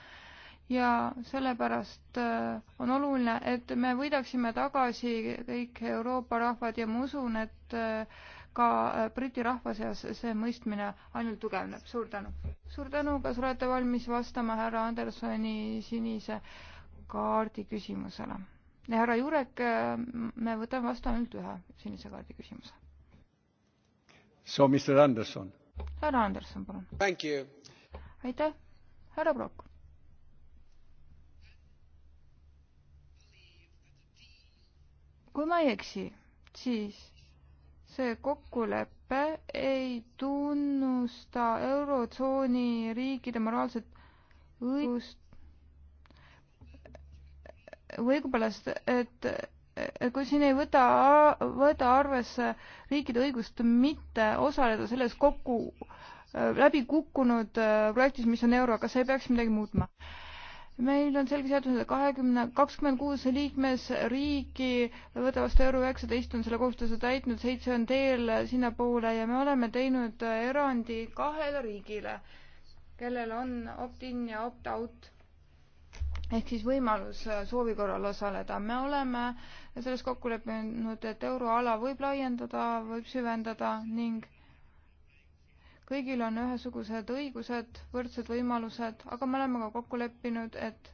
[SPEAKER 5] ja sellepärast äh, on oluline, et me võidaksime tagasi kõik Euroopa rahvad ja ma usun, et äh, ka äh, Briti rahva seas see mõistmine ainult tugevneb. suur tänu! suur tänu, kas olete valmis vastama härra Andersoni sinise kaardi küsimusele. härra Jurek, me võtame vastu ainult ühe sinise kaardi küsimuse.
[SPEAKER 3] So Mr Anderson.
[SPEAKER 5] härra Anderson, palun. aitäh, härra Prokk. kui ma ei eksi, siis see kokkulepe ei tunnusta Eurotsooni riikide moraalset õigust või õigupoolest, et, et kui siin ei võta, võta arvesse riikide õigust mitte osaleda selles kokku äh, läbi kukkunud äh, projektis, mis on euro, kas ei peaks midagi muutma? meil on selge seadus, et kahekümne, kakskümmend kuus liikmesriiki võtab vastu euro üheksateist, on selle kohustuse täitnud, seitse on teel sinnapoole ja me oleme teinud äh, erandi kahele riigile, kellel on opt-in ja opt-out ehk siis võimalus äh, soovi korral osaleda. me oleme selles kokku leppinud, et euroala võib laiendada, võib süvendada ning kõigil on ühesugused õigused, võrdsed võimalused, aga me oleme ka kokku leppinud, et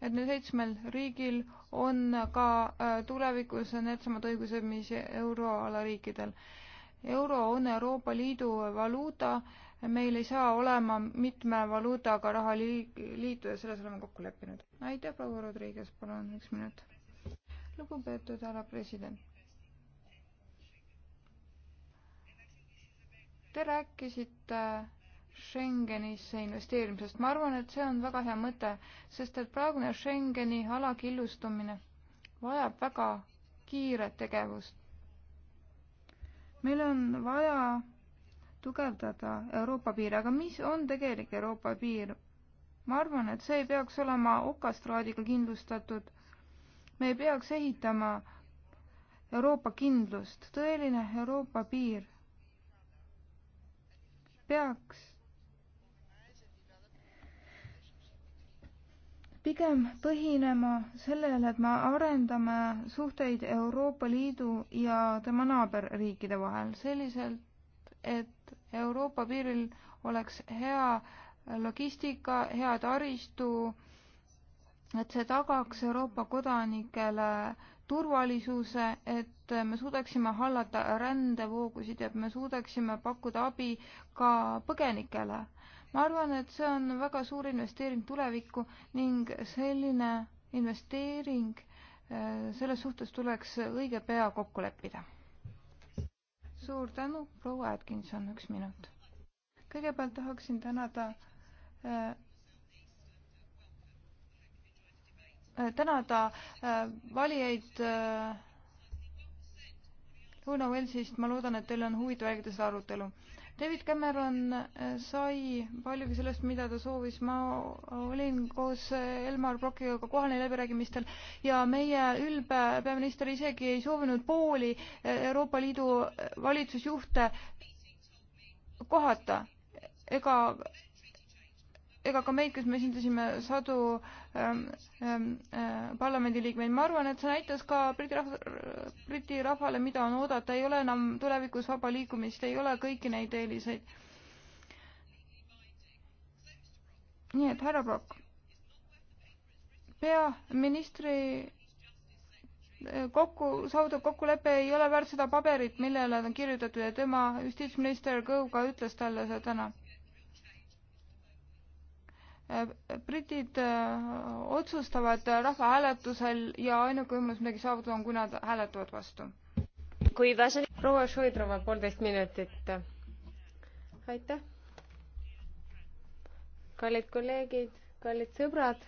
[SPEAKER 5] et neil seitsmel riigil on ka äh, tulevikus needsamad õigused, mis euroala riikidel. euro on Euroopa Liidu valuuta äh, meil ei saa olema mitme valuutaga rahaliitu ja selles oleme kokku leppinud. aitäh, proua Rodriguez, palun üks minut. lugupeetud härra president. Te rääkisite Schengenisse investeerimisest. ma arvan, et see on väga hea mõte, sest et praegune Schengeni ala killustumine vajab väga kiiret tegevust. meil on vaja tugevdada Euroopa piiri, aga mis on tegelik Euroopa piir? ma arvan, et see ei peaks olema okastraadiga kindlustatud. me ei peaks ehitama Euroopa kindlust, tõeline Euroopa piir peaks pigem põhinema sellele, et me arendame suhteid Euroopa Liidu ja tema naaberriikide vahel. selliselt et Euroopa piiril oleks hea logistika, hea taristu, et see tagaks Euroopa kodanikele turvalisuse, et me suudaksime hallata rändevoogusid, et me suudaksime pakkuda abi ka põgenikele. ma arvan, et see on väga suur investeering tulevikku ning selline investeering eh, selles suhtes tuleks õige pea kokku leppida suur tänu, proua Atkinson, üks minut. kõigepealt tahaksin tänada äh, tänada äh, valijaid äh, Lõuna-Velsist, ma loodan, et teil on huvitav jälgida seda arutelu äh, David Cameron äh, sai paljugi sellest, mida ta soovis. ma olin koos äh, Elmar Brokiga ka kohal neil läbirääkimistel ja meie ülbe peaminister isegi ei soovinud pooli äh, Euroopa Liidu valitsusjuhte kohata ega ega ka meid, kes me esindasime sadu ähm, ähm, äh, parlamendiliikmeid, ma arvan, et see näitas ka Briti rahva, Briti rahvale, mida on oodata, ei ole enam tulevikus vaba liikumist, ei ole kõiki neid eeliseid. nii et härra Brock, peaministri äh, kokku, saadud kokkulepe ei ole väärt seda paberit, millele ta on kirjutatud ja tema justiitsminister Kõuga ütles talle seda täna britid äh, otsustavad rahvahääletusel ja ainuke võimalus midagi saavutada on, kui nad hääletavad vastu.
[SPEAKER 1] proua Šoidrova, poolteist minutit. aitäh. kallid kolleegid, kallid sõbrad,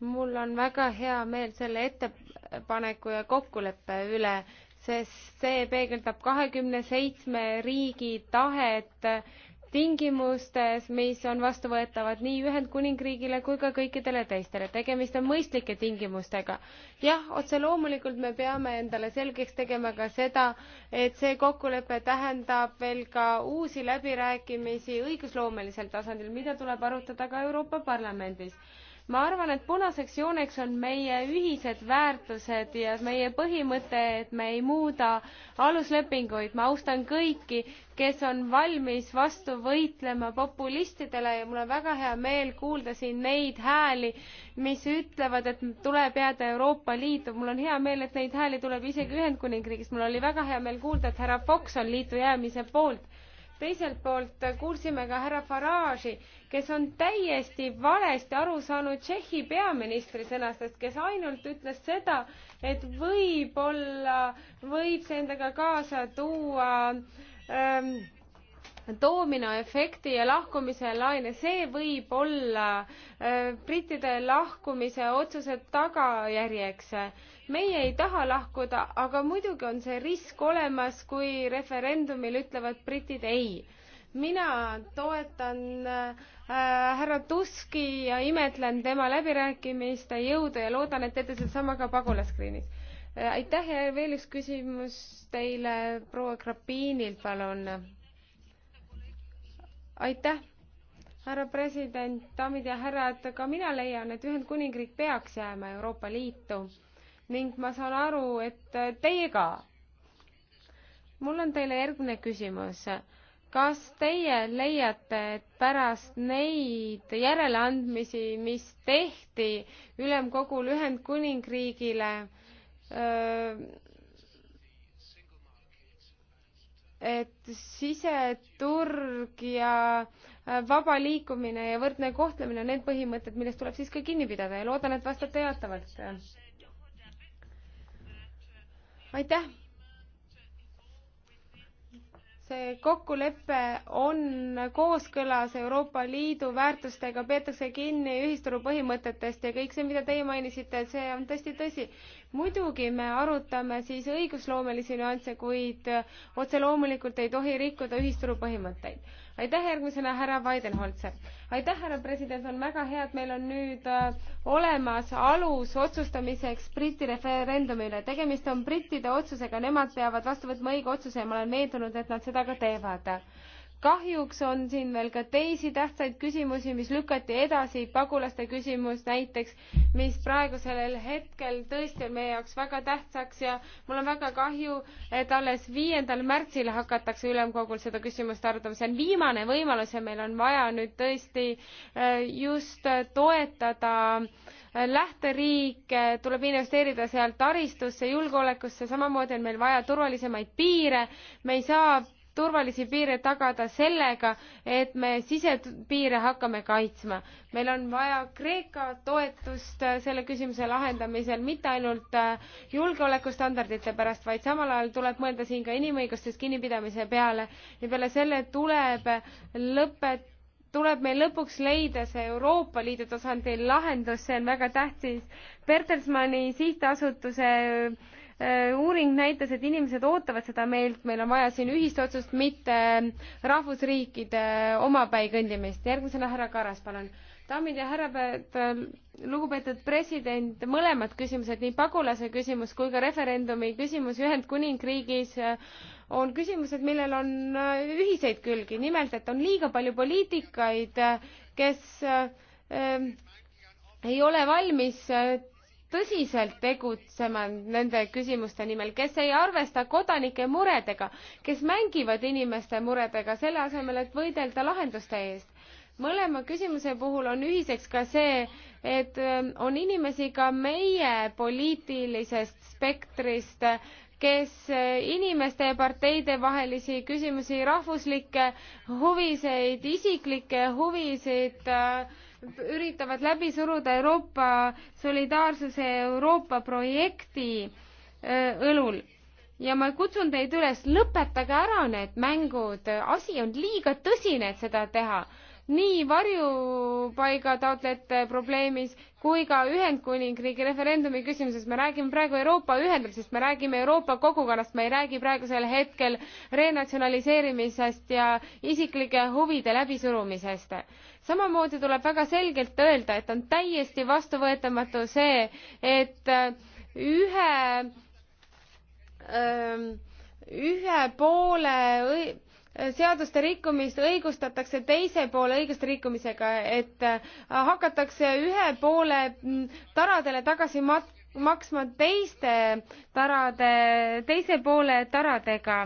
[SPEAKER 1] mul on väga hea meel selle ettepaneku ja kokkuleppe üle, sest see peegeldab kahekümne seitsme riigi tahet tingimustes, mis on vastuvõetavad nii Ühendkuningriigile kui ka kõikidele teistele. tegemist on mõistlike tingimustega. jah, otse loomulikult me peame endale selgeks tegema ka seda, et see kokkulepe tähendab veel ka uusi läbirääkimisi õigusloomelisel tasandil, mida tuleb arutada ka Euroopa Parlamendis ma arvan, et punaseks jooneks on meie ühised väärtused ja meie põhimõte, et me ei muuda aluslepinguid. ma austan kõiki, kes on valmis vastu võitlema populistidele ja mul on väga hea meel kuulda siin neid hääli, mis ütlevad, et tuleb jääda Euroopa Liitu. mul on hea meel, et neid hääli tuleb isegi Ühendkuningriigist. mul oli väga hea meel kuulda, et härra Fox on liitu jäämise poolt teiselt poolt kuulsime ka härra Farage'i, kes on täiesti valesti aru saanud Tšehhi peaministri sõnastest, kes ainult ütles seda, et võib-olla võib see endaga kaasa tuua ähm, doominoefekti ja lahkumise laine, see võib olla äh, brittide lahkumise otsuse tagajärjeks äh, meie ei taha lahkuda, aga muidugi on see risk olemas, kui referendumil ütlevad britid ei. mina toetan äh, härra Tuski ja imetlen tema läbirääkimiste jõudu ja loodan, et teete sedasama ka pagulaskriinis äh,. aitäh ja veel üks küsimus teile proua Krapinilt, palun. aitäh härra president, daamid ja härrad, ka mina leian, et Ühendkuningriik peaks jääma Euroopa Liitu ning ma saan aru, et teie ka. mul on teile järgmine küsimus. kas teie leiate, et pärast neid järeleandmisi, mis tehti ülemkogul Ühendkuningriigile, et siseturg ja vaba liikumine ja võrdne kohtlemine on need põhimõtted, millest tuleb siis ka kinni pidada ja loodan, et vastate jaatavalt aitäh! see kokkulepe on kooskõlas Euroopa Liidu väärtustega, peetakse kinni ühisturu põhimõtetest ja kõik see, mida teie mainisite, see on tõesti tõsi. muidugi me arutame siis õigusloomelisi nüansse, kuid otse loomulikult ei tohi rikkuda ühisturu põhimõtteid aitäh järgmisena, härra Weidenholzer. aitäh, härra president, on väga hea, et meil on nüüd äh, olemas alus otsustamiseks Briti referendumi üle. tegemist on brittide otsusega, nemad peavad vastu võtma õige otsuse ja ma olen veendunud, et nad seda ka teevad kahjuks on siin veel ka teisi tähtsaid küsimusi, mis lükati edasi, pagulaste küsimus näiteks, mis praegusel hetkel tõesti on meie jaoks väga tähtsaks ja mul on väga kahju, et alles viiendal märtsil hakatakse ülemkogul seda küsimust arutama, see on viimane võimalus ja meil on vaja nüüd tõesti äh, just toetada äh, lähteriike, tuleb investeerida seal taristusse, julgeolekusse, samamoodi on meil vaja turvalisemaid piire, me ei saa turvalisi piire tagada sellega, et me sisepiire hakkame kaitsma. meil on vaja Kreeka toetust äh, selle küsimuse lahendamisel, mitte ainult äh, julgeolekustandardite pärast, vaid samal ajal tuleb mõelda siin ka inimõigustest kinnipidamise peale ja peale selle tuleb äh, lõpetada tuleb meil lõpuks leida see Euroopa Liidu tasandil lahendus, see on väga tähtis. Bertelsmanni sihtasutuse äh, Äh, uuring näitas, et inimesed ootavad seda meilt, meil on vaja siin ühist otsust, mitte äh, rahvusriikide äh, omapäi kõndimist. järgmisena härra Karas, palun. daamid ja härrad, lugupeetud president, mõlemad küsimused, nii pagulase küsimus kui ka referendumi küsimus Ühendkuningriigis on küsimused, millel on ühiseid külgi. nimelt, et on liiga palju poliitikaid, kes äh, ei ole valmis tõsiselt tegutsema nende küsimuste nimel, kes ei arvesta kodanike muredega, kes mängivad inimeste muredega, selle asemel, et võidelda lahenduste eest mõlema küsimuse puhul on ühiseks ka see, et ähm, on inimesi ka meie poliitilisest spektrist, kes äh, inimeste ja parteide vahelisi küsimusi, rahvuslikke huvisid, isiklikke huvisid äh, üritavad läbi suruda Euroopa solidaarsuse Euroopa projekti äh, õlul. ja ma kutsun teid üles, lõpetage ära need mängud, asi on liiga tõsine, et seda teha nii varjupaigataotlejate probleemis kui ka Ühendkuningriigi referendumi küsimuses. me räägime praegu Euroopa ühendamisest, me räägime Euroopa kogukonnast, me ei räägi praegusel hetkel renatsionaliseerimisest ja isiklike huvide läbisurumisest samamoodi tuleb väga selgelt öelda, et on täiesti vastuvõetamatu see, et äh, ühe ähm, ühe poole seaduste rikkumist õigustatakse teise poole õiguste rikkumisega, et äh, hakatakse ühe poole mm, taradele tagasi mat-, maksma teiste tarade, teise poole taradega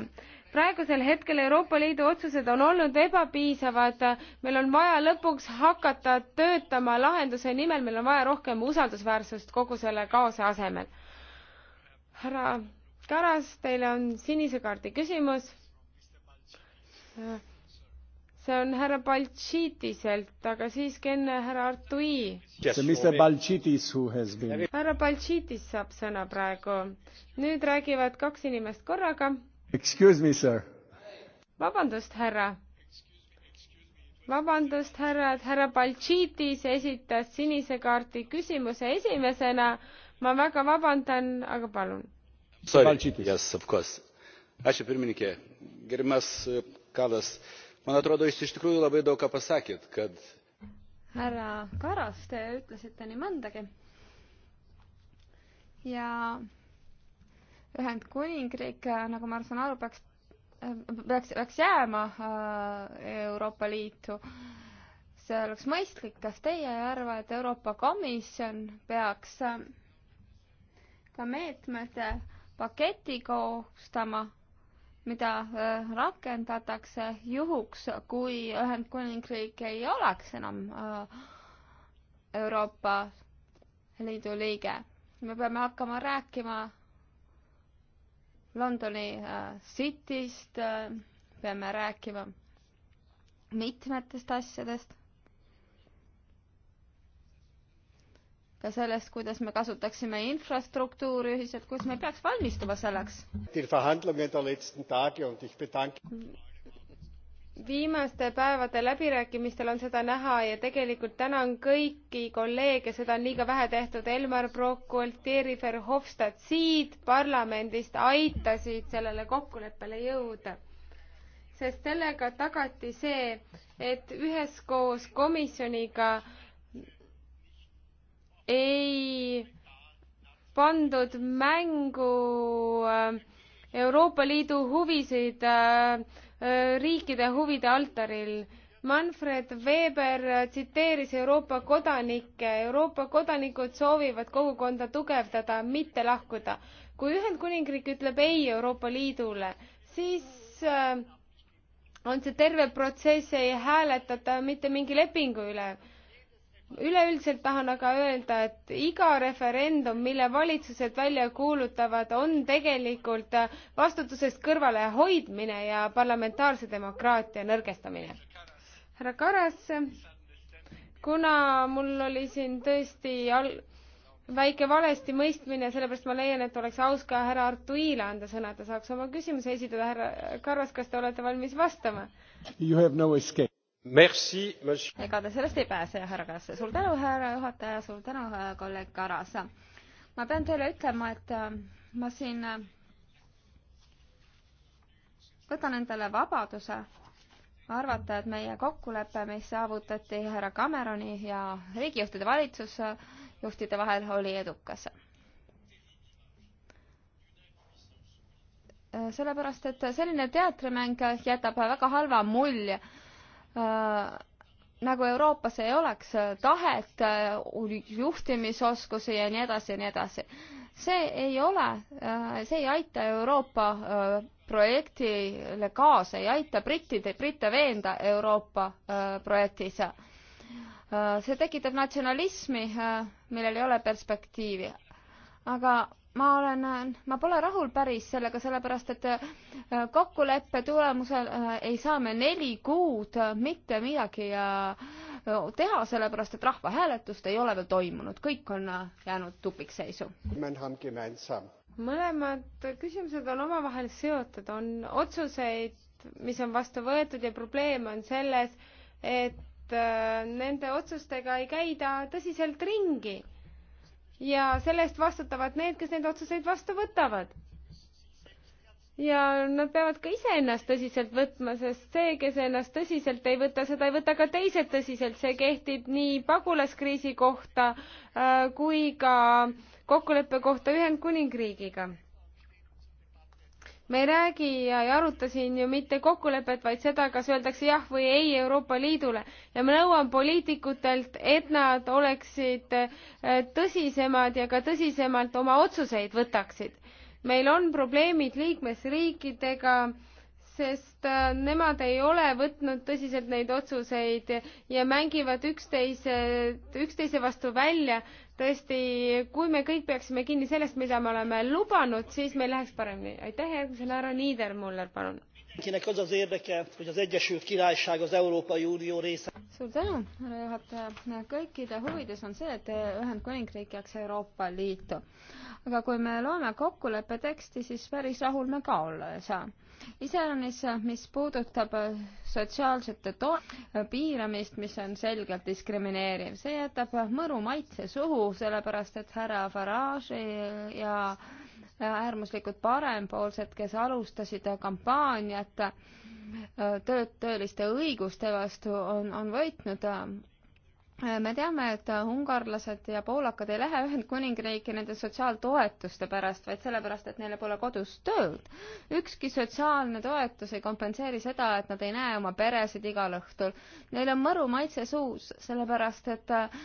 [SPEAKER 1] praegusel hetkel Euroopa Liidu otsused on olnud ebapiisavad, meil on vaja lõpuks hakata töötama lahenduse nimel, meil on vaja rohkem usaldusväärsust kogu selle kaose asemel. härra Karas, teile on sinise kaardi küsimus. see on härra Baltšiitiselt, aga siiski enne härra Artui. härra Baltšiitis saab sõna praegu. nüüd räägivad kaks inimest korraga
[SPEAKER 3] Excuse me, sir.
[SPEAKER 1] vabandust, härra. vabandust, härra, et härra Baltšiitis esitas sinise kaardi küsimuse esimesena. ma väga vabandan, aga palun.
[SPEAKER 3] Yes, ačiū pirmininkė. Gerimas uh, Kalas, man atrodo, jūs iš tikrųjų labai daug ką pasakėt, kad.
[SPEAKER 4] härra Karas, te ütlesite nii mõndagi. ja Ühendkuningriik, äh, nagu ma saan aru, peaks, äh, peaks, peaks jääma äh, Euroopa Liitu. see oleks mõistlik, kas teie ei arva, et Euroopa Komisjon peaks ka meetmete paketi koostama, mida rakendatakse juhuks, kui Ühendkuningriik ei oleks enam Euroopa Liidu liige. me peame hakkama rääkima Londoni äh, Cityst äh, peame rääkima mitmetest asjadest. ka sellest, kuidas me kasutaksime infrastruktuuri ühiselt, kuidas me peaks valmistuma selleks
[SPEAKER 1] viimaste päevade läbirääkimistel on seda näha ja tegelikult tänan kõiki kolleege, seda on liiga vähe tehtud, Elmar Brok, Thierry Verhofstadt siit parlamendist aitasid sellele kokkuleppele jõuda. sest sellega tagati see, et üheskoos komisjoniga ei pandud mängu äh, Euroopa Liidu huvisid äh, riikide huvide altaril. Manfred Weber tsiteeris Euroopa kodanikke, Euroopa kodanikud soovivad kogukonda tugevdada, mitte lahkuda. kui Ühendkuningriik ütleb ei Euroopa Liidule, siis äh, on see terve protsess, ei hääletata mitte mingi lepingu üle üleüldiselt tahan aga öelda, et iga referendum, mille valitsused välja kuulutavad, on tegelikult vastutusest kõrvalehoidmine ja parlamentaarse demokraatia nõrgestamine. härra Karas, kuna mul oli siin tõesti al-, väike valesti mõistmine, sellepärast ma leian, et oleks aus ka härra Artuile anda sõna, et ta saaks oma küsimuse esitada. härra Karras, kas te olete valmis
[SPEAKER 4] vastama?
[SPEAKER 3] You have no escape ega
[SPEAKER 4] te sellest ei pääse, härra Karas. suur tänu, härra juhataja, suur tänu, äh, kolleeg Karas. ma pean teile ütlema, et äh, ma siin äh, võtan endale vabaduse arvata, et meie kokkulepe, mis saavutati härra Cameroni ja riigijuhtide valitsusjuhtide vahel, oli edukas. sellepärast, et selline teatrimäng jätab väga halva mulje Äh, nagu Euroopas ei oleks äh, tahet, äh, juhtimisoskusi ja nii edasi ja nii edasi. see ei ole, see ei aita Euroopa projektile kaasa, ei aita brittide, britte veenda Euroopa projektis. see tekitab natsionalismi, millel ei ole perspektiivi. aga ma olen, ma pole rahul päris sellega, sellepärast et äh, kokkuleppe tulemusel äh, ei saa me neli kuud äh, mitte midagi teha, sellepärast et rahvahääletust ei ole veel toimunud, kõik on jäänud tupikseisu.
[SPEAKER 1] mõlemad küsimused on omavahel seotud, on otsuseid, mis on vastu võetud ja probleem on selles, et nende otsustega ei käida tõsiselt ringi ja selle eest vastutavad need, kes neid otsuseid vastu võtavad. ja nad peavad ka iseennast tõsiselt võtma, sest see, kes ennast tõsiselt ei võta, seda ei võta ka teised tõsiselt, see kehtib nii pagulaskriisi kohta äh, kui ka kokkuleppe kohta Ühendkuningriigiga me ei räägi ja ei aruta siin ju mitte kokkulepet, vaid seda, kas öeldakse jah või ei Euroopa Liidule ja ma nõuan poliitikutelt, et nad oleksid eh, tõsisemad ja ka tõsisemalt oma otsuseid võtaksid. meil on probleemid liikmesriikidega, sest eh, nemad ei ole võtnud tõsiselt neid otsuseid ja mängivad üksteise, üksteise vastu välja tõesti, kui me kõik peaksime kinni sellest, mida me oleme lubanud, siis meil läheks paremini. aitäh järgmisele, härra Niedermüller, palun.
[SPEAKER 4] suur tänu, härra juhataja. kõikide huvides on see, et Ühendkuningriik jääks Euroopa Liitu. aga kui me loeme kokkuleppe teksti, siis päris rahul me ka olla ei saa iseäranis, mis puudutab äh, sotsiaalsete to-, äh, piiramist, mis on selgelt diskrimineeriv, see jätab äh, mõru maitse suhu, sellepärast et härra Farage'i ja äärmuslikud parempoolsed, kes alustasid kampaaniat tööd, tööliste õiguste vastu, on, on võitnud Äh, me teame, et äh, ungarlased ja poolakad ei lähe Ühendkuningriiki nende sotsiaaltoetuste pärast, vaid sellepärast, et neile pole kodus tööd. ükski sotsiaalne toetus ei kompenseeri seda, et nad ei näe oma peresid igal õhtul. Neil on mõru maitse suus, sellepärast et äh,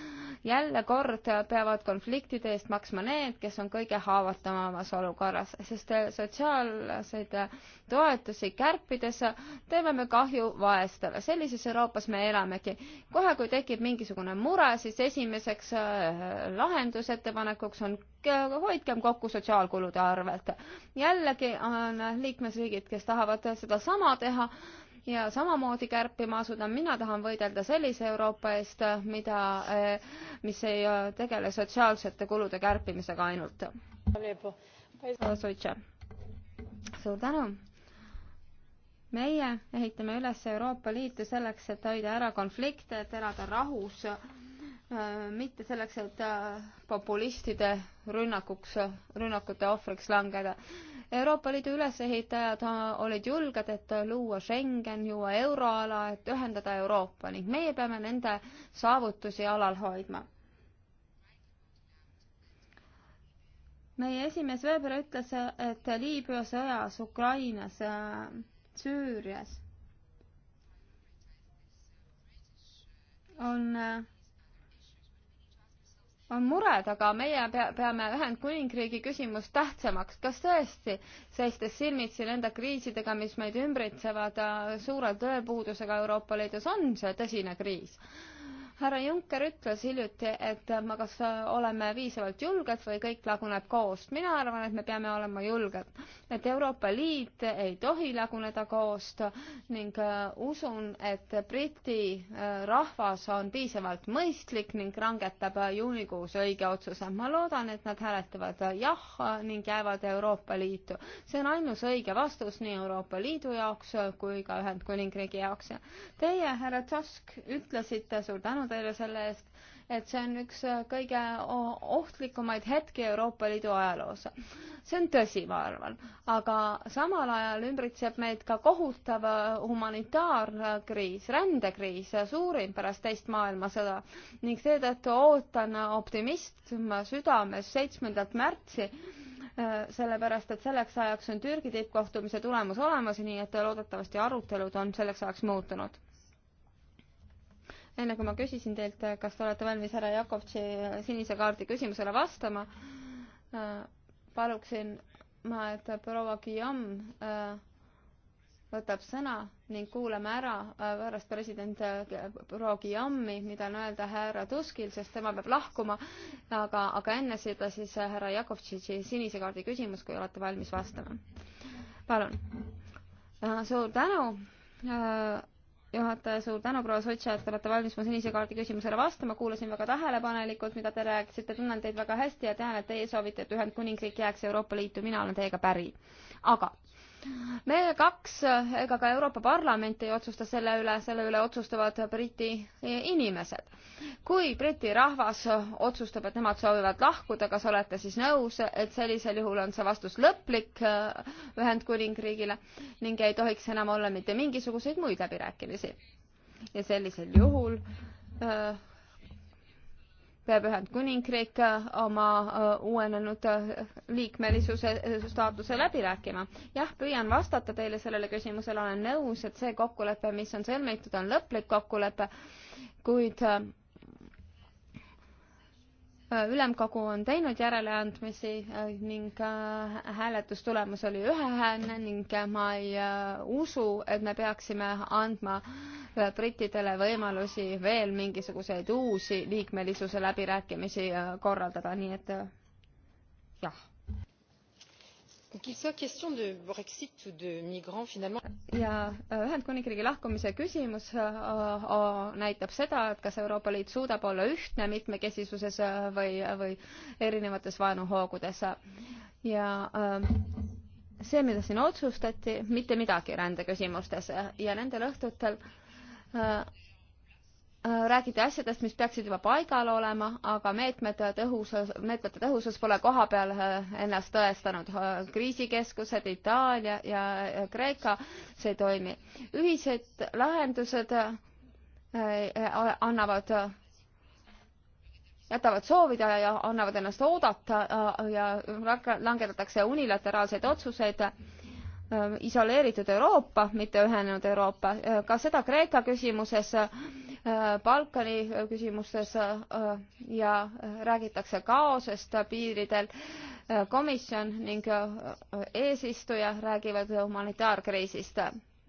[SPEAKER 4] jälle kord peavad konfliktide eest maksma need, kes on kõige haavatavamas olukorras, sest sotsiaalseid toetusi kärpides teeme me kahju vaestele. sellises Euroopas me elamegi. kohe, kui tekib mingisugune mingisugune mure, siis esimeseks äh, lahendusettepanekuks on hoidkem kokku sotsiaalkulude arvelt. jällegi on liikmesriigid, kes tahavad sedasama teha ja samamoodi kärpima asuda, mina tahan võidelda sellise Euroopa eest, mida, äh, mis ei äh, tegele sotsiaalsete kulude kärpimisega ainult. suur tänu meie ehitame üles Euroopa Liitu selleks, et hoida ära konflikte, et elada rahus, äh, mitte selleks, et äh, populistide rünnakuks, rünnakute ohvriks langeda. Euroopa Liidu ülesehitajad äh, olid julged, et luua Schengen, luua euroala, et ühendada Euroopa ning meie peame nende saavutusi alal hoidma meie esimees Weber ütles, et Liibüa sõjas Ukrainas Süürias on, on mured, aga meie pea, peame Ühendkuningriigi küsimust tähtsamaks. kas tõesti, seistes silmitsi nende kriisidega, mis meid ümbritsevad, suure tööpuudusega Euroopa Liidus, on see tõsine kriis? härra Juncker ütles hiljuti, et me kas äh, oleme piisavalt julged või kõik laguneb koos. mina arvan, et me peame olema julged, et Euroopa Liit ei tohi laguneda koost ning äh, usun, et Briti äh, rahvas on piisavalt mõistlik ning rangetab juunikuus õige otsuse. ma loodan, et nad hääletavad jah ning jäävad Euroopa Liitu. see on ainus õige vastus nii Euroopa Liidu jaoks kui ka Ühendkuningriigi jaoks. Teie, härra Tusk, ütlesite, suur tänu tänu teile selle eest, et see on üks äh, kõige ohtlikumaid hetki Euroopa Liidu ajaloos. see on tõsi, ma arvan, aga samal ajal ümbritseb meid ka kohutav äh, humanitaarkriis, rändekriis, äh, suurim pärast teist maailmasõda ning seetõttu ootan optimism südames seitsmendat märtsi sellepärast et selleks ajaks on Türgi tippkohtumise tulemus olemas, nii et loodetavasti arutelud on selleks ajaks muutunud enne kui ma küsisin teilt, kas te olete valmis härra Jakovtši sinise kaardi küsimusele vastama, äh, paluksin ma, et proua Guillaume äh, võtab sõna ning kuulame ära äh, pärast president proua Guillaume'i, mida on öelda härra Tuskil, sest tema peab lahkuma, aga, aga enne seda siis härra Jakovtšitši sinise kaardi küsimus, kui olete valmis vastama. palun. suur tänu juhataja, suur tänu, proua Sotša, et olete valmis mu sinise kaardi küsimusele vastama, kuulasin väga tähelepanelikult, mida te rääkisite, tunnen teid väga hästi ja tean, et teie soovite, et Ühendkuningriik jääks Euroopa Liitu, mina olen teiega päri. aga me kaks ega ka Euroopa Parlament ei otsusta selle üle, selle üle otsustavad Briti inimesed. kui Briti rahvas otsustab, et nemad soovivad lahkuda, kas olete siis nõus, et sellisel juhul on see vastus lõplik äh, Ühendkuningriigile ning ei tohiks enam olla mitte mingisuguseid muid läbirääkimisi? ja sellisel juhul öö, äh, peab Ühendkuningriik äh, oma äh, uuenenud äh, liikmelisuse staatuse läbi rääkima. jah, püüan vastata teile sellele küsimusele, olen nõus, et see kokkulepe, mis on sõlmitud, on lõplik kokkulepe, kuid Äh, ülemkogu on teinud järeleandmisi äh, ning äh, hääletustulemus oli ühehäälne ning ma ei usu, et me peaksime andma brittidele võimalusi veel mingisuguseid uusi liikmelisuse läbirääkimisi korraldada, nii et jah ja äh, Ühendkuningriigi lahkumise küsimus äh, äh, näitab seda, et kas Euroopa Liit suudab olla ühtne mitmekesisuses või, või erinevates vaenuhoogudes. ja see, mida siin otsustati, mitte midagi rändeküsimustes ja nendel õhtutel Äh, räägiti asjadest, mis peaksid juba paigal olema, aga meetmed tõhusus, meetmete tõhusus pole kohapeal äh, ennast tõestanud. Äh, kriisikeskused Itaalia ja Kreeka, see ei toimi. ühised lahendused annavad, jätavad soovida ja annavad ennast oodata ja langetatakse unilateraalseid otsuseid isoleeritud Euroopa, mitte ühenenud Euroopa. ka seda Kreeka küsimuses Äh, Balkani äh, küsimustes äh, ja räägitakse kaosest piiridel. komisjon ning eesistuja räägivad humanitaarkriisist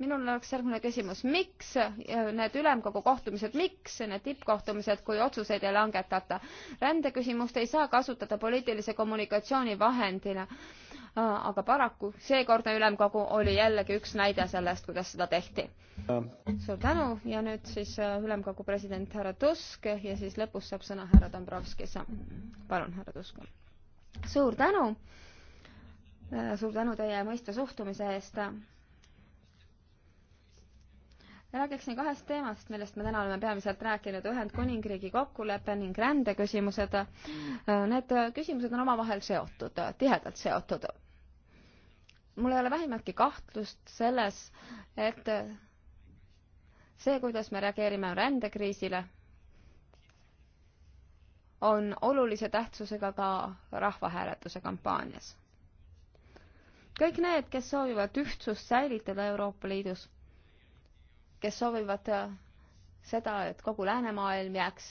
[SPEAKER 4] minul oleks järgmine küsimus, miks need ülemkogu kohtumised, miks need tippkohtumised, kui otsuseid ei langetata? rändeküsimust ei saa kasutada poliitilise kommunikatsiooni vahendina aga paraku seekordne ülemkogu oli jällegi üks näide sellest, kuidas seda tehti. suur tänu ja nüüd siis äh, ülemkogu president härra Tusk ja siis lõpus saab sõna härra Dombrovskis. palun, härra Tusk. suur tänu. Äh, suur tänu teie mõistva suhtumise eest. räägiksin kahest teemast, millest me täna oleme peamiselt rääkinud, Ühendkuningriigi kokkulepe ning rändeküsimused. Äh, need küsimused on omavahel seotud, tihedalt seotud mul ei ole vähimatki kahtlust selles, et see, kuidas me reageerime rändekriisile, on olulise tähtsusega ka rahvahääletuse kampaanias. kõik need, kes soovivad ühtsust säilitada Euroopa Liidus, kes soovivad seda, et kogu läänemaailm jääks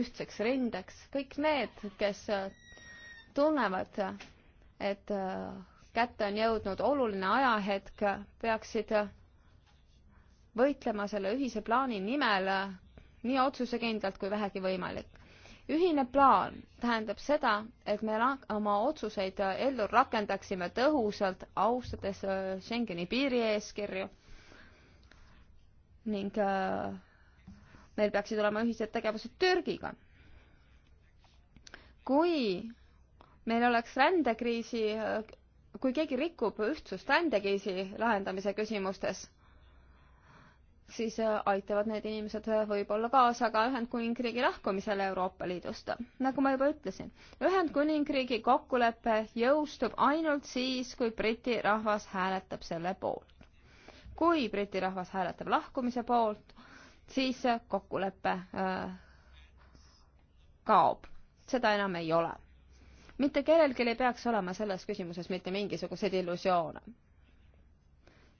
[SPEAKER 4] ühtseks rindeks, kõik need, kes tunnevad, et kätte on jõudnud oluline ajahetk, peaksid võitlema selle ühise plaani nimel nii otsusekindlalt kui vähegi võimalik. ühine plaan tähendab seda, et me oma otsuseid ellu rakendaksime tõhusalt, austades äh, Schengeni piirieeskirju ning äh, meil peaksid olema ühised tegevused Türgiga. kui meil oleks rändekriisi äh, kui keegi rikub ühtsust rändekriisi lahendamise küsimustes, siis äh, aitavad need inimesed äh, võib-olla kaasa ka Ühendkuningriigi lahkumisele Euroopa Liidust. nagu ma juba ütlesin, Ühendkuningriigi kokkulepe jõustub ainult siis, kui Briti rahvas hääletab selle poolt. kui Briti rahvas hääletab lahkumise poolt, siis äh, kokkulepe äh, kaob, seda enam ei ole mitte kellelgi ei peaks olema selles küsimuses mitte mingisuguseid illusioone.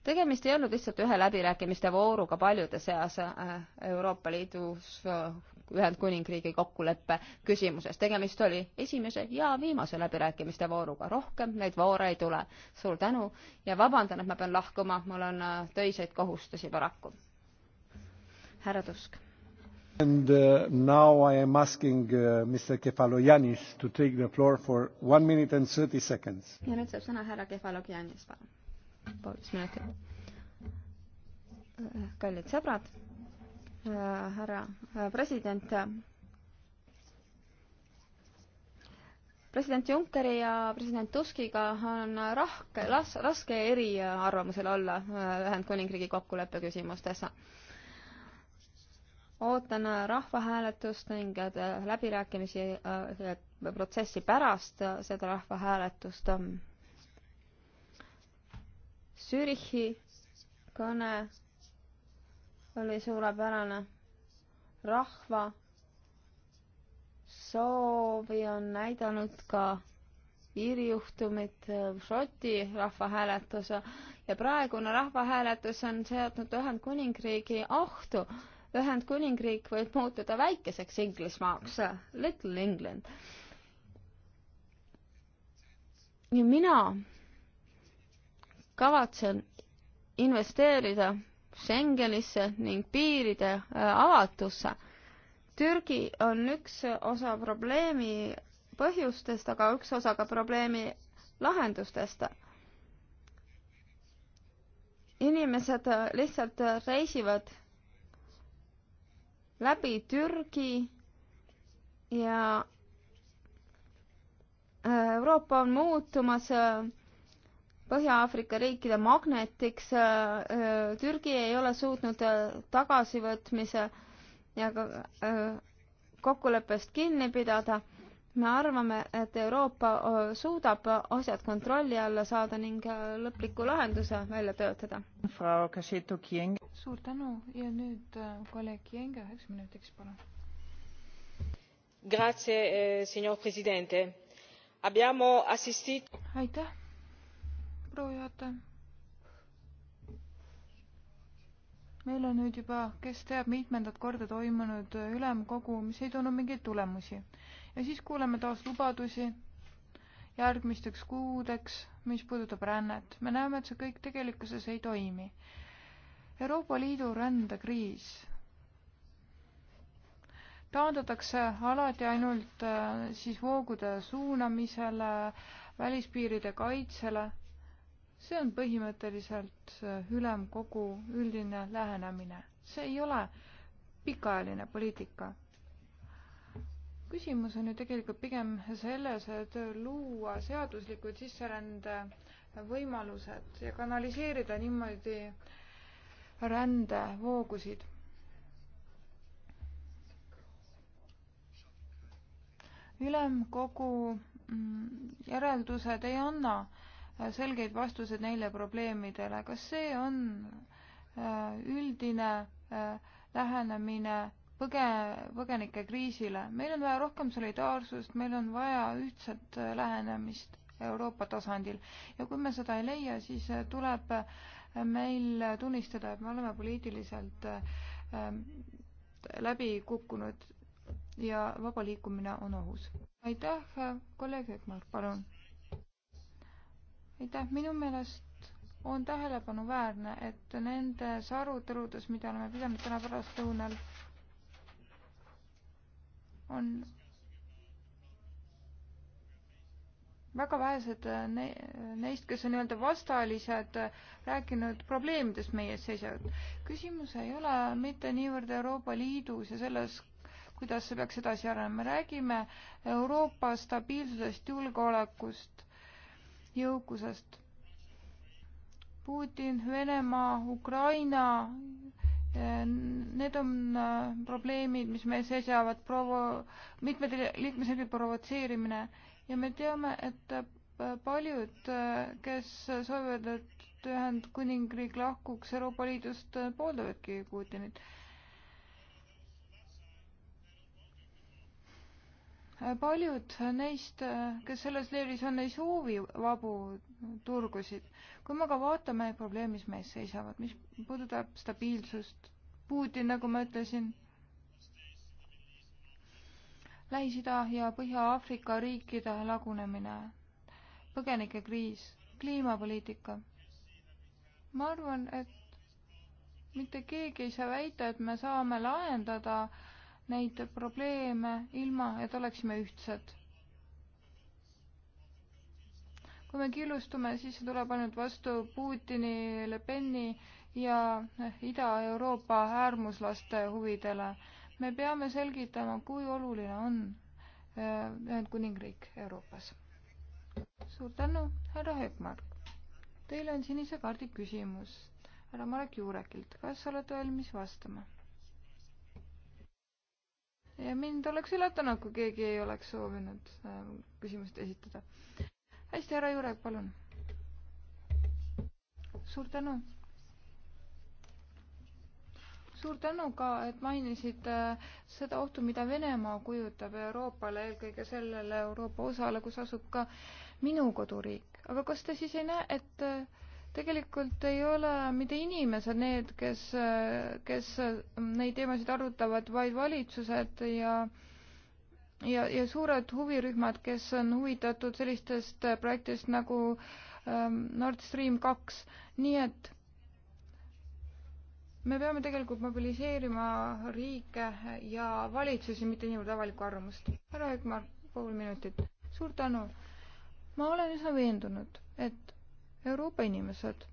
[SPEAKER 4] tegemist ei olnud lihtsalt ühe läbirääkimiste vooruga paljude seas äh, Euroopa Liidus äh, Ühendkuningriigi kokkuleppe küsimuses. tegemist oli esimese ja viimase läbirääkimiste vooruga, rohkem neid voore ei tule. suur tänu ja vabandan, et ma pean lahkuma, mul on äh, töiseid kohustusi paraku. härra Tusk
[SPEAKER 3] And uh, now I am asking uh, Mr. Kefalogiannis to take the floor for one minute and thirty seconds.
[SPEAKER 4] ja nüüd saab sõna härra Kefalogiannis, palun. poolteist
[SPEAKER 6] minutit.
[SPEAKER 4] Äh, kallid sõbrad, äh, härra äh, president, president Junckeri ja president Tuskiga on rahke, las-, raske eriarvamusel olla Ühendkuningriigi kokkuleppe küsimustes ootan äh, rahvahääletust ning äh, läbirääkimisi äh, protsessi pärast seda rahvahääletust. Zürichi kõne oli suurepärane. rahva soovi on näidanud ka Iiri juhtumid, Šoti rahvahääletus ja praegune rahvahääletus on seadnud Ühendkuningriigi ohtu Ühendkuningriik võib muutuda väikeseks Inglismaaks, Little England. ja mina kavatsen investeerida Schengenisse ning piiride äh, avatusse. Türgi on üks osa probleemi põhjustest, aga üks osa ka probleemi lahendustest. inimesed lihtsalt reisivad läbi Türgi ja äh, Euroopa on muutumas äh, Põhja-Aafrika riikide magnetiks. Äh, Türgi ei ole suutnud tagasivõtmise ja kokkuleppest kinni pidada me arvame, et Euroopa suudab asjad kontrolli alla saada ning lõpliku lahenduse välja töötada.
[SPEAKER 5] suur tänu ja nüüd kolleeg Jenge üheks minutiks, palun.
[SPEAKER 1] Grazie, signor presidente. Abbiamo assistit-. aitäh,
[SPEAKER 5] proua juhataja. meil on nüüd juba, kes teab, mitmendat korda toimunud ülemkogu, mis ei toonud mingeid tulemusi ja siis kuuleme taas lubadusi järgmisteks kuudeks, mis puudutab rännet. me näeme, et see kõik tegelikkuses ei toimi. Euroopa Liidu rändekriis taandatakse alati ainult äh, siis voogude suunamisele, välispiiride kaitsele. see on põhimõtteliselt äh, ülemkogu üldine lähenemine, see ei ole pikaajaline poliitika küsimus on ju tegelikult pigem selles, et luua seaduslikud sisserände võimalused ja kanaliseerida niimoodi rändevoogusid. ülemkogu mm, järeldused ei anna selgeid vastuseid neile probleemidele. kas see on äh, üldine äh, lähenemine põge-, põgenikekriisile. meil on vaja rohkem solidaarsust, meil on vaja ühtset äh, lähenemist Euroopa tasandil ja kui me seda ei leia, siis äh, tuleb äh, meil tunnistada, et me oleme poliitiliselt ähm, läbi kukkunud ja vaba liikumine on ohus. aitäh, kolleeg Ökmar, palun. aitäh, minu meelest on tähelepanuväärne, et nendes aruteludes, mida oleme pidanud täna pärastlõunal, on väga vähesed äh, ne neist, kes on nii-öelda vastalised, äh, rääkinud probleemidest meie ees seisavad. küsimus ei ole mitte niivõrd Euroopa Liidus ja selles, kuidas see peaks edasi arenema, me räägime Euroopa stabiilsusest, julgeolekust, jõukusest. Putin, Venemaa, Ukraina Need on äh, probleemid, mis meil seisavad, provo-, mitmed liikmesriigid provotseerimine ja me teame, et äh, paljud, äh, kes soovivad, et Ühendkuningriik lahkuks Euroopa Liidust, pooldavadki Putinit. paljud neist, kes selles leeris on, ei soovi vabu turgusid. kui me aga vaatame neid probleeme, mis mees seisavad, mis puudutab stabiilsust, Putin, nagu ma ütlesin, Lähis-Ida ja Põhja-Aafrika riikide lagunemine, põgenikekriis, kliimapoliitika. ma arvan, et mitte keegi ei saa väita, et me saame lahendada äh, neid probleeme ilma, et oleksime ühtsed. kui me killustume, siis see tuleb ainult vastu Putini, Le Peni ja Ida-Euroopa äärmuslaste huvidele. me peame selgitama, kui oluline on äh, Ühendkuningriik Euroopas. suur tänu, härra Höökmark. Teile on sinise kaardi küsimus härra Marek Juurekilt. kas olete valmis vastama? ja mind oleks üllatanud, kui keegi ei oleks soovinud ähm, küsimust esitada. hästi, härra Jurek, palun. suur tänu. suur tänu ka, et mainisite äh, seda ohtu, mida Venemaa kujutab Euroopale, eelkõige sellele Euroopa osale, kus asub ka minu koduriik. aga kas te siis ei näe, et äh, tegelikult ei ole mitte inimesed need, kes, kes neid teemasid arutavad, vaid valitsused ja ja, ja suured huvirühmad, kes on huvitatud sellistest projektidest nagu ähm, Nord Stream kaks, nii et me peame tegelikult mobiliseerima riike ja valitsusi, mitte niivõrd avalikku arvamust. härra Ökmar, pool minutit. suur tänu. ma olen üsna veendunud, et Euroopa inimesed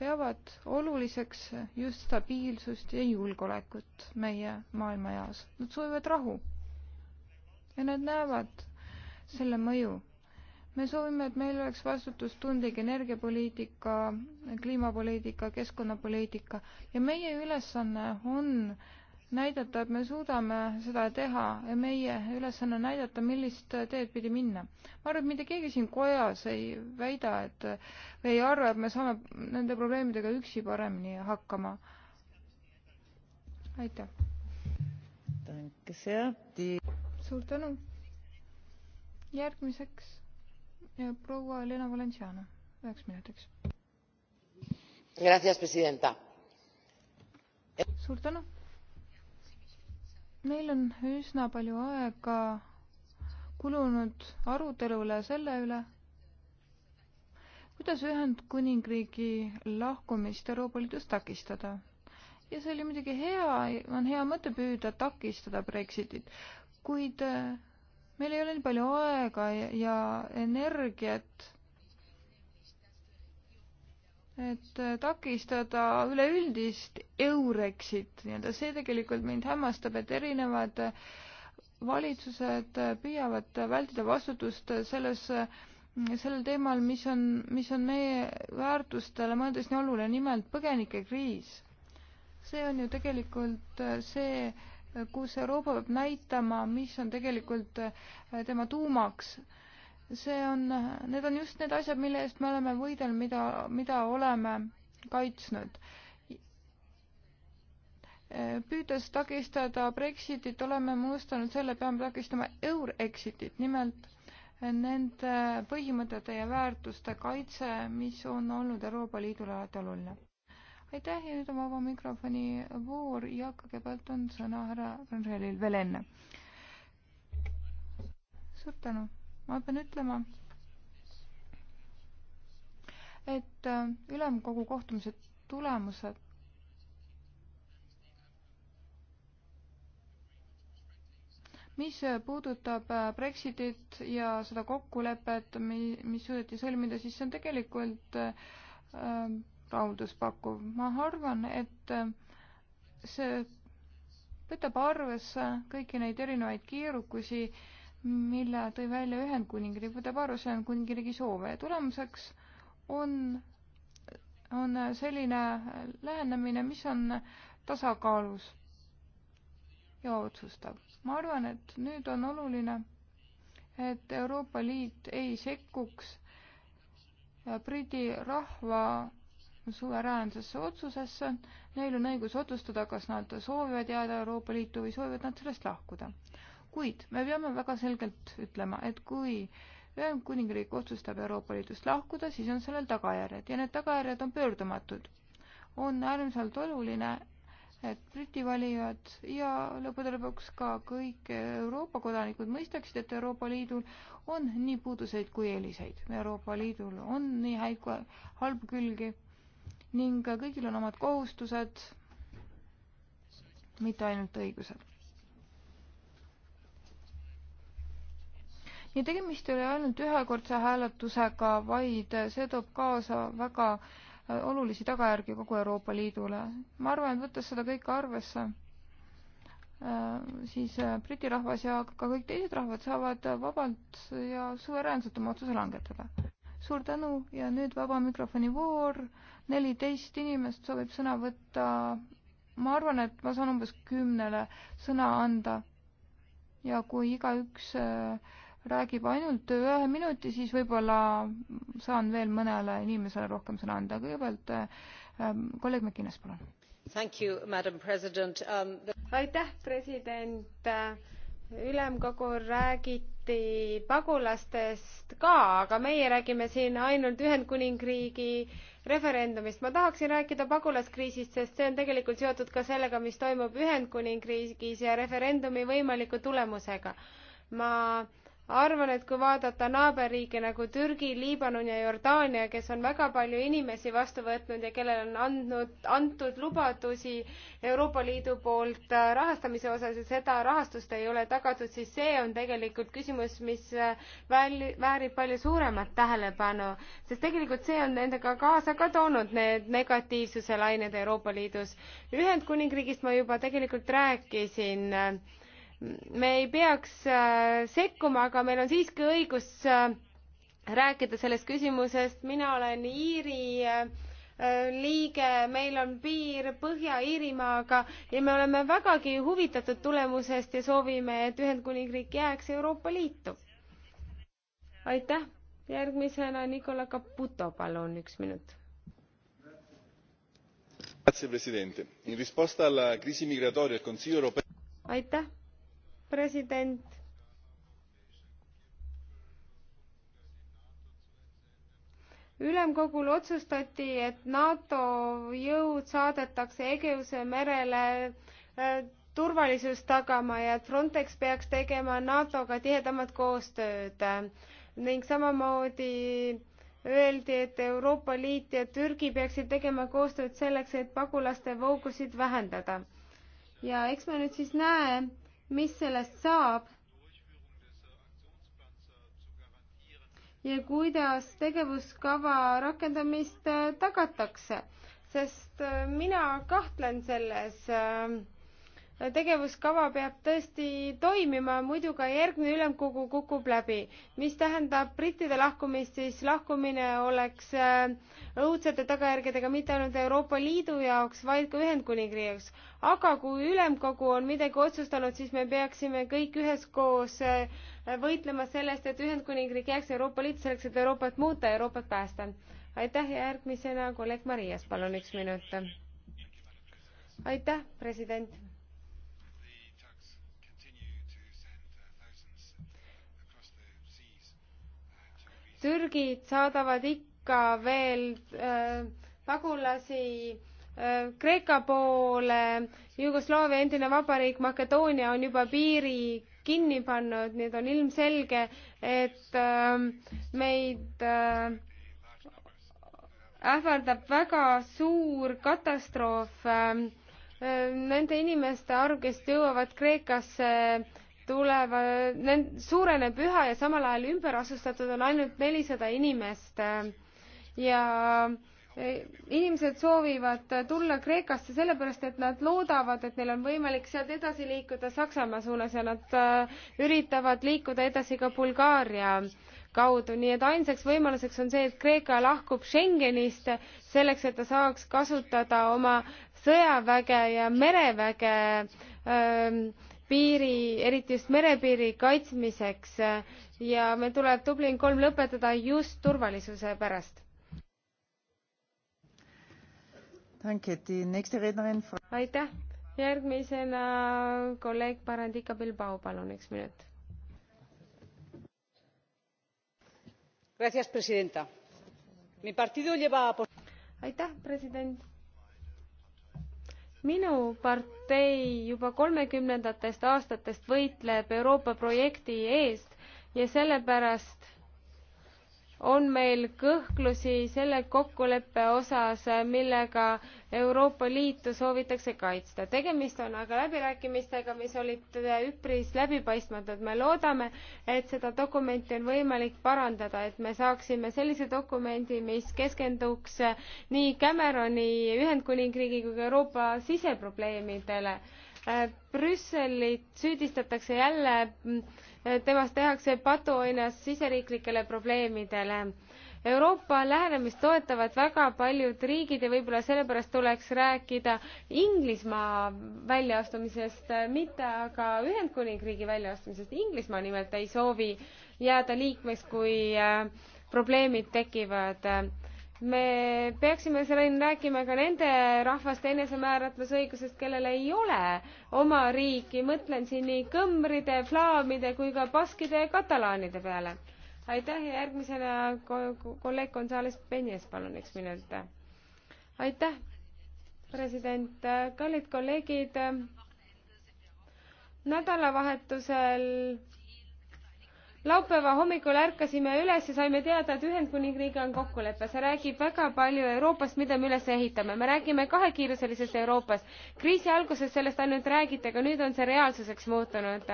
[SPEAKER 5] peavad oluliseks just stabiilsust ja julgeolekut meie maailmajaos. Nad soovivad rahu. ja nad näevad selle mõju. me soovime, et meil oleks vastutustundlik energiapoliitika, kliimapoliitika, keskkonnapoliitika ja meie ülesanne on äh, näidata, et me suudame seda teha ja meie ülesanne on näidata, millist teed pidi minna. ma arvan, et mitte keegi siin kojas ei väida, et või ei arva, et me saame nende probleemidega üksi paremini hakkama. aitäh. suur tänu. järgmiseks proua Elena Valenciano üheks minutiks. suur tänu meil on üsna palju aega kulunud arutelule selle üle, kuidas Ühendkuningriigi lahkumist Euroopa Liidust takistada. ja see oli muidugi hea, on hea mõte püüda takistada Brexitit, kuid äh, meil ei ole nii palju aega ja, ja energiat et äh, takistada üleüldist Eurexit nii-öelda, see tegelikult mind hämmastab, et erinevad äh, valitsused äh, püüavad vältida vastutust selles, sellel teemal, mis on, mis on meie väärtustele mõeldes nii oluline, nimelt põgenikekriis. see on ju tegelikult see, kus Euroopa peab näitama, mis on tegelikult tema tuumaks äh, see on, need on just need asjad, mille eest me oleme võidelnud, mida, mida oleme kaitsnud. püüdes takistada Brexitit, oleme unustanud selle, peame takistama Eurexitit, nimelt nende põhimõtete ja väärtuste kaitse, mis on olnud Euroopa Liidule alati oluline. aitäh ja nüüd on vaba mikrofoni voor ja kõigepealt on sõna härra Randrelil veel enne. suur tänu ma pean ütlema, et äh, ülemkogu kohtumise tulemused mis puudutab äh, Brexitit ja seda kokkulepet, mis suudeti sõlmida, siis see on tegelikult äh, rahulduspakkuv. ma arvan, et see võtab arvesse kõiki neid erinevaid keerukusi, mille tõi välja Ühendkuningriik, võtab arvesse Ühendkuningriigi soove ja tulemuseks on, on selline lähenemine, mis on tasakaalus ja otsustab. ma arvan, et nüüd on oluline, et Euroopa Liit ei sekkuks Briti rahva suveräänsesse otsusesse, neil on õigus otsustada, kas nad soovivad jääda Euroopa Liitu või soovivad nad sellest lahkuda kuid me peame väga selgelt ütlema, et kui Ühendkuningriik otsustab Euroopa Liidust lahkuda, siis on sellel tagajärjed ja need tagajärjed on pöördumatud. on äärmiselt oluline, et Briti valijad ja lõppude lõpuks ka kõik Euroopa kodanikud mõistaksid, et Euroopa Liidul on nii puuduseid kui eeliseid. Euroopa Liidul on nii häid kui halbu külgi ning kõigil on omad kohustused, mitte ainult õigused. ja tegemist ei ole ainult ühekordse hääletusega, vaid see toob kaasa väga äh, olulisi tagajärgi kogu Euroopa Liidule. ma arvan, et võttes seda kõike arvesse, äh, siis äh, Briti rahvas ja ka kõik teised rahvad saavad vabalt ja suveräänselt oma otsuse langetada. suur tänu ja nüüd vaba mikrofoni voor. neliteist inimest soovib sõna võtta. ma arvan, et ma saan umbes kümnele sõna anda. ja kui igaüks äh, räägib ainult ühe minuti, siis võib-olla saan veel mõnele inimesele rohkem sõna anda. kõigepealt ähm, kolleeg McInnes, palun.
[SPEAKER 1] Um... aitäh, president. ülemkogul räägiti pagulastest ka, aga meie räägime siin ainult Ühendkuningriigi referendumist. ma tahaksin rääkida pagulaskriisist, sest see on tegelikult seotud ka sellega, mis toimub Ühendkuningriigis ja referendumi võimaliku tulemusega. ma arvan, et kui vaadata naaberriike nagu Türgi, Liibanon ja Jordaania, kes on väga palju inimesi vastu võtnud ja kellele on andnud, antud lubadusi Euroopa Liidu poolt rahastamise osas ja seda rahastust ei ole tagatud, siis see on tegelikult küsimus, mis väl-, väärib palju suuremat tähelepanu, sest tegelikult see on endaga kaasa ka toonud need negatiivsuse lained Euroopa Liidus. Ühendkuningriigist ma juba tegelikult rääkisin me ei peaks äh, sekkuma, aga meil on siiski õigus äh, rääkida sellest küsimusest. mina olen Iiri äh, liige, meil on piir Põhja-Iirimaaga ja me oleme vägagi huvitatud tulemusest ja soovime, et Ühendkuningriik jääks Euroopa Liitu. aitäh, järgmisena Nicola Caputo, palun üks minut. aitäh president. ülemkogul otsustati, et NATO jõud saadetakse Egeuse merele äh, turvalisust tagama ja et Frontex peaks tegema NATO-ga tihedamat koostööd ning samamoodi öeldi, et Euroopa Liit ja Türgi peaksid tegema koostööd selleks, et pagulaste voogusid vähendada. ja eks me nüüd siis näe, mis sellest saab ja kuidas tegevuskava rakendamist tagatakse, sest äh, mina kahtlen selles äh, tegevuskava peab tõesti toimima, muidu ka järgmine ülemkogu kukub läbi, mis tähendab brittide lahkumist, siis lahkumine oleks äh, õudsete tagajärgedega mitte ainult Euroopa Liidu jaoks, vaid ka Ühendkuningriigi jaoks. aga kui ülemkogu on midagi otsustanud, siis me peaksime kõik üheskoos äh, võitlema sellest, et Ühendkuningriik jääks Euroopa Liitu selleks, et Euroopat muuta ja Euroopat päästa. aitäh ja järgmisena kolleeg Marias, palun üks minut. aitäh, president
[SPEAKER 3] türgid
[SPEAKER 1] saadavad ikka veel äh, pagulasi äh, Kreeka poole, Jugoslaavia endine vabariik Makedoonia on juba piiri kinni pannud, nii et on ilmselge, et äh, meid äh, ähvardab väga suur katastroof äh, nende inimeste arv, kes jõuavad Kreekasse äh, tuleva, suureneb üha ja samal ajal ümberasustatud on ainult nelisada inimest ja inimesed soovivad tulla Kreekasse sellepärast, et nad loodavad, et neil on võimalik sealt edasi liikuda Saksamaa suunas ja nad äh, üritavad liikuda edasi ka Bulgaaria kaudu, nii et ainsaks võimaluseks on see, et Kreeka lahkub Schengenist selleks, et ta saaks kasutada oma sõjaväge ja mereväge öö, ähm, piiri, eriti just merepiiri kaitsmiseks ja meil tuleb Dublin kolm lõpetada just turvalisuse pärast. aitäh, järgmisena kolleeg Barandika Bilbao, palun üks minut. aitäh, president minu partei juba kolmekümnendatest aastatest võitleb Euroopa projekti eest ja sellepärast on meil kõhklusi selle kokkuleppe osas, millega Euroopa Liitu soovitakse kaitsta. tegemist on aga läbirääkimistega, mis olid üpris läbipaistmatud. me loodame, et seda dokumenti on võimalik parandada, et me saaksime sellise dokumendi, mis keskenduks nii Cameroni Ühendkuningriigi kui ka Euroopa siseprobleemidele Äh, Brüsselit süüdistatakse jälle, mm, äh, temast tehakse patuoinas siseriiklikele probleemidele. Euroopa lähenemist toetavad väga paljud riigid ja võib-olla sellepärast tuleks rääkida Inglismaa väljaastumisest, äh, mitte aga Ühendkuningriigi väljaastumisest. Inglismaa nimelt ei soovi jääda liikmeks, kui probleemid tekivad me peaksime siin rääkima ka nende rahvaste enesemääratlusõigusest, kellel ei ole oma riiki, mõtlen siin nii kõmbride, flaamide kui ka baskide ja katalaanide peale. aitäh ja järgmisena kolleeg Gonzales Penjas, palun üks minut. aitäh, president, kallid kolleegid. nädalavahetusel laupäeva hommikul ärkasime üles ja saime teada, et Ühendkuningriigiga on kokkulepe. see räägib väga palju Euroopast, mida me üles ehitame. me räägime kahekiiruselisest Euroopast. kriisi alguses sellest ainult räägiti, aga nüüd on see reaalsuseks muutunud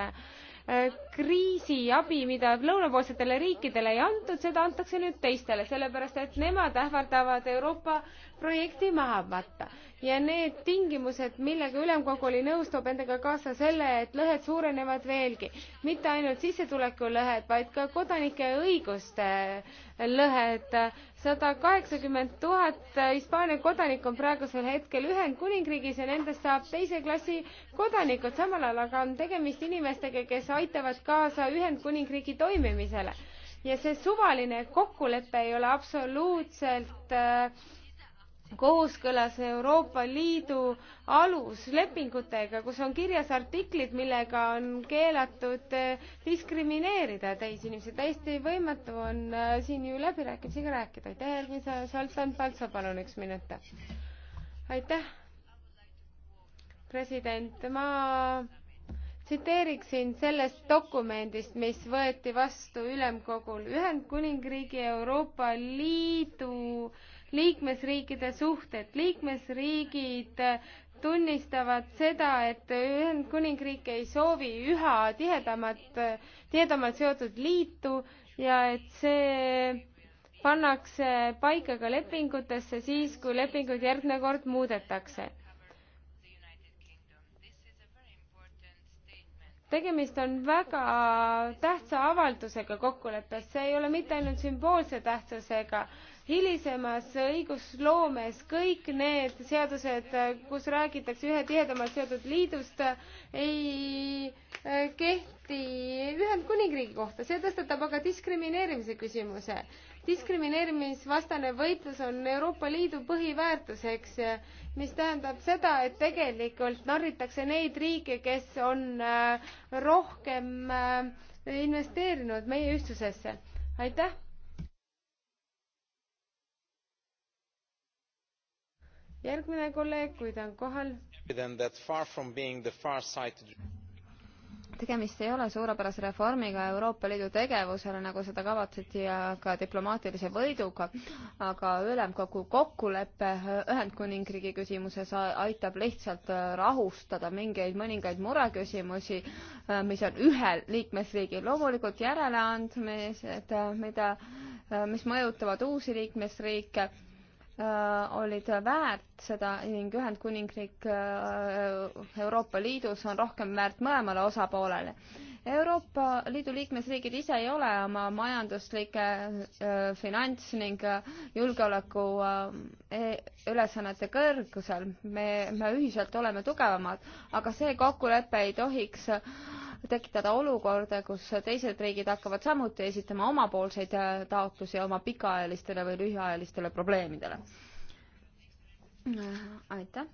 [SPEAKER 1] Äh, kriisiabi, mida lõunapoolsetele riikidele ei antud, seda antakse nüüd teistele, sellepärast et nemad ähvardavad Euroopa projekti maha matta. ja need tingimused, millega ülemkogu oli nõus, toob endaga kaasa selle, et lõhed suurenevad veelgi. mitte ainult sissetulekulõhed, vaid ka kodanike õiguste lõhed sada kaheksakümmend tuhat Hispaania kodanikku on praegusel hetkel Ühendkuningriigis ja nendest saab teise klassi kodanikud, samal ajal aga on tegemist inimestega, kes aitavad kaasa Ühendkuningriigi toimimisele. ja see suvaline kokkulepe ei ole absoluutselt äh, kooskõlas Euroopa Liidu aluslepingutega, kus on kirjas artiklid, millega on keelatud eh, diskrimineerida teisi inimesi. täiesti võimatu on eh, siin ju läbirääkimisega rääkida. aitäh, järgmise Zoltan Paltso, palun üks minut. aitäh, president. ma tsiteeriksin sellest dokumendist, mis võeti vastu ülemkogul Ühendkuningriigi Euroopa Liidu äh, liikmesriikide suhted. liikmesriigid tunnistavad seda, et Ühendkuningriik ei soovi üha tihedamat, tihedamalt seotud liitu ja et see pannakse paika ka lepingutesse siis, kui lepinguid järgmine kord muudetakse. tegemist on väga tähtsa avaldusega kokkuleppes, see ei ole mitte ainult sümboolse tähtsusega, hilisemas õigusloomes kõik need seadused, kus räägitakse ühe tihedamalt seotud liidust, ei äh, kehti Ühendkuningriigi kohta, see tõstatab aga diskrimineerimise küsimuse. diskrimineerimisvastane võitlus on Euroopa Liidu põhiväärtuseks, mis tähendab seda, et tegelikult narritakse neid riike, kes on äh, rohkem äh, investeerinud meie ühtsusesse. aitäh!
[SPEAKER 4] järgmine kolleeg, kui ta on kohal. tegemist ei ole suurepärase reformiga Euroopa Liidu tegevusele, nagu seda kavatseti, ka diplomaatilise võiduga, aga ülemkogu kokkulepe Ühendkuningriigi küsimuses aitab lihtsalt äh, rahustada mingeid mõningaid mureküsimusi, äh, mis on ühel liikmesriigil. loomulikult järeleandmised, äh, mida, mis mõjutavad uusi liikmesriike Äh, olid väärt seda ning Ühendkuningriik äh, Euroopa Liidus on rohkem väärt mõlemale osapoolele. Euroopa Liidu liikmesriigid ise ei ole oma majanduslike äh, finants ning julgeoleku e-, ülesannete kõrgusel. me, me ühiselt oleme tugevamad, aga see kokkulepe ei tohiks tekitada olukorda, kus teised riigid hakkavad samuti esitama omapoolseid äh, taotlusi oma pikaajalistele või lühiajalistele probleemidele. aitäh.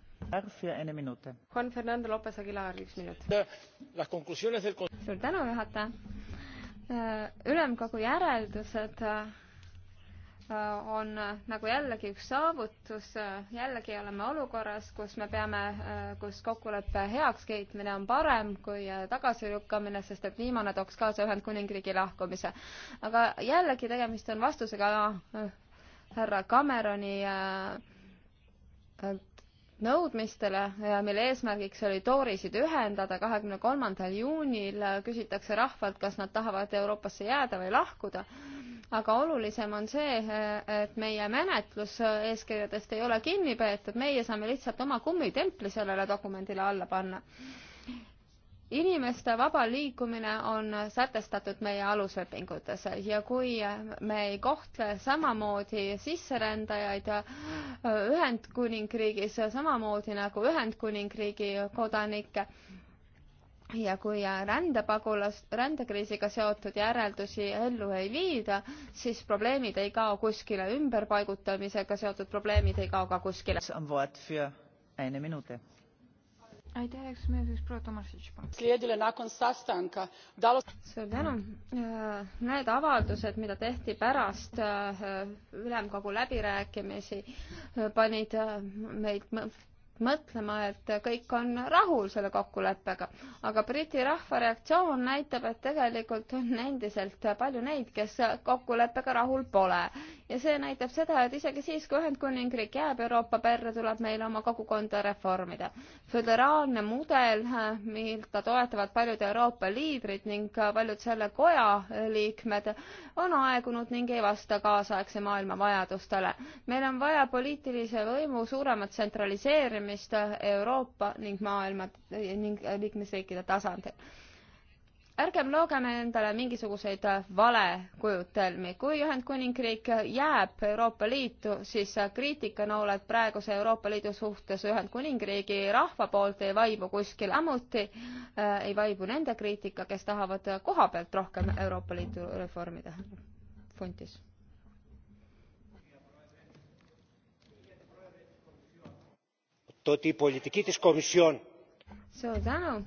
[SPEAKER 4] Juan Fernando Lopez Aguilar, üks minut. suur tänu, juhataja. Äh, ülemkogu järeldused äh, Äh, on äh, nagu jällegi üks saavutus, äh, jällegi oleme olukorras, kus me peame, kus kokkuleppe heakskiitmine on parem kui tagasilükkamine, sest et viimane tooks kaasa Ühendkuningriigi lahkumise. aga jällegi tegemist on vastusega härra Cameroni nõudmistele, mille eesmärgiks oli toorisid ühendada. kahekümne kolmandal juunil küsitakse rahvalt, kas nad tahavad Euroopasse jääda või lahkuda aga olulisem on see, et meie menetluseeskirjadest ei ole kinni peetud, meie saame lihtsalt oma kummitempli sellele dokumendile alla panna. inimeste vaba liikumine on sätestatud meie aluslepingutes ja kui me ei kohtle samamoodi sisserändajaid Ühendkuningriigis samamoodi nagu Ühendkuningriigi kodanikke, ja kui rändepagulas, rändekriisiga seotud järeldusi ellu ei viida, siis probleemid ei kao kuskile, ümberpaigutamisega seotud probleemid ei kao ka kuskile.
[SPEAKER 5] aitäh, üks minut, üks proua Tomašitš, palun. suur tänu. Äh,
[SPEAKER 4] need avaldused, mida tehti pärast äh, ülemkogu läbirääkimisi, äh, panid meid mõtlema, et kõik on rahul selle kokkuleppega. aga Briti rahva reaktsioon näitab, et tegelikult on endiselt palju neid, kes kokkuleppega rahul pole. ja see näitab seda, et isegi siis, kui Ühendkuningriik jääb Euroopa perre, tuleb meil oma kogukonda reformida. föderaalne mudel, mida toetavad paljud Euroopa liidrid ning paljud selle koja liikmed, on aegunud ning ei vasta kaasaegse maailma vajadustele. meil on vaja poliitilise võimu suuremat tsentraliseerimist, lähenemist Euroopa ning maailma ning liikmesriikide tasandil. ärgem loogem endale mingisuguseid valekujutelmi, kui Ühendkuningriik jääb Euroopa Liitu, siis kriitikanooled praeguse Euroopa Liidu suhtes Ühendkuningriigi rahva poolt ei vaibu kuskil, ammuti äh, ei vaibu nende kriitika, kes tahavad koha pealt rohkem Euroopa Liitu reformida. Fontis
[SPEAKER 3] το ότι η πολιτική της Κομισιόν...
[SPEAKER 4] Suur tänu!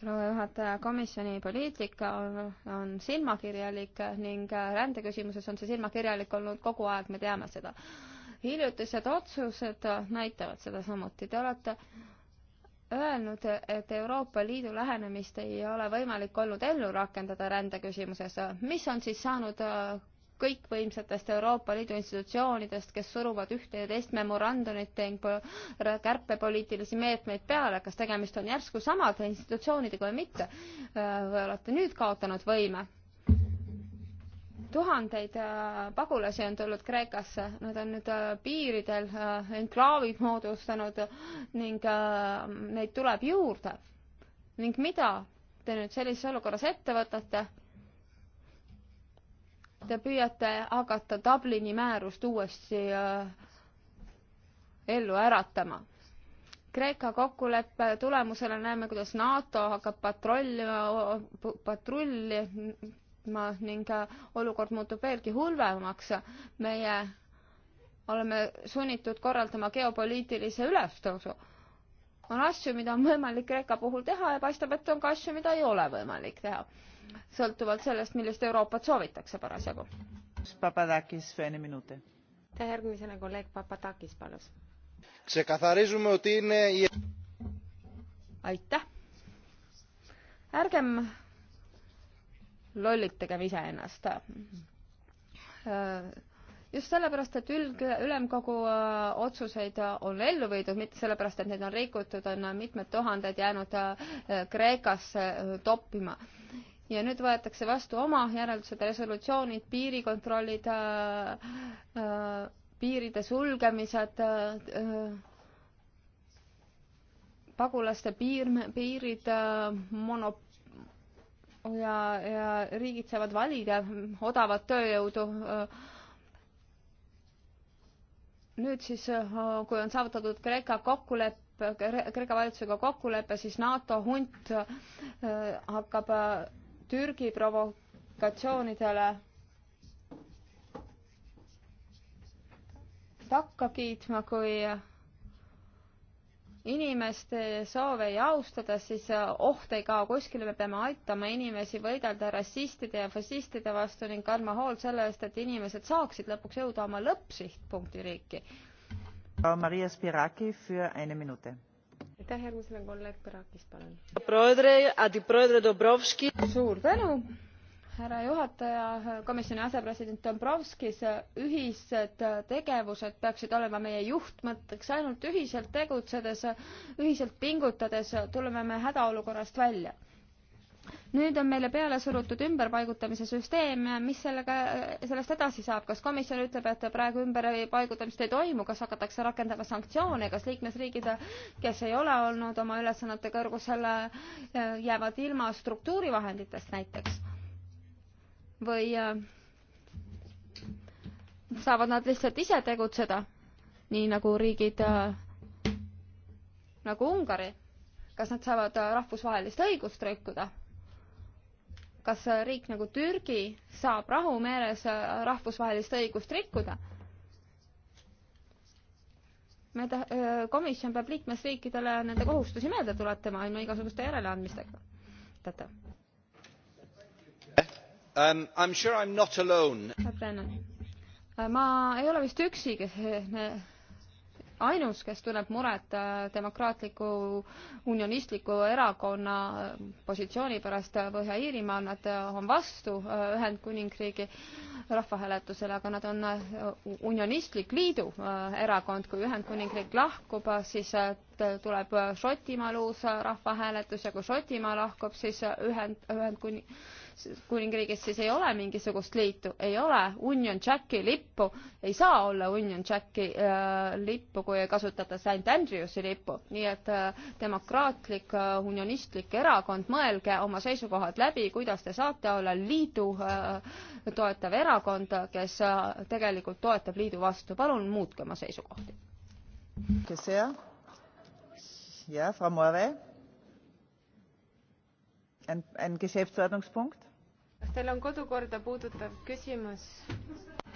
[SPEAKER 4] proua juhataja, komisjoni poliitika on, on silmakirjalik ning rändeküsimuses on see silmakirjalik olnud kogu aeg, me teame seda. hiljutised otsused näitavad seda samuti. Te olete öelnud, et Euroopa Liidu lähenemist ei ole võimalik olnud ellu rakendada rändeküsimuses. mis on siis saanud kõikvõimsatest Euroopa Liidu institutsioonidest, kes suruvad ühte ja teist memorandumit ning kärpepoliitilisi meetmeid peale, kas tegemist on järsku samade institutsioonidega või mitte, äh, või olete nüüd kaotanud võime? tuhandeid äh, pagulasi on tulnud Kreekasse, nad on nüüd äh, piiridel enklaavid moodustanud ning neid tuleb juurde. ning mida te nüüd sellises olukorras ette võtate? Te püüate hakata Dublini määrust uuesti äh, ellu äratama. Kreeka kokkuleppe tulemusena näeme, kuidas NATO hakkab patrullima, patrullima ning äh, olukord muutub veelgi hullemaks. meie oleme sunnitud korraldama geopoliitilise ülestõusu. on asju, mida on võimalik Kreeka puhul teha ja paistab, et on ka asju, mida ei ole võimalik teha sõltuvalt sellest, millist Euroopat soovitakse parasjagu.
[SPEAKER 5] Papadakis, ühe minuti.
[SPEAKER 4] järgmisena kolleeg Papadakis, palus. aitäh. ärgem lollitagem iseennast just sellepärast, et ülg, ülemkogu äh, otsuseid äh, on ellu viidud, mitte sellepärast, et neid on rikutud, on äh, mitmed tuhanded jäänud Kreekasse toppima ja nüüd võetakse vastu oma järeldused, resolutsioonid, piirikontrollid äh,, äh, piiride sulgemised äh,, pagulaste piir, piirid äh, mono- ja, ja riigid saavad valida odavat tööjõudu. Äh. nüüd siis, äh, kui on saavutatud Kreeka kokkulepe, Kreeka valitsusega kokkulepe, siis NATO hunt hakkab Türgi provokatsioonidele takka kiitma, kui inimeste soove ei austada, siis oht ei kao kuskile, me peame aitama inimesi võidelda rassistide ja fašistide vastu ning kandma hoolt selle eest, et inimesed saaksid lõpuks jõuda oma lõppsihtpunkti riiki.
[SPEAKER 5] Maria Spiraki für eine Minute
[SPEAKER 4] aitäh, järgmisele kolleeg Perakis, palun. suur tänu, härra juhataja, komisjoni asepresident Dombrovskis, ühised tegevused peaksid olema meie juhtmõtteks, ainult ühiselt tegutsedes, ühiselt pingutades tuleme me hädaolukorrast välja nüüd on meile peale surutud ümberpaigutamise süsteem, mis sellega, sellest edasi saab, kas komisjon ütleb, et praegu ümberpaigutamist ei toimu, kas hakatakse rakendama sanktsioone, kas liikmesriigid, kes ei ole olnud oma ülesannete kõrgusel, jäävad ilma struktuurivahenditest näiteks? või äh, saavad nad lihtsalt ise tegutseda, nii nagu riigid äh, nagu Ungari, kas nad saavad äh, rahvusvahelist õigust rikkuda? kas riik nagu Türgi saab rahumeeles äh, rahvusvahelist õigust rikkuda? me ta-, äh, komisjon peab liikmesriikidele nende kohustusi meelde tuletama ilma igasuguste järeleandmistega. teate.
[SPEAKER 3] Eh, um, I am sure I am not alone.
[SPEAKER 4] Äh, ma ei ole vist üksi, kes ainus, kes tunneb muret äh, demokraatliku unionistliku erakonna äh, positsiooni pärast äh, Põhja-Iirimaal, nad on vastu Ühendkuningriigi rahvahääletusele, aga nad on unionistlik liidu erakond, kui Ühendkuningriik lahkub, siis tuleb Šotimaal uus rahvahääletus ja kui Šotimaa lahkub, siis Ühend, Ühendkuning-, kuningriigis siis ei ole mingisugust liitu, ei ole Union Jacki lippu, ei saa olla Union Jacki äh, lippu, kui ei kasutata St Andrewsi lippu. nii et äh, demokraatlik äh, unionistlik erakond, mõelge oma seisukohad läbi, kuidas te saate olla liidu äh, toetav erakond, kes äh, tegelikult toetab liidu vastu. palun muutke oma seisukohti.
[SPEAKER 5] kes see on? Ja, Frau Morvay, ein, ein
[SPEAKER 2] Geschäftsordnungspunkt?
[SPEAKER 1] kas teil on kodukorda puudutav küsimus?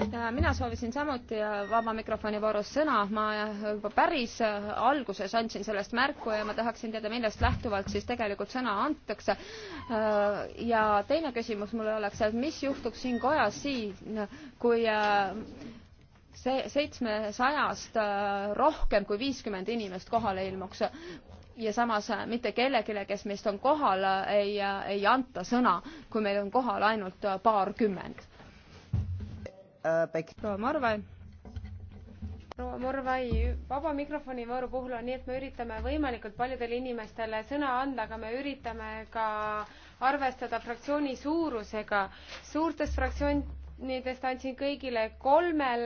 [SPEAKER 4] Äh, mina soovisin samuti äh, vaba mikrofoni voorus sõna, ma äh, juba päris alguses andsin sellest märku ja ma tahaksin teada, millest lähtuvalt siis tegelikult sõna antakse. ja teine küsimus mulle oleks, et mis juhtub siin kojas siin, kui see seitsmesajast rohkem kui viiskümmend inimest kohale ilmuks ja samas äh, mitte kellelegi, kes meist on kohal, äh, ei, äh, ei anta sõna, kui meil on kohal ainult paarkümmend. proua Marve.
[SPEAKER 1] proua Morvai, vaba mikrofoni vooru puhul on nii, et me üritame võimalikult paljudele inimestele sõna anda, aga me üritame ka arvestada fraktsiooni suurusega. suurtes fraktsioon, nendest andsin kõigile kolmel,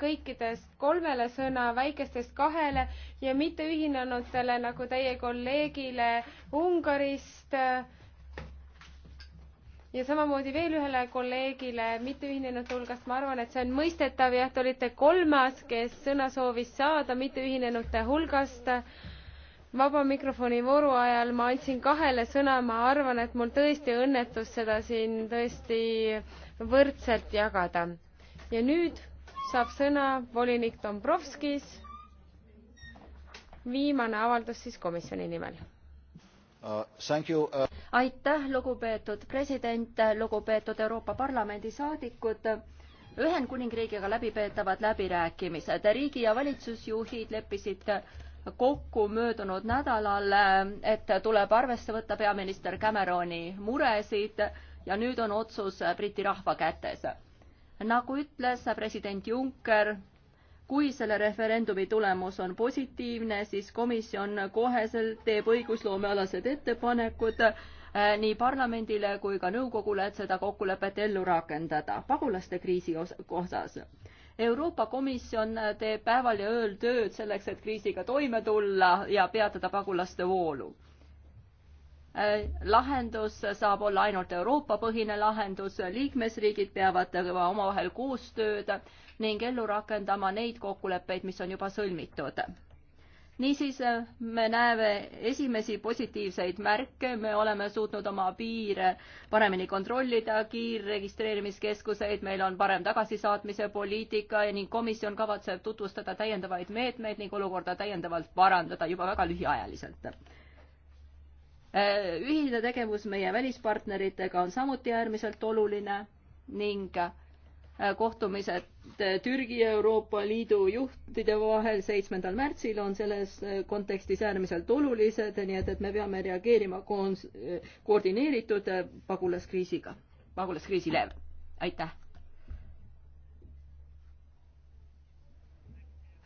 [SPEAKER 1] kõikidest kolmele sõna, väikestest kahele ja mitteühinenutele nagu teie kolleegile Ungarist ja samamoodi veel ühele kolleegile mitteühinenute hulgast, ma arvan, et see on mõistetav, jah, te olite kolmas, kes sõna soovis saada mitteühinenute hulgast. vaba mikrofoni vooru ajal ma andsin kahele sõna, ma arvan, et mul tõesti õnnetus seda siin tõesti äh, võrdselt jagada. ja nüüd saab sõna volinik Dombrovskis. viimane avaldus siis komisjoni nimel
[SPEAKER 5] uh,. Uh...
[SPEAKER 6] aitäh, lugupeetud president, lugupeetud Euroopa Parlamendi saadikud Ühendkuningriigiga läbipeetavad läbirääkimised. riigi ja valitsusjuhid leppisid kokku möödunud nädalal, et tuleb arvesse võtta peaminister Cameroni muresid ja nüüd on otsus äh, Briti rahva kätes. nagu ütles äh, president Juncker, kui selle referendumi tulemus on positiivne, siis komisjon koheselt teeb õigusloomealased ettepanekud äh, nii parlamendile kui ka nõukogule, et seda kokkulepet ellu rakendada pagulaste kriisi osas. Euroopa Komisjon teeb päeval ja ööl tööd selleks, et kriisiga toime tulla ja peatada pagulaste voolu Äh, lahendus saab olla ainult Euroopa-põhine lahendus, liikmesriigid peavad tegema omavahel koostööd ning ellu rakendama neid kokkuleppeid, mis on juba sõlmitud. niisiis äh, me näeme esimesi positiivseid märke, me oleme suutnud oma piire paremini kontrollida, kiirregistreerimiskeskuseid, meil on parem tagasisaatmise poliitika ning komisjon kavatseb tutvustada täiendavaid meetmeid ning olukorda täiendavalt parandada juba väga lühiajaliselt Äh, ühine tegevus meie välispartneritega on samuti äärmiselt oluline ning äh, kohtumised äh, Türgi ja Euroopa Liidu juhtide vahel seitsmendal märtsil on selles kontekstis äärmiselt olulised, nii et, et me peame reageerima koos, koordineeritud pagulaskriisiga, pagulaskriisile. aitäh!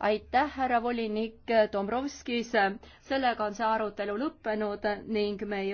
[SPEAKER 6] aitäh, härra volinik Dombrovskis, sellega on see arutelu lõppenud ning me ei